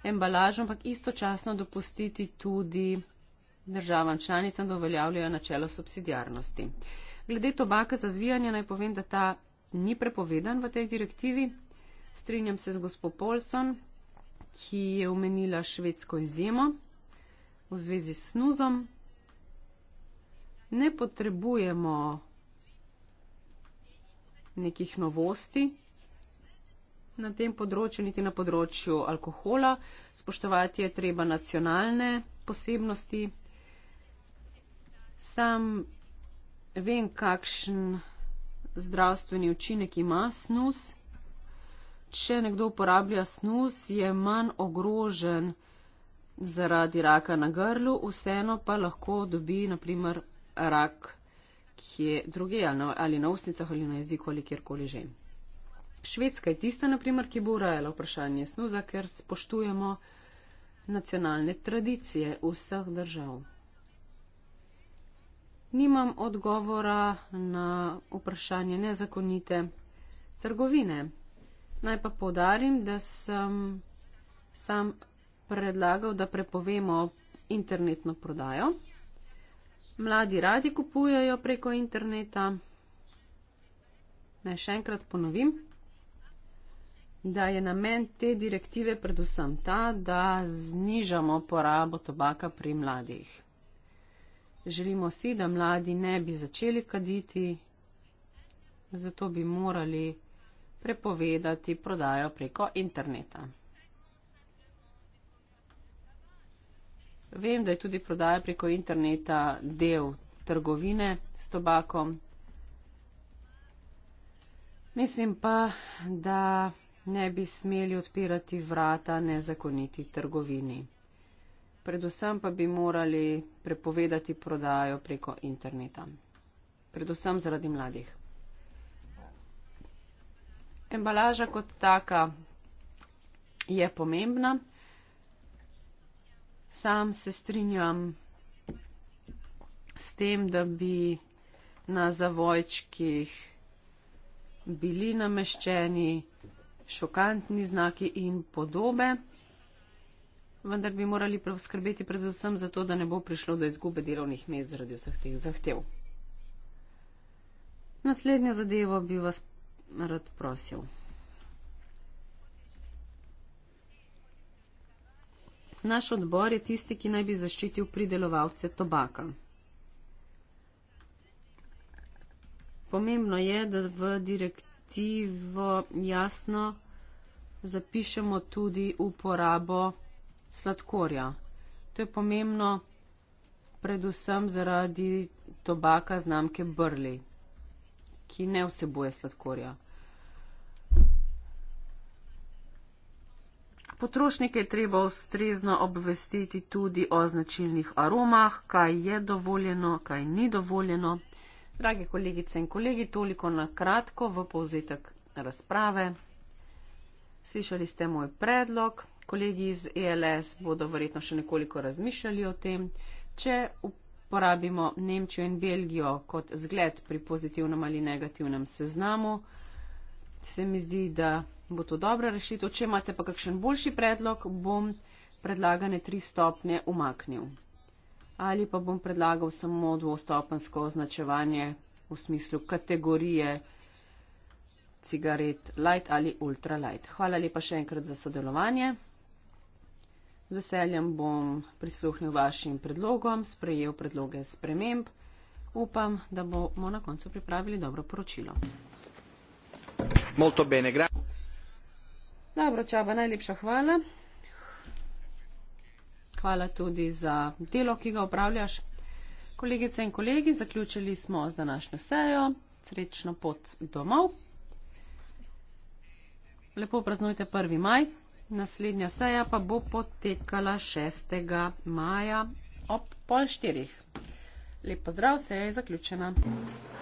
embalažo, ampak istočasno dopustiti tudi državam članicam, da uveljavljajo načelo subsidijarnosti. Glede tobaka za zvijanje naj povem, da ta ni prepovedan v tej direktivi. Strinjam se z gospod Polson, ki je omenila švedsko izjemo v zvezi s snuzom. Ne potrebujemo nekih novosti na tem področju, niti na področju alkohola. Spoštovati je treba nacionalne posebnosti. Sam vem, kakšen zdravstveni učinek ima snus če nekdo uporablja snus, je manj ogrožen zaradi raka na grlu, vseeno pa lahko dobi naprimer rak, ki je druge ali na usnicah ali na jeziku ali kjerkoli že. Švedska je tista, naprimer, ki bo urajala vprašanje snuza, ker spoštujemo nacionalne tradicije vseh držav. Nimam odgovora na vprašanje nezakonite trgovine. Naj pa povdarim, da sem sam predlagal, da prepovemo internetno prodajo. Mladi radi kupujajo preko interneta. Naj še enkrat ponovim, da je namen te direktive predvsem ta, da znižamo porabo tobaka pri mladih. Želimo si, da mladi ne bi začeli kaditi, zato bi morali prepovedati prodajo preko interneta. Vem, da je tudi prodaja preko interneta del trgovine s tobakom. Mislim pa, da ne bi smeli odpirati vrata nezakoniti trgovini. Predvsem pa bi morali prepovedati prodajo preko interneta. Predvsem zaradi mladih embalaža kot taka je pomembna. Sam se strinjam s tem, da bi na zavojčkih bili nameščeni šokantni znaki in podobe, vendar bi morali poskrbeti predvsem za to, da ne bo prišlo do izgube delovnih mest zaradi vseh teh zahtev. Naslednja zadeva bi vas rad prosil. Naš odbor je tisti, ki naj bi zaščitil pridelovalce tobaka. Pomembno je, da v direktivo jasno zapišemo tudi uporabo sladkorja. To je pomembno predvsem zaradi tobaka znamke Brli, ki ne vsebuje sladkorja. Potrošnike je treba ustrezno obvestiti tudi o značilnih aromah, kaj je dovoljeno, kaj ni dovoljeno. Dragi kolegice in kolegi, toliko na kratko v povzetek razprave. Slišali ste moj predlog. Kolegi iz ELS bodo verjetno še nekoliko razmišljali o tem. Če uporabimo Nemčijo in Belgijo kot zgled pri pozitivnem ali negativnem seznamu, se mi zdi, da bo to dobra rešitev. Če imate pa kakšen boljši predlog, bom predlagane tri stopnje umaknil. Ali pa bom predlagal samo dvostopensko označevanje v smislu kategorije cigaret light ali ultra light. Hvala lepa še enkrat za sodelovanje. Z veseljem bom prisluhnil vašim predlogom, sprejel predloge sprememb. Upam, da bomo na koncu pripravili dobro poročilo. Molto bene, gra. Dobro, Čaba, najlepša hvala. Hvala tudi za delo, ki ga upravljaš. Kolegice in kolegi, zaključili smo z današnjo sejo. Srečno pot domov. Lepo praznujte 1. maj. Naslednja seja pa bo potekala 6. maja ob pol štirih. Lep pozdrav, seja je zaključena. Mm.